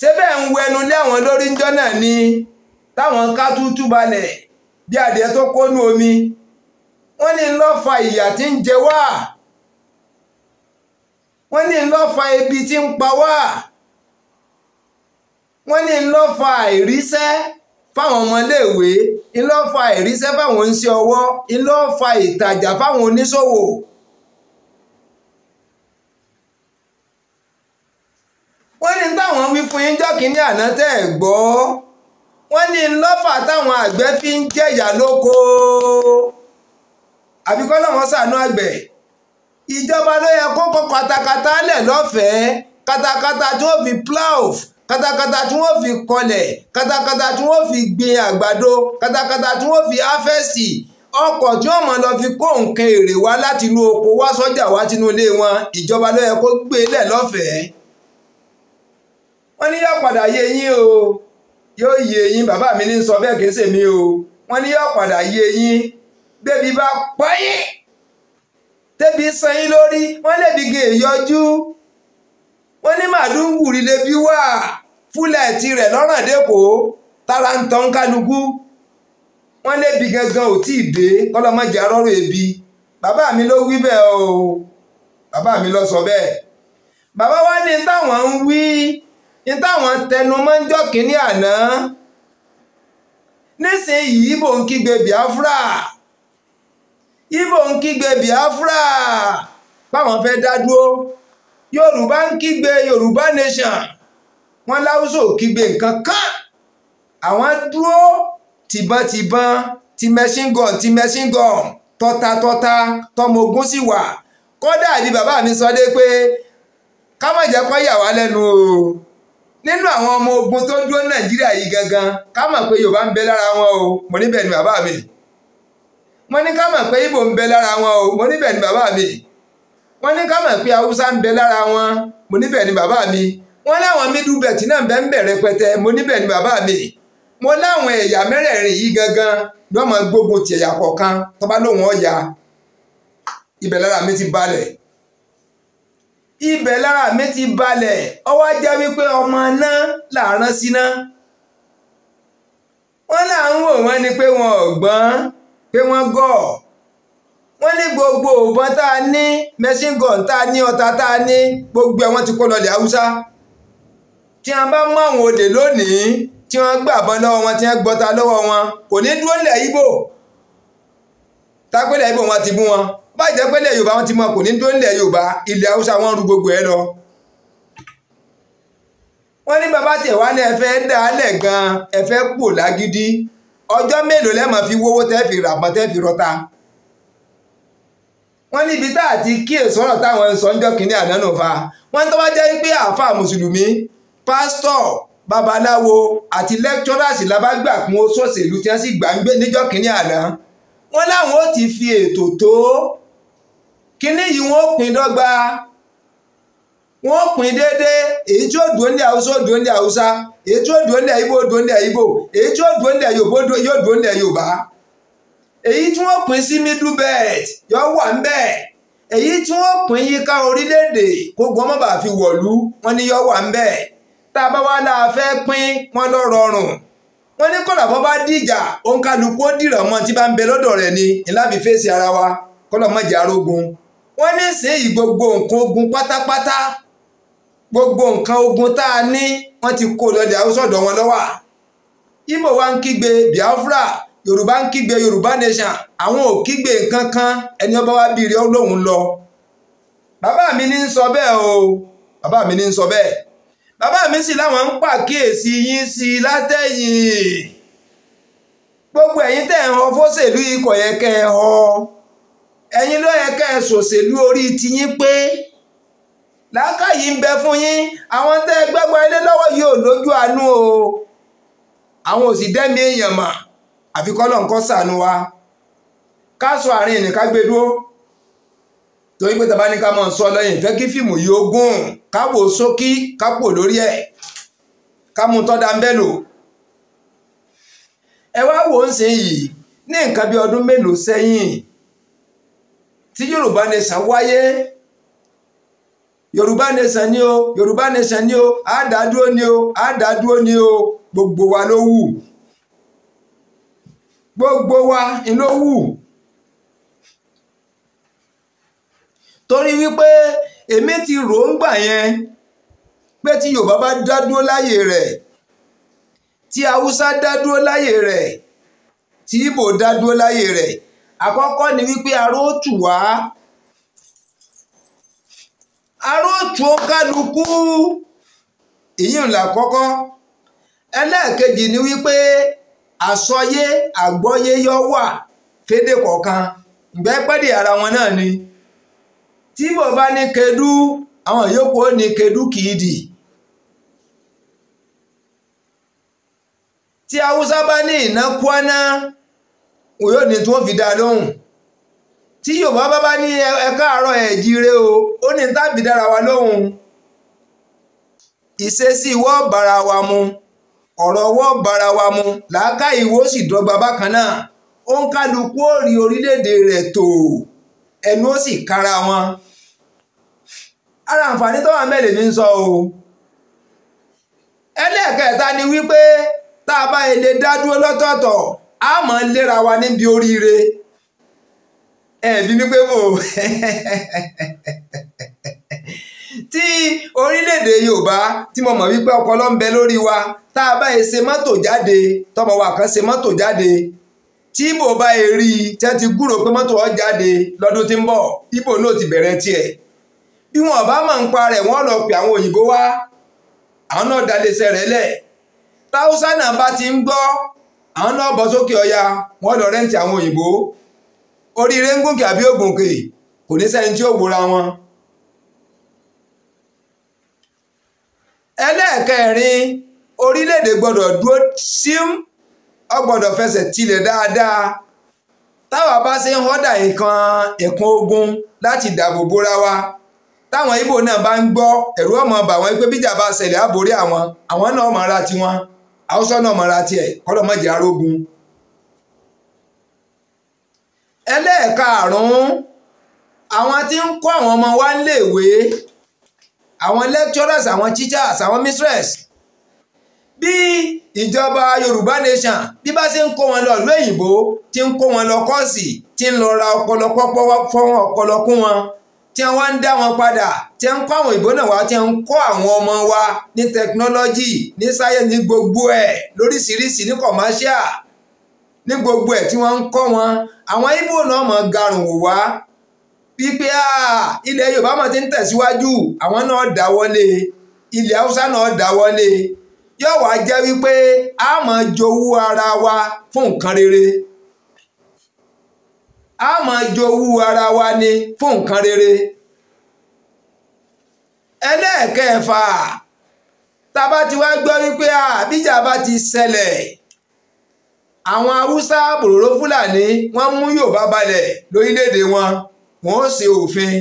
ṣé bẹ́ẹ̀ ń wẹnu lé àwọn lórí ńjọ́ náà ni táwọn ká tútú balẹ̀. bí adìẹ tó kónú omi wọ́n ní ló fa ìyà tí ń jẹ wá wọ́n ní ló fa ebi tí ń pa wá wọ́n ní ló fa àìríṣẹ́ fáwọn ọmọléèwé ló fa àìríṣẹ́ fáwọn oníṣẹ́ ọwọ́ ló fa ìtajà fáwọn oníṣòwò. wọ́n ní táwọn wí fún yín jọ́kìnní àná tẹ́ ẹ̀ gbọ́. wọ́n ní lọ́fà táwọn àgbẹ̀ fi ń jẹ̀yà lóko àfikọ́ làwọn ṣàánú àgbẹ̀ ìjọba ló yẹ kó kó katakata lẹ̀ lọ́fẹ̀ẹ́ katakata tí wọ́n fi plough, katakata tí wọ́n fi kọlẹ̀ katakata tí wọ́n fi gbin àgbàdo katakata tí wọ́n fi áfẹ́sì ọkọ̀ tí wọ́n mọ̀ lọ fi kó nǹkan èrè wá láti inú oko wá sọ́jà wá sínú ilé wọn ìjọba ló yẹ kó gbé lẹ̀ lọ́fẹ̀ẹ́ wọ́n ní yá padà yé yín o. yóò yé yín bàbá mi ní sọ bẹ́ẹ̀ kì í ṣèmi o wọ́n ní yóò padà yé yín bébí bá pọ́ yín tẹ́bi san yín lórí wọ́n lè bí gèè yọjú wọ́n ní màdúngùrì lè bí wà fúlẹ̀ tirẹ̀ lọ́ràn dẹ́kọ̀ọ́ tára ń tan kálukú wọ́n lè bí gangan ò tíì dé kọ́lọ́mọ́jà rọ́rọ̀ ebi bàbá mi ló wí bẹ́ẹ̀ o bàbá mi ló sọ bẹ́ẹ̀ bàbá wa ní táwọn ń wí ní táwọn tẹnumọ́ ń jọ́ kínní àná nísìnyí ibo ń kígbe Biafra ibo ń kígbe Biafra báwọn fẹ́ dá dúró Yorùbá ń kígbe Yorùbá nation wọn láwùsọ kígbe nǹkan kan àwọn dúró tìbọntìbọn ti machine gun ti machine gun tọ́tatọ́ta tọmọ ogun sì wà kódà bí bàbá mi sọ pé ká má jẹ́ yà wá lẹ́nu o. nínú àwọn ọmọ ogun tó dúró nàìjíríà yìí gangan ká mọ̀ pé yorùbá ń bẹ lára wọn o mo níbẹ̀ ni bàbá mi wọ́n ní ká pé ibo ń bẹ lára wọn o mo níbẹ̀ ni bàbá mi wọ́n ní ká mọ̀ pé haúsá ń bẹ lára wọn mo níbẹ̀ ni bàbá mi wọ́n láwọn middle belt náà bẹ́ẹ̀ ń bẹ rẹpẹtẹ mo níbẹ̀ ni bàbá mi mo láwọn ẹ̀yà mẹ́rẹ̀ẹ̀rin yìí gangan ni wọ́n máa gbógun ti ẹ̀yà kọ̀ọ̀kan tó bá lóun ọ̀yà mi ti balẹ̀ ibẹ̀ lára mi ti balẹ̀ ọwọ́ jẹ́ wípé ọmọ náà làárán síná wọ́n là ń wò wọ́n ni pé wọn ò gbọ́n pé wọ́n gọ̀ wọ́n ní gbogbo òbọn tá a ní machine gun tá a ní ọta tá a ní gbogbo ẹ̀ wọ́n ti kó lọlẹ̀ haúsá tí wọ́n bá mú àwọn olè lónìí tí wọ́n gbàbọ́n lọ́wọ́ wọn tí wọ́n gbọ́ta lọ́wọ́ wọn kò ní dúró lẹ̀ ibo tápẹ́lẹ̀ ibo wọn ti bú wọn bá ìjẹ́ pé ilẹ̀ yorùbá wọn ti mọ kò ní dúró nílẹ̀ yorùbá ilẹ̀ haúsá wọn ń ru gbogbo ẹ lọ. wọ́n ní bàbá tiẹ̀ wá ní ẹ fẹ́ dá a lẹ̀ gan-an ẹ fẹ́ pò lágídí ọjọ́ mélòó lẹ́mọ̀ fi wówó tẹ́ fi ràbọ̀ tẹ́ fi rọta. wọ́n níbi tá àti kíyè sọ̀rọ̀ táwọn sọ́njọ́ kìnínní àdánù fa wọ́n tó bá jẹ́ pé àáfàá mùsùlùmí pásítọ̀ babaláwo àti lẹ́kítọ́rọ̀sì la kún ó sọ̀sẹ̀lú tí wọ́n sì gbà ń gbé níjọ́ kìnínní àná wọ́n láwọn ó ti fi ètò tó kíní yìí wọ́n pín dọ́gba wọ́n pín déédéé èyí tí ó dùn ní ó dùn ní èyí tí ó dùn ní dùn ní èyí tí ó dùn ní yorùbá yóò ní yorùbá èyí tí wọ́n sí middle belt wà ń èyí tí wọ́n pín yíká orílẹ̀ kó wọn ni yóò wà ń tá a bá wá wọn lọ wọn ní bá dìjà òǹkàlùkù ó dìrọ̀ ni fèsì ara wa arógun wọ́n ní eyi gbogbo nǹkan ogun pátápátá gbogbo nǹkan ogun tá a ní wọ́n ti kó lọ́dẹ̀ àwùsọ̀dọ̀ wọn lọ́wọ́ Ìgbò wa ń kígbe Biafra Yorùbá ń kígbe Yorùbá nation àwọn ò kígbe nǹkan kan ẹni ọba wa bìrì ọlọ́hun lọ bàbá mi ní ń sọ bẹ́ẹ̀ o bàbá mi ní ń sọ bẹ́ẹ̀ bàbá mi sì láwọn ń pàkíyèsí yín sí i látẹ̀yìn gbogbo ẹ̀yin tẹ̀ ń họ fóṣèlú ikọ̀ yẹn kẹ́ ẹ họ. Eyin ló yẹ ká ẹ ṣòṣèlú orí tiyín pé làákàyè ń bẹ fún yín àwọn tẹ́ ẹ gbẹ́gbọ́ ilé lọ́wọ́ yìí ò o àwọn ò sì dẹ́mi èèyàn mà àfi kọ́lọ̀ ń kọ́ sànú wa ká sọ àárín ìní ká gbé dúró torí pé tàbá ní ká máa sọ lẹ́yìn fẹ́ kí fíìmù yìí ó gùn ká wò sókí ká pò lórí ẹ̀ ká tí yorùbá nation wáyé yorùbá nation ni o yorùbá nation ni o àádádúró ni o àádádúró ni o gbogbo wa ló wù gbogbo wa ló wù torí wípé èmi ti rò ń gbà yẹn pé tí yorùbá bá dá dúró láyè rẹ̀ tí haúsá dá láyè rẹ̀ tí ìbò dá láyè rẹ̀ àkọ́kọ́ ni wípé aróòtù wá aróòtù ó kálukú ìyíùn làkọ́kọ́ ẹlẹ́ẹ̀kejì ni wípé àsọyé àgbọ́yé yọ wà fédè kọ̀ọ̀kan ìgbẹ́pẹ́dì ara wọn náà ni tí mo bá ní kedú àwọn yòókù ó ní kedú kìí dì tí haúsá bá ní ìnákúáná òun yóò ní tí wọ́n fi dá lóhùn tí yorùbá bá bá ní ẹ káàárọ̀ ẹ jíire o ó ní tàbí dára wa lóhùn ìṣesí ìwọ bára wa mu ọ̀rọ̀ ọwọ́ bára wa mu làákà ìwọ sì dọ́gba bákan náà ó ń kálukú ó rí orílẹ̀-èdè rẹ̀ tò ẹnu ó sì kára wọn ara àǹfààní tó wà mẹ́lẹ̀ ní sọ o ẹlẹ́ẹ̀kẹta ni wípé tá a bá ilé dá dúró lọ́tọ̀ọ̀tọ̀ a mọ léra wa níbi oríire ẹ̀bí mi pé tí orílẹ̀ Yorùbá tí mo mọ̀ wípé ọpọlọ ń bẹ lórí wa ta ba e se jáde wa kan se jáde tí ibo bá e rí ti gúrò pé mọ́tò ọ jáde lọ́dún tí ń bọ̀ ibo náà ti bẹ̀rẹ̀ bí wọn bá n pa àwọn òyìnbó wá àwọn rẹ̀ lẹ̀ gbọ́ àwọn náà bọ sókè ọya wọn lọ rẹ́ǹtì àwọn òyìnbó oríire ń gòkè àbí ògùnkè kò ní sẹ́ni tí ó wòra wọn. ẹlẹ́ẹ̀kẹrin orílẹ̀-èdè gbọ́dọ̀ dúró síim ó gbọ́dọ̀ fẹsẹ̀ tilẹ̀ dáadáa táwa bá ṣe ń họ́dà nǹkan ẹ̀kún ogun láti dáàbò bóra wa táwọn Ìgbò náà bá ń gbọ́ ẹ̀rú ọmọ bà wọ́n pé bíjà bá ṣẹlẹ̀ àbórí àwọn àwọn náà mọ̀ ara tiwọn. haúsá náà mọ̀ra tiẹ̀ kọ́lọ̀ mọ̀jẹ̀ arógun. ẹlẹ́ẹ̀karùn-ún àwọn tí ń kọ́ àwọn ọmọ wa léèwé àwọn lecturers àwọn teachers àwọn mistress bí ìjọba yorùbá nation bí bá ṣe ń kó wọn lọ lóyìnbó ti ń kó wọn lọ kọ́ọ̀sì ti ń lọ ra ọpọlọ kọ́pọ́ ọpọlọ kún wọn tí wọ́n ń dá wọn padà tí ń kọ́ àwọn ìbò náà wá tí ń kọ́ àwọn ọmọ wa ní tẹkinọ́lọ́jì ní sáyẹ́ǹsì ní gbogbo ẹ̀ lóríṣiríṣi ní kọ̀máṣíà ní gbogbo ẹ̀ tí wọ́n ń kọ́ wọn àwọn ibo náà mọ̀ garùn wò wá wípé ilẹ̀ yorùbá mọ̀ ti ń tẹ̀síwájú àwọn náà dáwọ́lé ilẹ̀ haúsá náà dáwọ́lé yóò wá jẹ́ wípé a jowú ara wa fún nǹkan rere a máa jowú ara wa ni fún nǹkan rere ẹlẹ́ẹ̀kẹfà tá a bá ti wá gbọ́ wípé àbíjà bá ti ṣẹlẹ̀ àwọn haúsá bòròró fúlàní wọ́n mú yorùbá balẹ̀ lórílẹ̀‐èdè wọn wọ́n ó ṣe òfin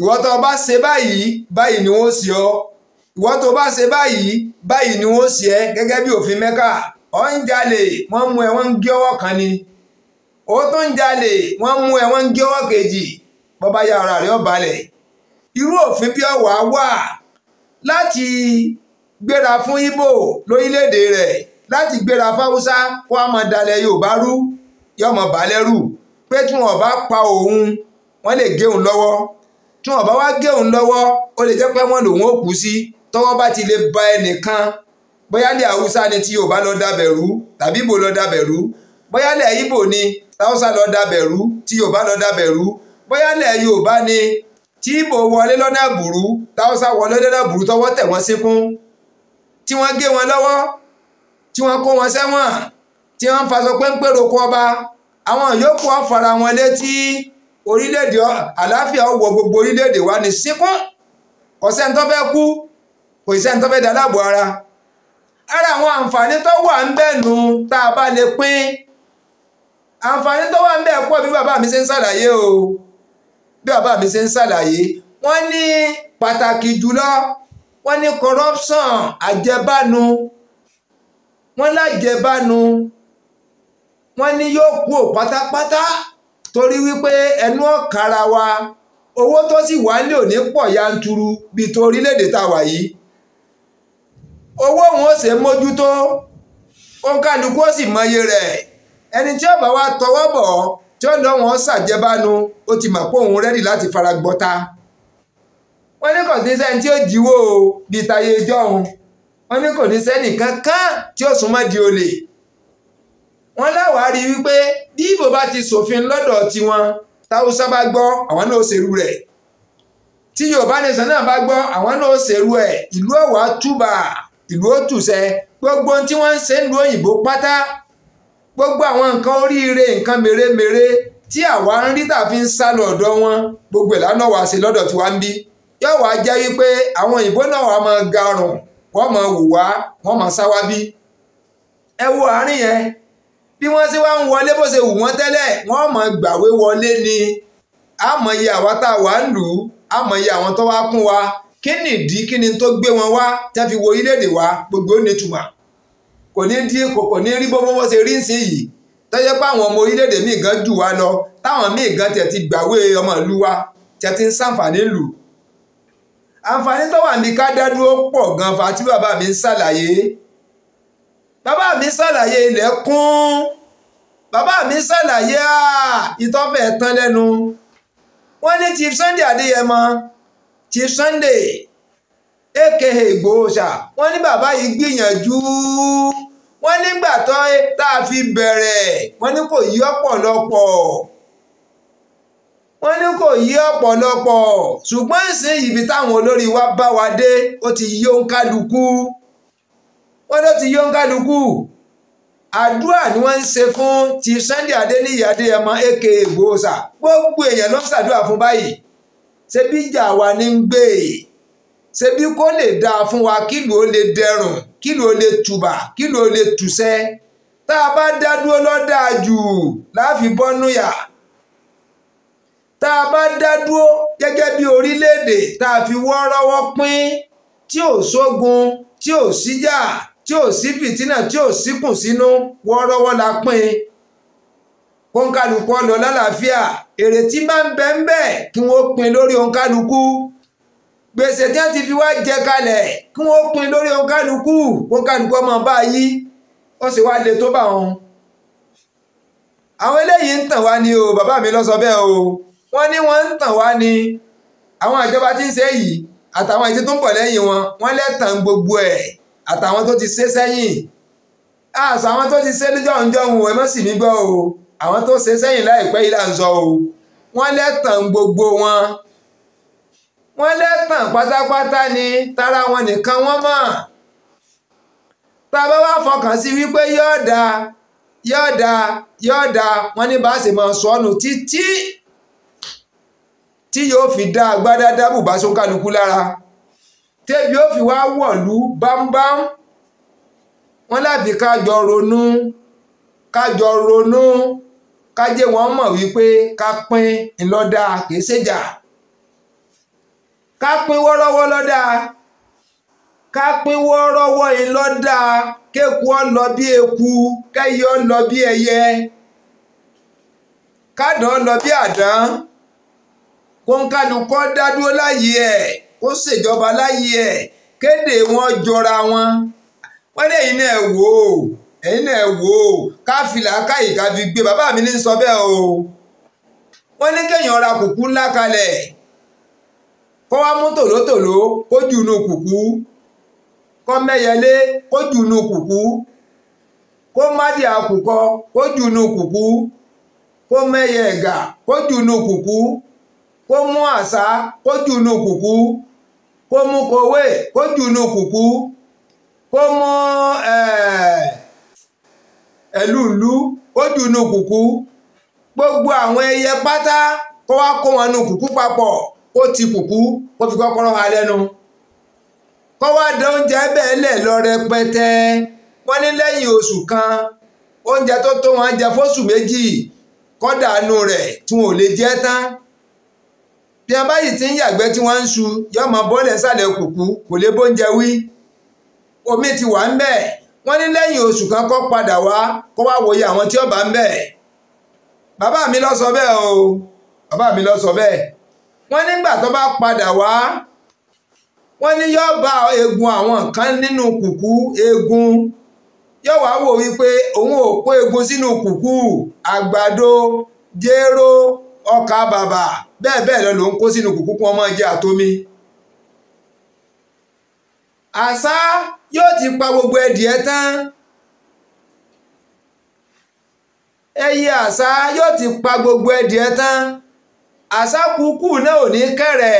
ìwọ tó bá ṣe báyìí báyìí ni wọ́n ṣe ọ́ ìwọ tó bá ṣe báyìí báyìí ni wọ́n ṣe ẹ́ gẹ́gẹ́ bí òfin mẹ́kà ọ̀ ń jalè wọ́n mú ẹ wọ́n ń gé ọwọ́ kan ni ó tó ń jalè wọ́n mú ẹ wọ́n ń gé ọwọ́ kejì bọ́bá ya ara rẹ̀ ọ̀balẹ̀ irú òfin bí ọ̀wà wà láti gbéra fún Ìgbò lórílẹ̀‐èdè rẹ̀ láti gbéra fáwúsá kó a máa dalẹ̀ Yorùbá rú yọmọ balẹ̀rù pé tí wọn bá pa òun wọn lè gé òun lọ́wọ́ tí wọn bá wá gé òun lọ́wọ́ ó lè jẹ́ pé wọn lòun ó kú sí tọ́wọ́ bá ti lè ba ẹnìkan bóyá ní Haúsá ni tí Yorùbá lọ dàbẹ̀rú tàbí Ìgbò lọ dàbẹ̀rú bóyá ilẹ̀ Ìgbò ni táwùsà lọ dabẹ̀rú tí Yorùbá lọ dabẹ̀rú bóyá ilẹ̀ Yorùbá ni tí Ìgbò wọlé lọ́nà burú táwùsà wọlé lọ́nà burú tọwọ́ tẹ̀ wọ́n síkún tí wọ́n gé wọn lọ́wọ́ tí wọ́n kó wọn sẹ́wọ̀n tí wọ́n faṣọ péńpé roko ọba àwọn yòókù ọ̀fara wọn létí orílẹ̀-èdè àlàáfíà wọ gbogbo orílẹ̀-èdè wa ní síkún kò sẹ́ni tó fẹ́ kú kò sẹ́ni tó fẹ́ dá láàbò ara ara àwọn àǹfààní tó wà ń bẹ̀ nù tá a bá lè pín àǹfààní tó wà ń bẹ̀ pọ̀ bí bàbá mi ṣe ń ṣàlàyé o bí bàbá mi ṣe ń ṣàlàyé wọ́n ní pàtàkì jùlọ wọ́n ní corruption àjẹbánu wọ́n lájẹbánu wọ́n ní yóò kú ò pátápátá torí wípé ẹnu ọ̀kara wa owó tó sì wà ní òní pọ̀ yanturu bíi tó orílẹ̀-èdè tá a wà yìí owó òun ó ṣe mójútó ó ń kálukú ó sì mọyé rẹ̀ ẹni tí ọba wa tọwọ́ bọ̀ tí ó lọ wọn ṣàjẹbánu ó ti mọ̀ pé òun rẹ́dì láti fara gbọ́ta wọ́n ní kò ní sẹ́ni tí ó jíwó o bíi tayé jọ́hun wọ́n ní kò ní sẹ́ni kankan tí ó súnmọ́ di olè wọ́n láwàá rí wípé bí ìbò bá ti ṣòfin lọ́dọ̀ tiwọn táwùsá bá gbọ́ àwọn náà ó ṣerú rẹ̀ tí yorùbá nation náà bá gbọ́ àwọn náà ṣerú ẹ̀ ìlú ọ̀wá túbà ìlú ó gbogbo tí wọ́n ń ṣe ń lu òyìnbó pátá gbogbo àwọn nǹkan oríire nǹkan mèremère tí àwa ń rí tà fi ń sá lọ ọ̀dọ̀ wọn gbogbo ẹ̀ lánàá wá sí lọ́dọ̀ tí wá ń bí yóò wá jẹ́ wípé àwọn òyìnbó náà wà máa garùn wọ́n máa wò wá wọ́n máa sá wá bí ẹ wo àárín yẹn bí wọ́n ṣe wá ń wọlé bó ṣe wù wọ́n tẹ́lẹ̀ wọ́n máa gbàwé wọlé ni àmọye àwa tá a wà ń lù ú àmọye àwọn tó wá kún wa kí nìdí kí ni tó gbé wọn wá tẹ́ fi wo orílẹ̀-èdè wa gbogbo ó ní tùmọ̀ kò ní dí kò kò ní rí bọ́bọ́ wọ́n ṣe rí sí yìí tọ́jọ́ pé àwọn ọmọ orílẹ̀-èdè míì gan jù wá lọ táwọn míì gan tẹ̀ ti gbàwé ọmọ ìlú wa tẹ̀ ti ń ṣàǹfààní lù àǹfààní tó wà ní ká dádúró pọ̀ gan fa tí bàbá mi ń ṣàlàyé bàbá mi ṣàlàyé ilẹ̀ kún bàbá mi ṣàlàyé ìtọ́fẹ̀ẹ́ tán lẹ́nu wọ́n ní Chief Sunday Adéyẹmọ Chief Sunday aka ìgbòhoṣà wọ́n ní bàbá yìí gbìyànjú wọ́n nígbà tó tá a fi bẹ̀rẹ̀ wọ́n ní kò yí ọ̀pọ̀lọpọ̀ wọ́n ní kò yí ọ̀pọ̀lọpọ̀ ṣùgbọ́n ìsìn ibi táwọn olórí wa bá wa dé ó ti yí òǹkálukú wọ́n ló ti yí òǹkálukú àdúrà ni wọ́n ń ṣe fún ti Sunday Adéníyì Adéyẹmọ aka ìgbòhoṣà gbogbo èèyàn ló ń ṣàdúrà fún báyìí ṣebí ìjà wa ní ń gbé e ṣebí kó lè dáa fún wa kílù ó lè dẹrùn kílù ó lè tùbà kílù ó lè tùṣẹ́ tá a bá dá dúró lọ́dáa jù láàfin bọ́núyà tá a bá dá dúró gẹ́gẹ́ bí orílẹ̀-èdè tá a fi wọ́ọ́rọ́wọ́ pín tí ò sógun tí ò síjà tí ò sí fìtínà tí ò síkùn sínú wọ́ọ́rọ́wọ́ la pín kóńkálukú ọ̀nà lálàáfíà èrè tí bá ń bẹ́ẹ̀ bẹ́ẹ̀ kí wọ́n pín lórí gbèsè tí wọ́n ti fi wá jẹ kalẹ̀ kí wọ́n pin lórí ohun kálukú kó kálukú ọmọ bá yí ó sì wá le tó bá wọn. àwọn eléyìí ń tàn wá ni o bàbá mi lọ sọ bẹ́ẹ̀ o wọ́n ní wọ́n ń tàn wá ni àwọn ìjọba tí ń ṣe yìí àtàwọn ìṣe tó ń bọ̀ lẹ́yìn wọn wọ́n lẹ́tàn gbogbo ẹ̀ àtàwọn tó ti ṣe sẹ́yìn àṣà àwọn tó ti ṣe níjọ́ ǹjọ́ òun ẹ̀ mọ́ sì mí gbọ́ o àwọn tó ṣe sẹ́yìn láìpẹ́ yìí là ń sọ o wọ́n lẹ́tàn gbogbo wọn wọ́n lẹ́tàn pátápátá ni tara wọn nìkan wọ́n mọ̀ tá a bá wá fọkàn sí wípé yọ̀ọ̀dà yọ̀ọ̀dà yọ̀ọ̀dà wọn ní bá a ṣe máa sọnù títí tí yóò fi dá agbádá dábù bá sókàlùkù lára tẹ́bi ó fi wá wọ̀lú bámbám wọn láti kájọ ronú kájọ ronú kájé wọn mọ̀ wípé ká pín ńlọ́dà kìí ṣèjà ká pín wọ́rọ́wọ́ lọ́dà ká pín wọ́rọ́wọ́ ìlọ́dà kéku ọ̀nà bí eku kẹ́yẹ ọ̀nà bí ẹyẹ kádàn ọ̀nà bí àdán kóńkálukọ́ dádúró láyé ẹ̀ kó ṣèjọba láyé ẹ̀ kéde wọn jọra wọn wọ́n lè yín náà wò ó ẹ̀yin náà wò ó káfílà káyìí ká gbé bàbá mi ní sọ bẹ́ẹ̀ o wọ́n ní kéèyàn ra kùkú ńlá kalẹ̀ kó wá mú tòlótòló kó jù nù kùkú kó mẹ́yẹlé kó jù nù kùkú kó mádì àkùkọ kó jù nù kùkú kó mẹ́yẹ ẹ̀gà kó jù nù kùkú kó mú àṣá kó jù nù kùkú kó mú kowé kó jù nù kùkú kó mú eh, ẹ̀lúùlú kó jù nù kùkú gbogbo àwọn ẹyẹ pátá kó wá kó wọn nù kùkú papọ̀. ó ti kùkú wọ́n fi kọ́kọ́rọ́ wa lẹ́nu kọ́ wá dán oúnjẹ bẹ́ẹ̀ lẹ̀ lọ rẹpẹtẹ wọ́n ní lẹ́yìn oṣù kan oúnjẹ tó tó wọn jẹ fóṣù méjì kọ́dà nu rẹ̀ tí wọn ò lè jẹ tán bí wọn báyìí ti ń yàgbẹ́ tí wọ́n ń su yóò máa bọ́lẹ̀ sálẹ̀ kùkú kò lè bóúnjẹ wí omi ti wà ń bẹ̀ wọ́n ní lẹ́yìn oṣù kan kọ́ padà wá kó wá wòye àwọn tí ó bá ń bẹ̀ bàbá mi lọ sọ bẹ́ẹ̀ o bàbá mi lọ sọ bẹ́ẹ̀ wọ́n nígbà tó bá padà wá wọ́n ní yóò bá eegun àwọn kan nínú kùkú eegun yóò wá wò wípé òun ò kó eegun sínú kùkú àgbàdo jéró ọkà bàbà bẹ́ẹ̀ bẹ́ẹ̀ lọ lòun kó sínú kùkú kí wọ́n máa jẹ àtomi àṣá yóò ti pa gbogbo ẹdìẹ tán ẹyẹ àṣá yóò ti pa gbogbo ẹdìẹ tán. àsákùkù náà ò ní kere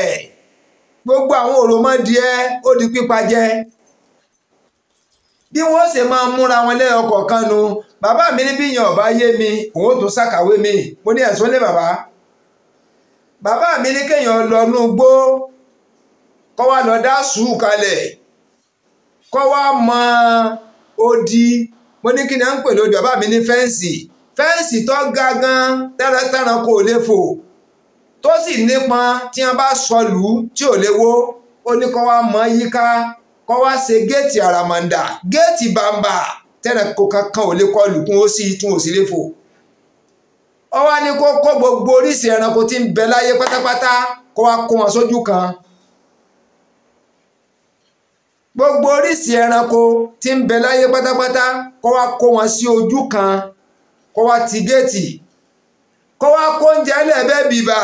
gbogbo àwọn òròmọdìẹ ó di pípa jẹ bí wọ́n ṣe máa múra wọn lẹ́yọ kọ̀ọ̀kan nu bàbá mi ní bí yan yé mi òun tún ṣàkàwé mi mo ní bàbá bàbá mi ní kéèyàn lọ nú gbó wá lọ dá sùúrù kalẹ̀ kọ́ odi mo ní kí ni à ń pè lóde bàbá mi ní fẹ́ǹsì fẹ́ǹsì tó gan kò tó sì nípọn tí wọ́n bá sọlù tí ò léwó ó ní kọ́ wá mọ́ yíká kọ́ wá ṣe géètì àràmàǹdà géètì bàǹbà tẹ́lẹ̀ kó kankan ò lè kọlù kún ó sì tún ò sí lè fò ó wá ní kó kó gbogbo oríṣi ẹranko tí ń bẹ láyé pátápátá kó wá kó wọn sójú kan gbogbo oríṣi ẹranko tí ń bẹ láyé pátápátá kó wá kó wọn sí ojú kan kó wá ti géètì kó wá kó oúnjẹ lẹ́ẹ̀bẹ́ bíbà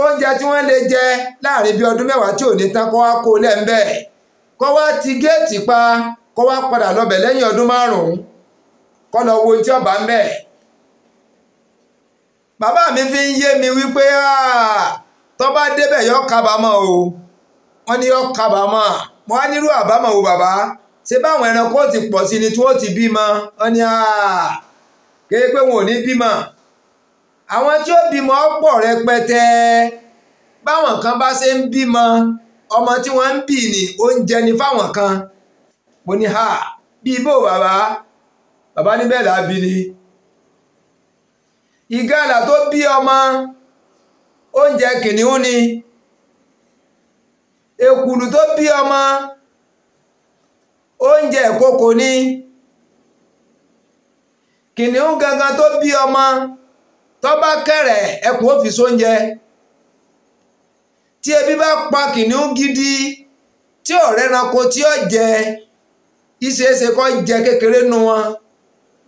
oúnjẹ tí wọ́n lè jẹ láàrin bíi ọdún mẹ́wàá tí ò ní tán kọ́ wá kó lẹ́ńbẹ́ kọ́ wá ti géètì pa kọ́ wá padà lọ́bẹ̀ lẹ́yìn ọdún márùn-ún kọ́ lọ wo tí ọba ń bẹ̀. bàbá mi fi ń yé mi wípé tọ́ bá débẹ̀ yọ kábàámọ̀ o wọ́n ní yọ kábàámọ̀ mo á nírú àbámọ̀ o bàbá ṣé báwọn ẹranko ti pọ̀ sí ni tí wọ́n ti bímọ wọ́n ní kéé pé wọn ò ní bímọ. àwọn tí ó bímọ pọ̀ rẹpẹtẹ báwọn kan bá ṣe ń bímọ ọmọ tí wọ́n ń bì ní oúnjẹ ni fáwọn kan mo ní ha bí ibò bàbá bàbá níbẹ̀ làbí ni ìgalà tó bí ọmọ oúnjẹ kìnìún ni èkùlù tó bí ọmọ oúnjẹ ìkòkò ni kìnìún gangan tó bí ọmọ tọ́ba kẹrẹ̀ ẹkùn òfìsí oúnjẹ tí ebi bá pa kìnìún gidi tí ọ̀rẹ́ ẹranko tí ó jẹ ìṣeéṣe kó jẹ kékeré nu wọn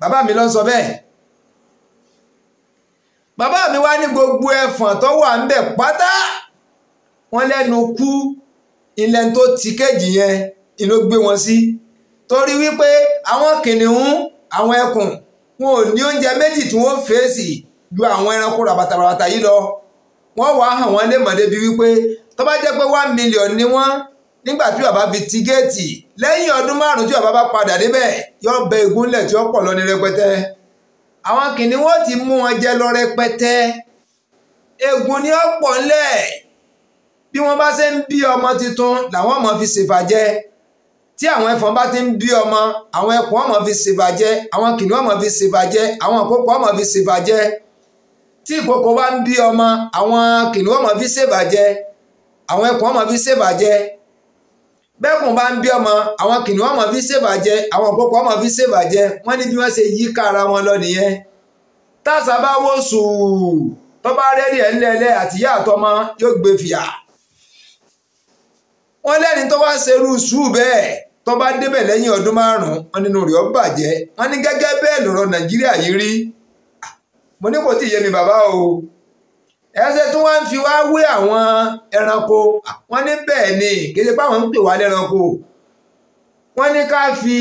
bàbá mi ló sọ bẹ́ẹ̀ bàbá mi wá ní gbogbo ẹ̀fọ̀n tó wà ń bẹ̀ pátá wọ́n lẹ́nu kú ilẹ̀ tó ti kéjì yẹn ló gbé wọn sí torí wípé àwọn kìnìún àwọn ẹkùn wọn ò ní oúnjẹ méjì tí wọ́n fèsì ju àwọn ẹranko ràbàtàràbàtà yìí lọ wọ́n wàá hàn wọ́n lè mọ̀ débi wípé tó bá jẹ́ pé one million ni wọ́n nígbà tí bàbá fi ti géètì lẹ́yìn ọdún márùn-ún tí bàbá bá padà débẹ̀ yọ bẹ ìgúnlẹ̀ tí ó pọ̀ lọ ní rẹpẹtẹ àwọn kìnìún wọ́n ti mú wọn jẹ lọ rẹpẹtẹ egun ni ó pọ̀ ńlẹ̀ bí wọ́n bá ṣe ń bí ọmọ tuntun làwọn ọmọ fi ṣèfàjẹ tí àwọn ẹfọn bá ti ń bí ọmọ àwọn ẹkùn ọmọ fi ṣèfàjẹ àwọn kìnìún ọmọ fi ṣèfàjẹ àwọn àkókò ọmọ fi ṣèfàjẹ tí ìkòkò bá ń bí ọmọ àwọn kìnìún ọmọ fi ṣèbàjẹ́ àwọn ẹkùn ọmọ fi ṣèbàjẹ́ bá ń bí ọmọ àwọn kìnìún ọmọ fi ṣèbàjẹ́ àwọn ìkòkò fi ṣèbàjẹ́ wọ́n ní bí wọ́n ṣe yí wọn lọ nìyẹn bá sùúrù rẹ́rì ẹ̀ àtìyá àtọmọ yóò gbé fìyà wọ́n lẹ́ni tó ṣerú sùúrù bẹ́ẹ̀ débẹ̀ lẹ́yìn ọdún márùn-ún mo ní kò tí ì yé mi bàbá o ẹsẹ̀ tí wọ́n ń fi wá wé àwọn ẹranko wọ́n ní bẹ́ẹ̀ ni kì í ṣe pé àwọn ń pè wá lẹ́ranko wọ́n ní ká fi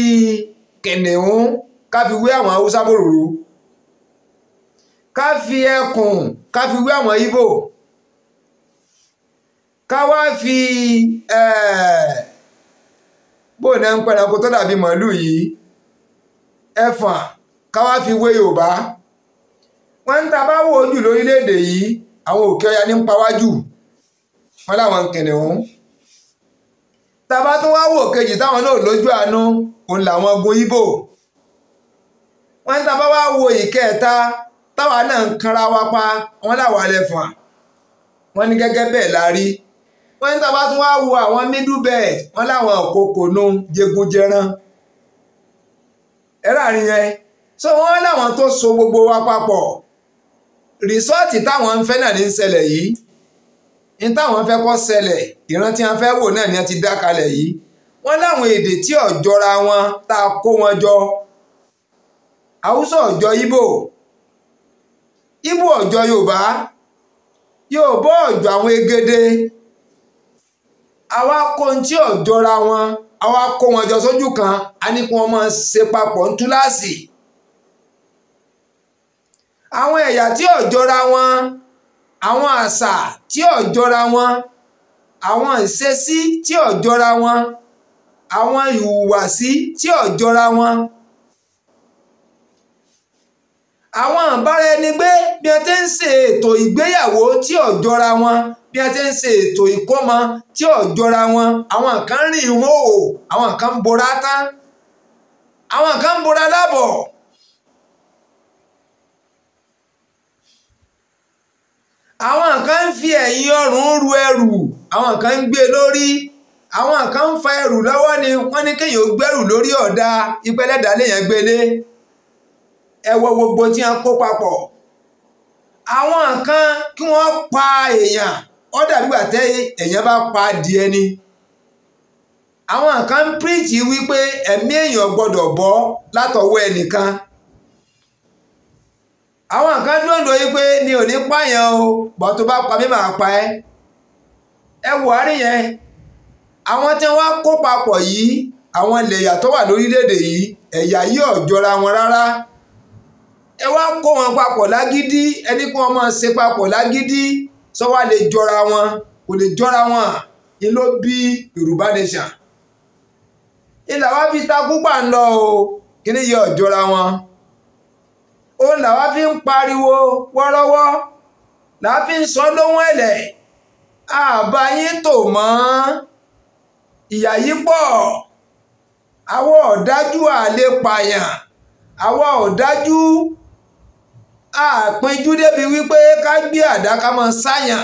kìnìún ká fi wé àwọn haúsá bòròrò ká fi ẹkùn ká fi wé àwọn Ìgbò ká wá fi bó náà ń pẹranko tó dàbí màálù yìí ẹfọ̀n ká wá fi wé Yorùbá wọ́n ń ta bá wò ó jù lórílẹ̀‐èdè yìí àwọn òkè ọya ní ń pa wájú wọ́n láwọn ń kìnìún tàbá tún wá wò kejì táwọn náà lójú àánú òun làwọn gun ibo wọ́n tàbá wá wo ìkẹta táwa náà ń kanra wa pa wọ́n làwọn alẹ́fọ̀n wọ́n ní gẹ́gẹ́ bẹ́ẹ̀ la rí wọ́n tàbá tún wá wo àwọn middle belt wọ́n làwọn òkòkònú jẹgunjẹran ẹ̀rọ àríyàn so wọ́n láwọn tó so gbogbo wa papọ̀ rìsọ́ọ̀tì táwọn ń fẹ́ náà ní ṣẹlẹ̀ yìí ní táwọn fẹ́ kó ṣẹlẹ̀ ìran tí wọ́n fẹ́ wò náà ni wọ́n ti dá kalẹ̀ yìí wọ́n láwọn èdè tí ọ̀jọ́ra wọn tá a kó wọn jọ haúsá ọ̀jọ́ ibo ibo ọ̀jọ́ yorùbá yorùbá ọ̀jọ́ àwọn egede àwa kó ohun tí ọ̀jọ́ra wọn àwa kó wọn jọ sójú kan a ní kí wọ́n máa ṣe papọ̀ ntúláàsì àwọn ẹ̀yà tí ò jọra wọn àwọn àṣà tí ò jọra wọn àwọn ìṣesí tí ò jọra wọn àwọn ìhùwàsí tí ò jọra wọn àwọn àbáraẹnigbé bí wọ́n ti ń ṣe ètò ìgbéyàwó tí ò jọra wọn bí wọ́n ti ń ṣe ètò ìkọ́mọ tí ò jọra wọn àwọn kan rìn ìhòòhò àwọn kan bora tán àwọn kan bora lábọ̀. àwọn kan ń fi ẹ̀yìn ọrùn ru ẹrù àwọn kan ń gbé lórí àwọn kan ń fa ẹrù lọ́wọ́ ni wọ́n ní kéèyàn ó gbẹ́rù lórí ọ̀dà ìpẹ́lẹ́dà léèyàn gbélé ẹ wo gbogbo tí wọ́n kó papọ̀ àwọn kan kí wọ́n pa èèyàn ó dàbí gbà tẹ́ èèyàn bá pa adìẹ ni àwọn kan ń píríìtì wípé ẹ̀mí èèyàn gbọ́dọ̀ bọ́ látọwọ́ ẹnìkan àwọn nǹkan dúndùn yìí pé ni ò ní pààyàn o bọ́ tó bá pa mí màá pa ẹ́ ẹ wò á rí yẹn àwọn tí wọ́n kó papọ̀ yìí àwọn ẹlẹ́yà tó wà lórílẹ̀‐èdè yìí ẹ̀yà yìí ò jọra wọn rárá ẹ wá kó wọn papọ̀ lágídí ẹni kí wọ́n máa ṣe papọ̀ lágídí sọ wá lè jọra wọn kò lè jọra wọn ni ló bí Yorùbá nation ilà wá fi takú gbà ń lọ o kí ni yìí ò jọra wọn ó làwa fi ń pariwo wọ́rọ́wọ́ làá fi ń sọ lóhùn ẹ̀lẹ̀ àbá yín tò mọ́ ìyà yìí pọ̀ àwọn ọ̀dájú àlè pààyàn àwọn ọ̀dájú àpinjú débi wípé ká gbé àdá ká mọ sáyàn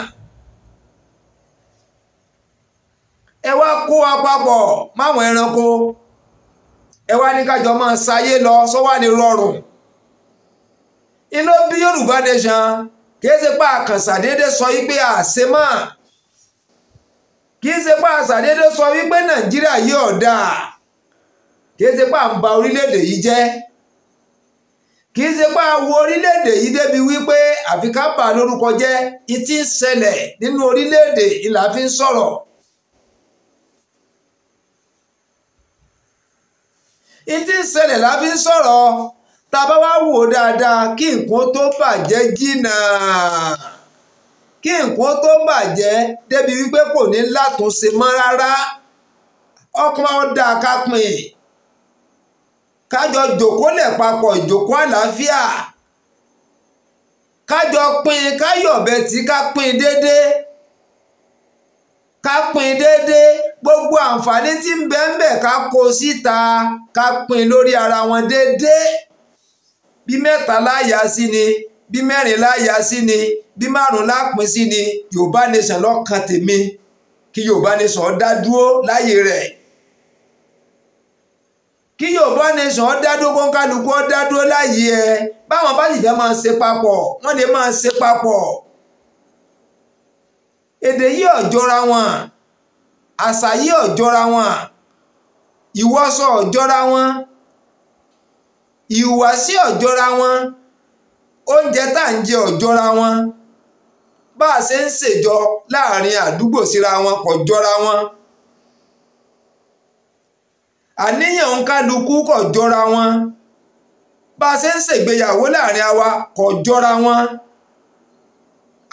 ẹ wá kó wa papọ̀ máwọn ẹranko ẹ wá ní kájọ máa sáyé lọ sọ wá ní rọrùn. iná bí yorùbá ṣan kìí ṣe pa àkànṣàdédé sọ wípé kìí ṣe pa àṣàdédé sọ wípé nàìjíríà yìí ọ̀dà kìí ṣe pa à orílẹ̀-èdè yìí jẹ́ kìí ṣe pa wo orílẹ̀-èdè yìí débi wípé àfi lórúkọ jẹ́ ṣẹlẹ̀ nínú orílẹ̀-èdè ìlà fi ń sọ̀rọ̀. la ń tá a bá wá wò dáadáa kí nǹkan tó bàjẹ́ jìnnà kí nǹkan tó bàjẹ́ débi wípé kò ní látúnṣe mọ́ rárá ọkàn ọ̀dà kápìn kájọ jòkó lẹ̀ papọ̀ ìjòkó àlàáfíà kájọ pín káyọ̀bẹ tí ká pín déédéé ká pín déédéé gbogbo àǹfààní tí ń bẹ ń bẹ ká kó síta ká pín lórí ara wọn déédéé. bí mẹ́ta láyà sí ni bí mẹ́rin láyà sí ni bí márùn lápín sí ni yorùbá nation lọ́kàn tèmi kí yorùbá nation dá dúró láyè rẹ̀ kí yorùbá nation dá dúró kọ́ńkálukú dá dúró láyè ẹ báwọn bá sì fẹ́ máa ṣe papọ̀ wọ́n lè máa ṣe papọ̀ èdè yìí ọ̀jọ́ra wọn àṣà yìí ọ̀jọ́ra wọn ìwọṣọ ọ̀jọ́ra wọn ìhùwàsí ọ̀jọ́ra wọn oúnjẹ tá à ń jẹ ọ̀jọ́ra wọn bá a ṣe ń ṣèjọ láàrin àdúgbò síra wọn kò jọra wọn àníyàn ń kálukú kò jọra wọn bá a ṣe ń ṣègbéyàwó láàrin àwa kò jọra wọn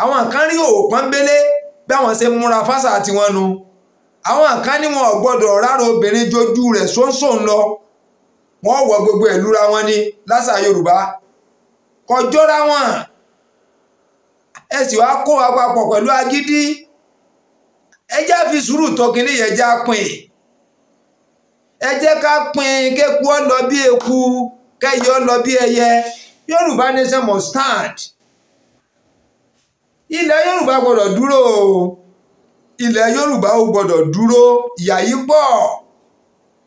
àwọn kan rí òòpọ́n bélé bí àwọn ṣe múra fásà tiwọn nu àwọn kan ní wọn ò gbọdọ̀ rárá obìnrin jojú rẹ̀ sóńsóń lọ wọ́n wọ gbogbo ẹ̀ lúra wọn ni lásà yorùbá kọjọ́ra wọn ẹ sì wá kó wa papọ̀ pẹ̀lú agídí ẹ jẹ́ fi sùúrù tó kínní yẹn já pin ẹ jẹ́ ká pin kéku ọ lọ bí eku kẹyẹ ọ lọ bí ẹyẹ yorùbá nation must stand ilẹ̀ yorùbá gbọ́dọ̀ dúró ilẹ̀ yorùbá ò gbọ́dọ̀ dúró ìyà pọ̀.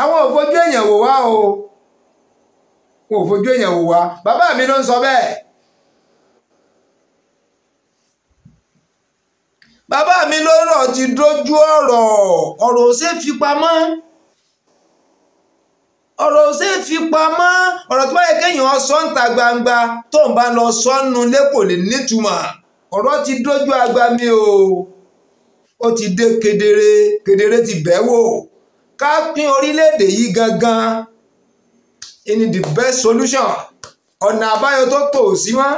àwọn ò fojú èèyàn wò wá o wọn ò fojú èèyàn wò wá bàbá mi ló ń sọ bẹ́ẹ̀ bàbá mi lọ́rọ̀ ti dojú ọ̀rọ̀ ọ̀rọ̀ ṣe fi pamọ́ ọ̀rọ̀ ṣe fi pamọ́ ọ̀rọ̀ tó bá yẹ kéèyàn sọ ń gbangba tó ń bá lọ sọ́nu lẹ́kọ̀ọ́ lè nítumọ̀ ọ̀rọ̀ ti dojú agba mi o ó ti dé kedere kedere ti bẹ́ wò. ká pín orílẹ̀-èdè yìí gangan in the best solution ọ̀nà àbáyọ tó tò sí wọn?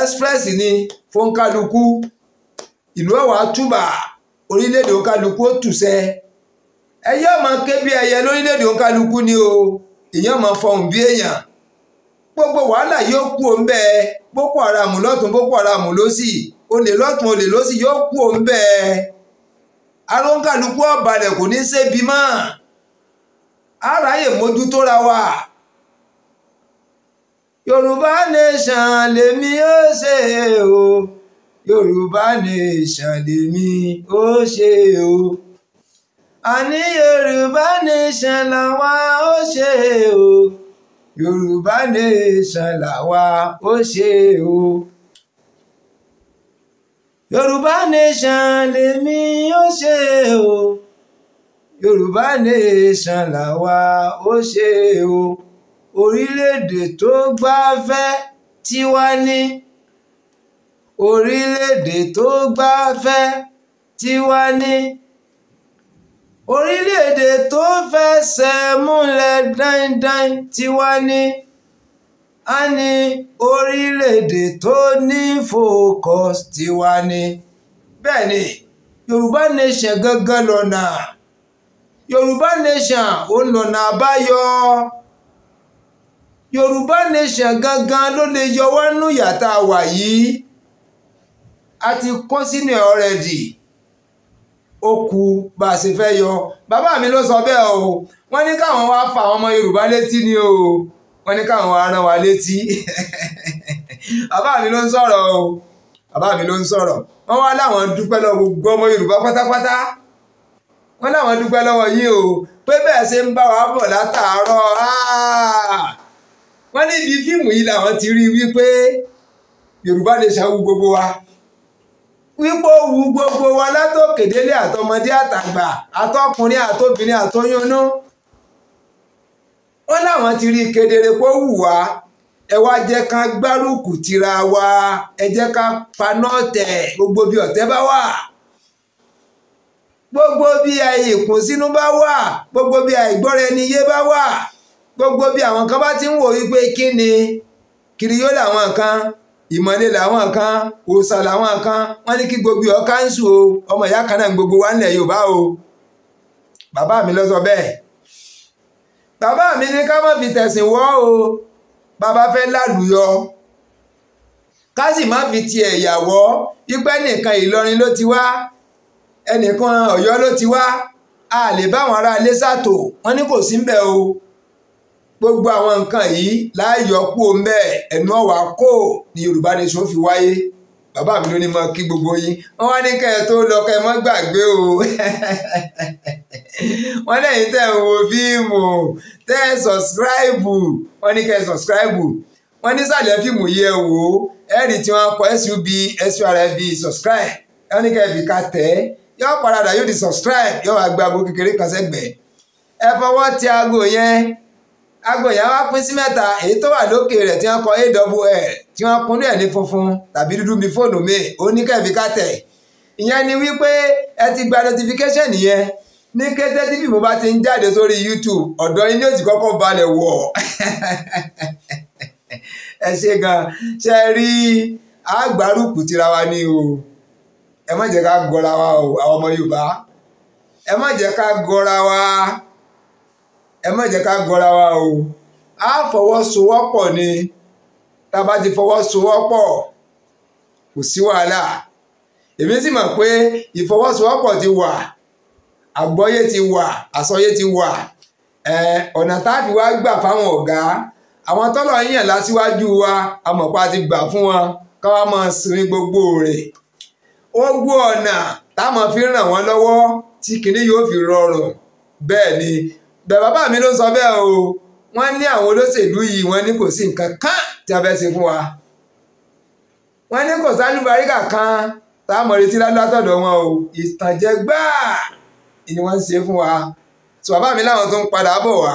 express ni fónkálukú ìlú ẹ̀wà túbà orílẹ̀-èdè otu ó tùsẹ̀ ẹyẹ ọmọ ké bí ẹyẹ lórílẹ̀-èdè ni o èyàn mọ fọhùn bí èèyàn gbogbo wàhálà yóò kú òun bẹ́ẹ̀ Boko Haram lọ́tún Boko Haram lọ́sì olè lọ́tún olè lọ́sì yóò kú òun bẹ́ẹ̀. aróńkàlùkù ọ̀bàlẹ̀ kò ní sébi mọ́ aráyè mójútó ra wa yorùbá nation lèmi ó ṣe o yorùbá nation lèmi ó ṣe o àní yorùbá nation làwa ó ṣe o yorùbá nation làwa ó ṣe o yorùbá nation lèmi ó ṣe o yorùbá nation làwa ó ṣe o orílẹ̀-èdè tó gbáfẹ́ tiwa ní orílẹ̀-èdè tó gbáfẹ́ tiwa ní orílẹ̀-èdè tó fẹsẹ̀ múlẹ̀ dáindáin tiwa ní a ní orílẹ̀-èdè tó ní focus tiwa ni bẹ́ẹ̀ ni yorùbá nation gangan lọ́nà yorùbá nation ò lọ́nà àbáyọ yorùbá nation gangan ló lè yọ wá nù yàtà wà yìí a ti kọ́ sínú ọ̀rẹ́dì ó kù bá a ṣe fẹ́ yọ bàbá mi ló sọ bẹ́ẹ̀ o wọ́n ní káwọn wá fa àwọn ọmọ yorùbá létí ni o wọ́n ní káwọn aràn wa létí bàbá mi ló ń sọ̀rọ̀ o bàbá mi ló ń sọ̀rọ̀ wọ́n wá láwọn dúpẹ́ lọ́wọ́ gbogbo ọmọ Yorùbá pátápátá wọ́n láwọn dúpẹ́ lọ́wọ́ yín o pé bẹ́ẹ̀ ṣe ń bá wa bọ̀ látàárọ̀ ah! wọ́n níbi fíìmù yìí làwọn ti rí wípé Yorùbá lè ṣàwù gbogbo wa wípé ó wu gbogbo wa látòkèdélé àtọmọdé àtàgbà àtọkùnrin àtobìnrin àtoyúnnú ó láwọn ti rí kedere pé ó wù wá ẹ wá jẹ́ ká gbárùkù tira wa ẹ jẹ́ ká paná ọ̀tẹ̀ gbogbo bí ọ̀tẹ̀ bá wà gbogbo bí sínú bá wà gbogbo bí àìgbọ́ra ẹni yé bá wà gbogbo bí àwọn kan bá ti ń wò wípé kí ni kiri yóò làwọn kan ìmọ̀lẹ̀ làwọn kan òòṣà làwọn kan wọ́n ní kí gbogbo ọ̀ káńsù o ọmọ ìyá kan náà gbogbo wa nílẹ̀ Yorùbá o bàbá mi lọ sọ bẹ́ẹ̀ bàbá mi ní ká má fi tẹ̀sìn wọ́ o bàbá fẹ́ lálùyọ ká sì má fi ti ẹ̀yà wọ́ ipẹ́ nìkan Ìlọrin ló ti wá ẹnìkan Ọ̀yọ́ ló ti wá a lè bá àwọn ará ilé sàtò wọn ní kò sí ń bẹ o gbogbo àwọn nǹkan yìí láàyò kú o ń bẹ ẹnu ọwà kò ní Yorùbá Nation fi wáyé bàbá mi ló ní mọ kí gbogbo yín wọn wá ní kẹ́ ẹ tó lọ kẹ́ ẹ mọ́ gbàgbé o wọn lẹ́yìn tẹ́ ń wo fíìmù tẹ́ ẹ sọ̀sìkíráìbù wọn ní kẹ́ ẹ sọ̀sìkíráìbù wọn nísàlẹ̀ fíìmù yìí ẹ wò ó ẹ̀rì tí wọ́n kọ sub surv subscribe wọn ní kẹ́ ẹ fi ká tẹ̀ ẹ́ yọ paradà yóò di subscribe yọ wá gbé abo kékeré kan sẹ́gbẹ̀ẹ́ ẹ fọwọ́ ti aago yẹn agbọ̀nyà wa pín sí mẹ́ta èyí tó wà lókè rẹ̀ tí wọ́n kọ awl tí wọ́n kún ẹ̀ ní funfun tàbí dúdú mi fóònù mi oníkẹ́ẹ̀fì kàtẹ́ ìyẹn ni wípé ẹ ti gba notification yẹn ní kété tí fíìmù bá ti ń jáde sórí youtube ọ̀dọ̀ yín ni ó ti kọ́kọ́ balẹ̀ wọ̀ ẹ ṣe gan ṣe rí agbárùkù tira wa ní o ẹ má jẹ́ ká gọra wa o àwọn ọmọ yorùbá ẹ má jẹ́ ká gọra wa ẹ má jẹ́ ká gọra wa o a fọwọ́sowọ́pọ̀ ni tá a bá ti fọwọ́sowọ́pọ̀ kò sí wàhálà èmi sì mọ̀ pé ìfọwọ́sowọ́pọ̀ ti wà àgbọ́yé ti wà àsọyé ti wà ọ̀nà tá a fi wá gbà fáwọn ọ̀gá àwọn tọ́lọ̀ yíyàn lásìwájú wa amọ̀pá ti gbà fún wọn ká wá máa sinmi gbogbo rẹ̀ ó gbó ọ̀nà táwọn fi ràn wọ́n lọ́wọ́ tí kinní yóò fi rọrùn bẹ́ẹ̀ ni bẹ̀ bàbá mi ló sọ bẹ́ẹ̀ o wọ́n ní àwọn olóṣèlú yìí wọ́n ní kò sí nǹkan kan tí a fẹ́ ṣe fún wa wọ́n ní kò sálú baríkà kan tá a mọ̀ retí látọ̀dọ̀ wọn o ìtànjẹ gbáà ni wọ́n ń ṣe fún wa tí bàbá mi láwọn tó ń padà bọ̀ wá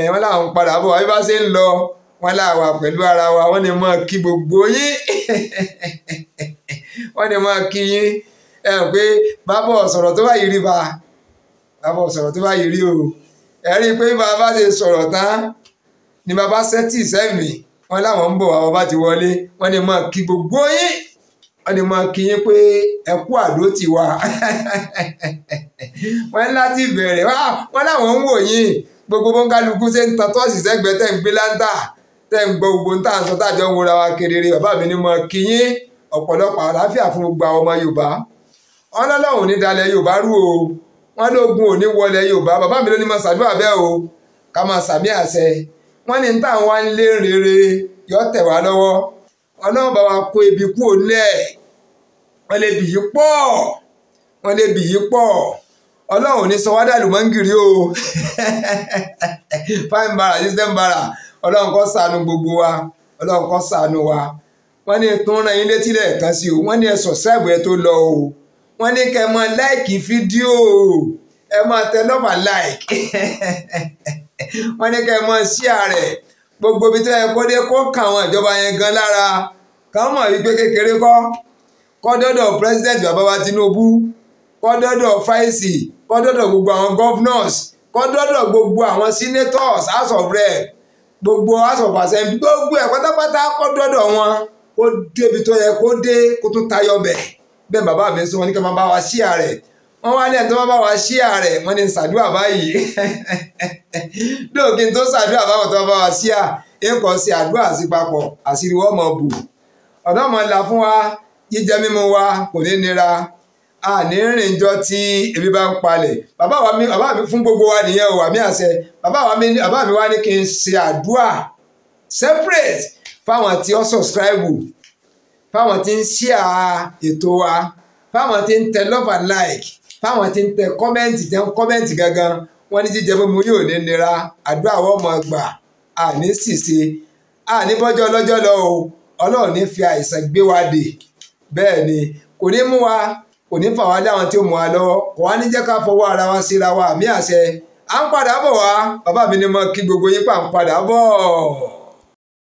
ẹ̀ wọ́n láwọn ń padà bọ̀ wá bí bá ṣe ń lọ wọ́n láwà pẹ̀lú ara wa wọ́n ní máa kí gbogbo yín wọ́n ní máa kí yín ẹ̀ pé bábọ̀ sọ̀rọ̀ tó bá yìí rí ba bábọ̀ sọ̀rọ̀ tó bá yìí rí o ẹ rí i pé bàbá ṣe sọ̀rọ̀ tán ni bàbá sẹ́tì sẹ́mi wọn láwọn ń bọ̀ àwọn bá ti wọlé wọn ni máa kí gbogbo yín wọn ni máa kí yín pé ẹ kú àdó ti wà wọn láti bẹ̀rẹ̀ wọn láwọn ń wò yín gbogbo bó ń kálukú ṣe ń tan tọ́sí sẹ́gbẹ̀ẹ́ tẹ̀ ń gbé láńtà tẹ́ ń gbọ́ gbogbo tá à ń sọ tájọ́ ń wúra wa kedere bàbá mi ni mo kí yín ọ̀pọ̀lọpọ̀ àlàáfíà fún gbogbo àwọn ọmọ Yorùbá ọlọ́lọ́run ní dalẹ̀ Yorùbá rú o wọ́n lóògùn òní wọlé yorùbá bàbá mi ló ní ma ṣàdúrà bẹ́ẹ̀ o ká ma sàmì àṣẹ wọn ní ń lé rere yọ tẹ̀ wá lọ́wọ́ ọlọ́run bàbá kó kú òlẹ̀ wọ́n lè bì pọ̀ lè bì yí pọ̀ ọlọ́run ní sọ o bara system bara ọlọ́run gbogbo wa ọlọ́run wa wọn ní yín létí lẹ́ẹ̀kan sí o ní ẹ ẹ tó lọ o. wọ́n ní kẹ́ mọ láìkì fídíò ẹ mọ tẹ lọ́fà láìkì wọ́n ní kẹ́ mọ ṣíà rẹ̀ gbogbo ibi tó yẹ kó dé kó kà wọn ìjọba yẹn gan lára kàn mọ̀ wípé kékeré kọ́ kọ́ dọ́dọ̀ president bàbá wa Tinubu kọ́ dọ́dọ̀ fáìsì kọ́ dọ́dọ̀ gbogbo àwọn governors kọ́ dọ́dọ̀ gbogbo àwọn senators house of rep gbogbo house of assembly gbogbo ẹ̀ pátápátá kọ́ dọ́dọ̀ wọn kó débi tó yẹ kó dé kó tún tayọ bẹ́ẹ̀ bẹ́ẹ̀ bàbá mi sún wọn ní kí wọ́n bá wa ṣíà rẹ̀ wọ́n wá ní ẹ̀ tó bá bá wa ṣíà rẹ̀ wọ́n ní ṣàdúrà báyìí dóòkì tó ṣàdúrà báwọn tó bá wa ṣíà nǹkan ṣe àdúrà sí papọ̀ àṣírí wọ́n mọ̀ bù ọ̀dọ́ mọ̀ ńlá fún wa jíjẹ mímu wa kò ní nira àní rìnjọ tí ebi bá ń palẹ̀ bàbá wa mi bàbá mi fún gbogbo wa nìyẹn o àmì àṣẹ bàbá wa mi bàbá mi wá ní kí n ṣe àdúrà separate fáwọn tí ó subscribe fáwọn tí ń ṣíà ètò wa fáwọn tí ń tẹ love and like fáwọn tí ń tẹ kọ́mẹ́ǹtì tẹ́ ń kọ́mẹ́ǹtì gangan wọ́n ní jíjẹ pé mo ní òní nira àdúrà wọ́n mọ̀ gbà àní ṣìṣe àní bọ́jọ́ lọ́jọ́ lọ o ọlọ́run ní fi àìsàn gbé wa dè bẹ́ẹ̀ ni kò ní mú wa kò ní fà wá dáhùn tí ó mú wa lọ́wọ́ kò wá ní jẹ́ ká fọwọ́ ara wa síra wa àmì àṣẹ à ń padà bọ̀ wá bàbá mi ni mo kí gbogbo yín pa ń padà bọ̀.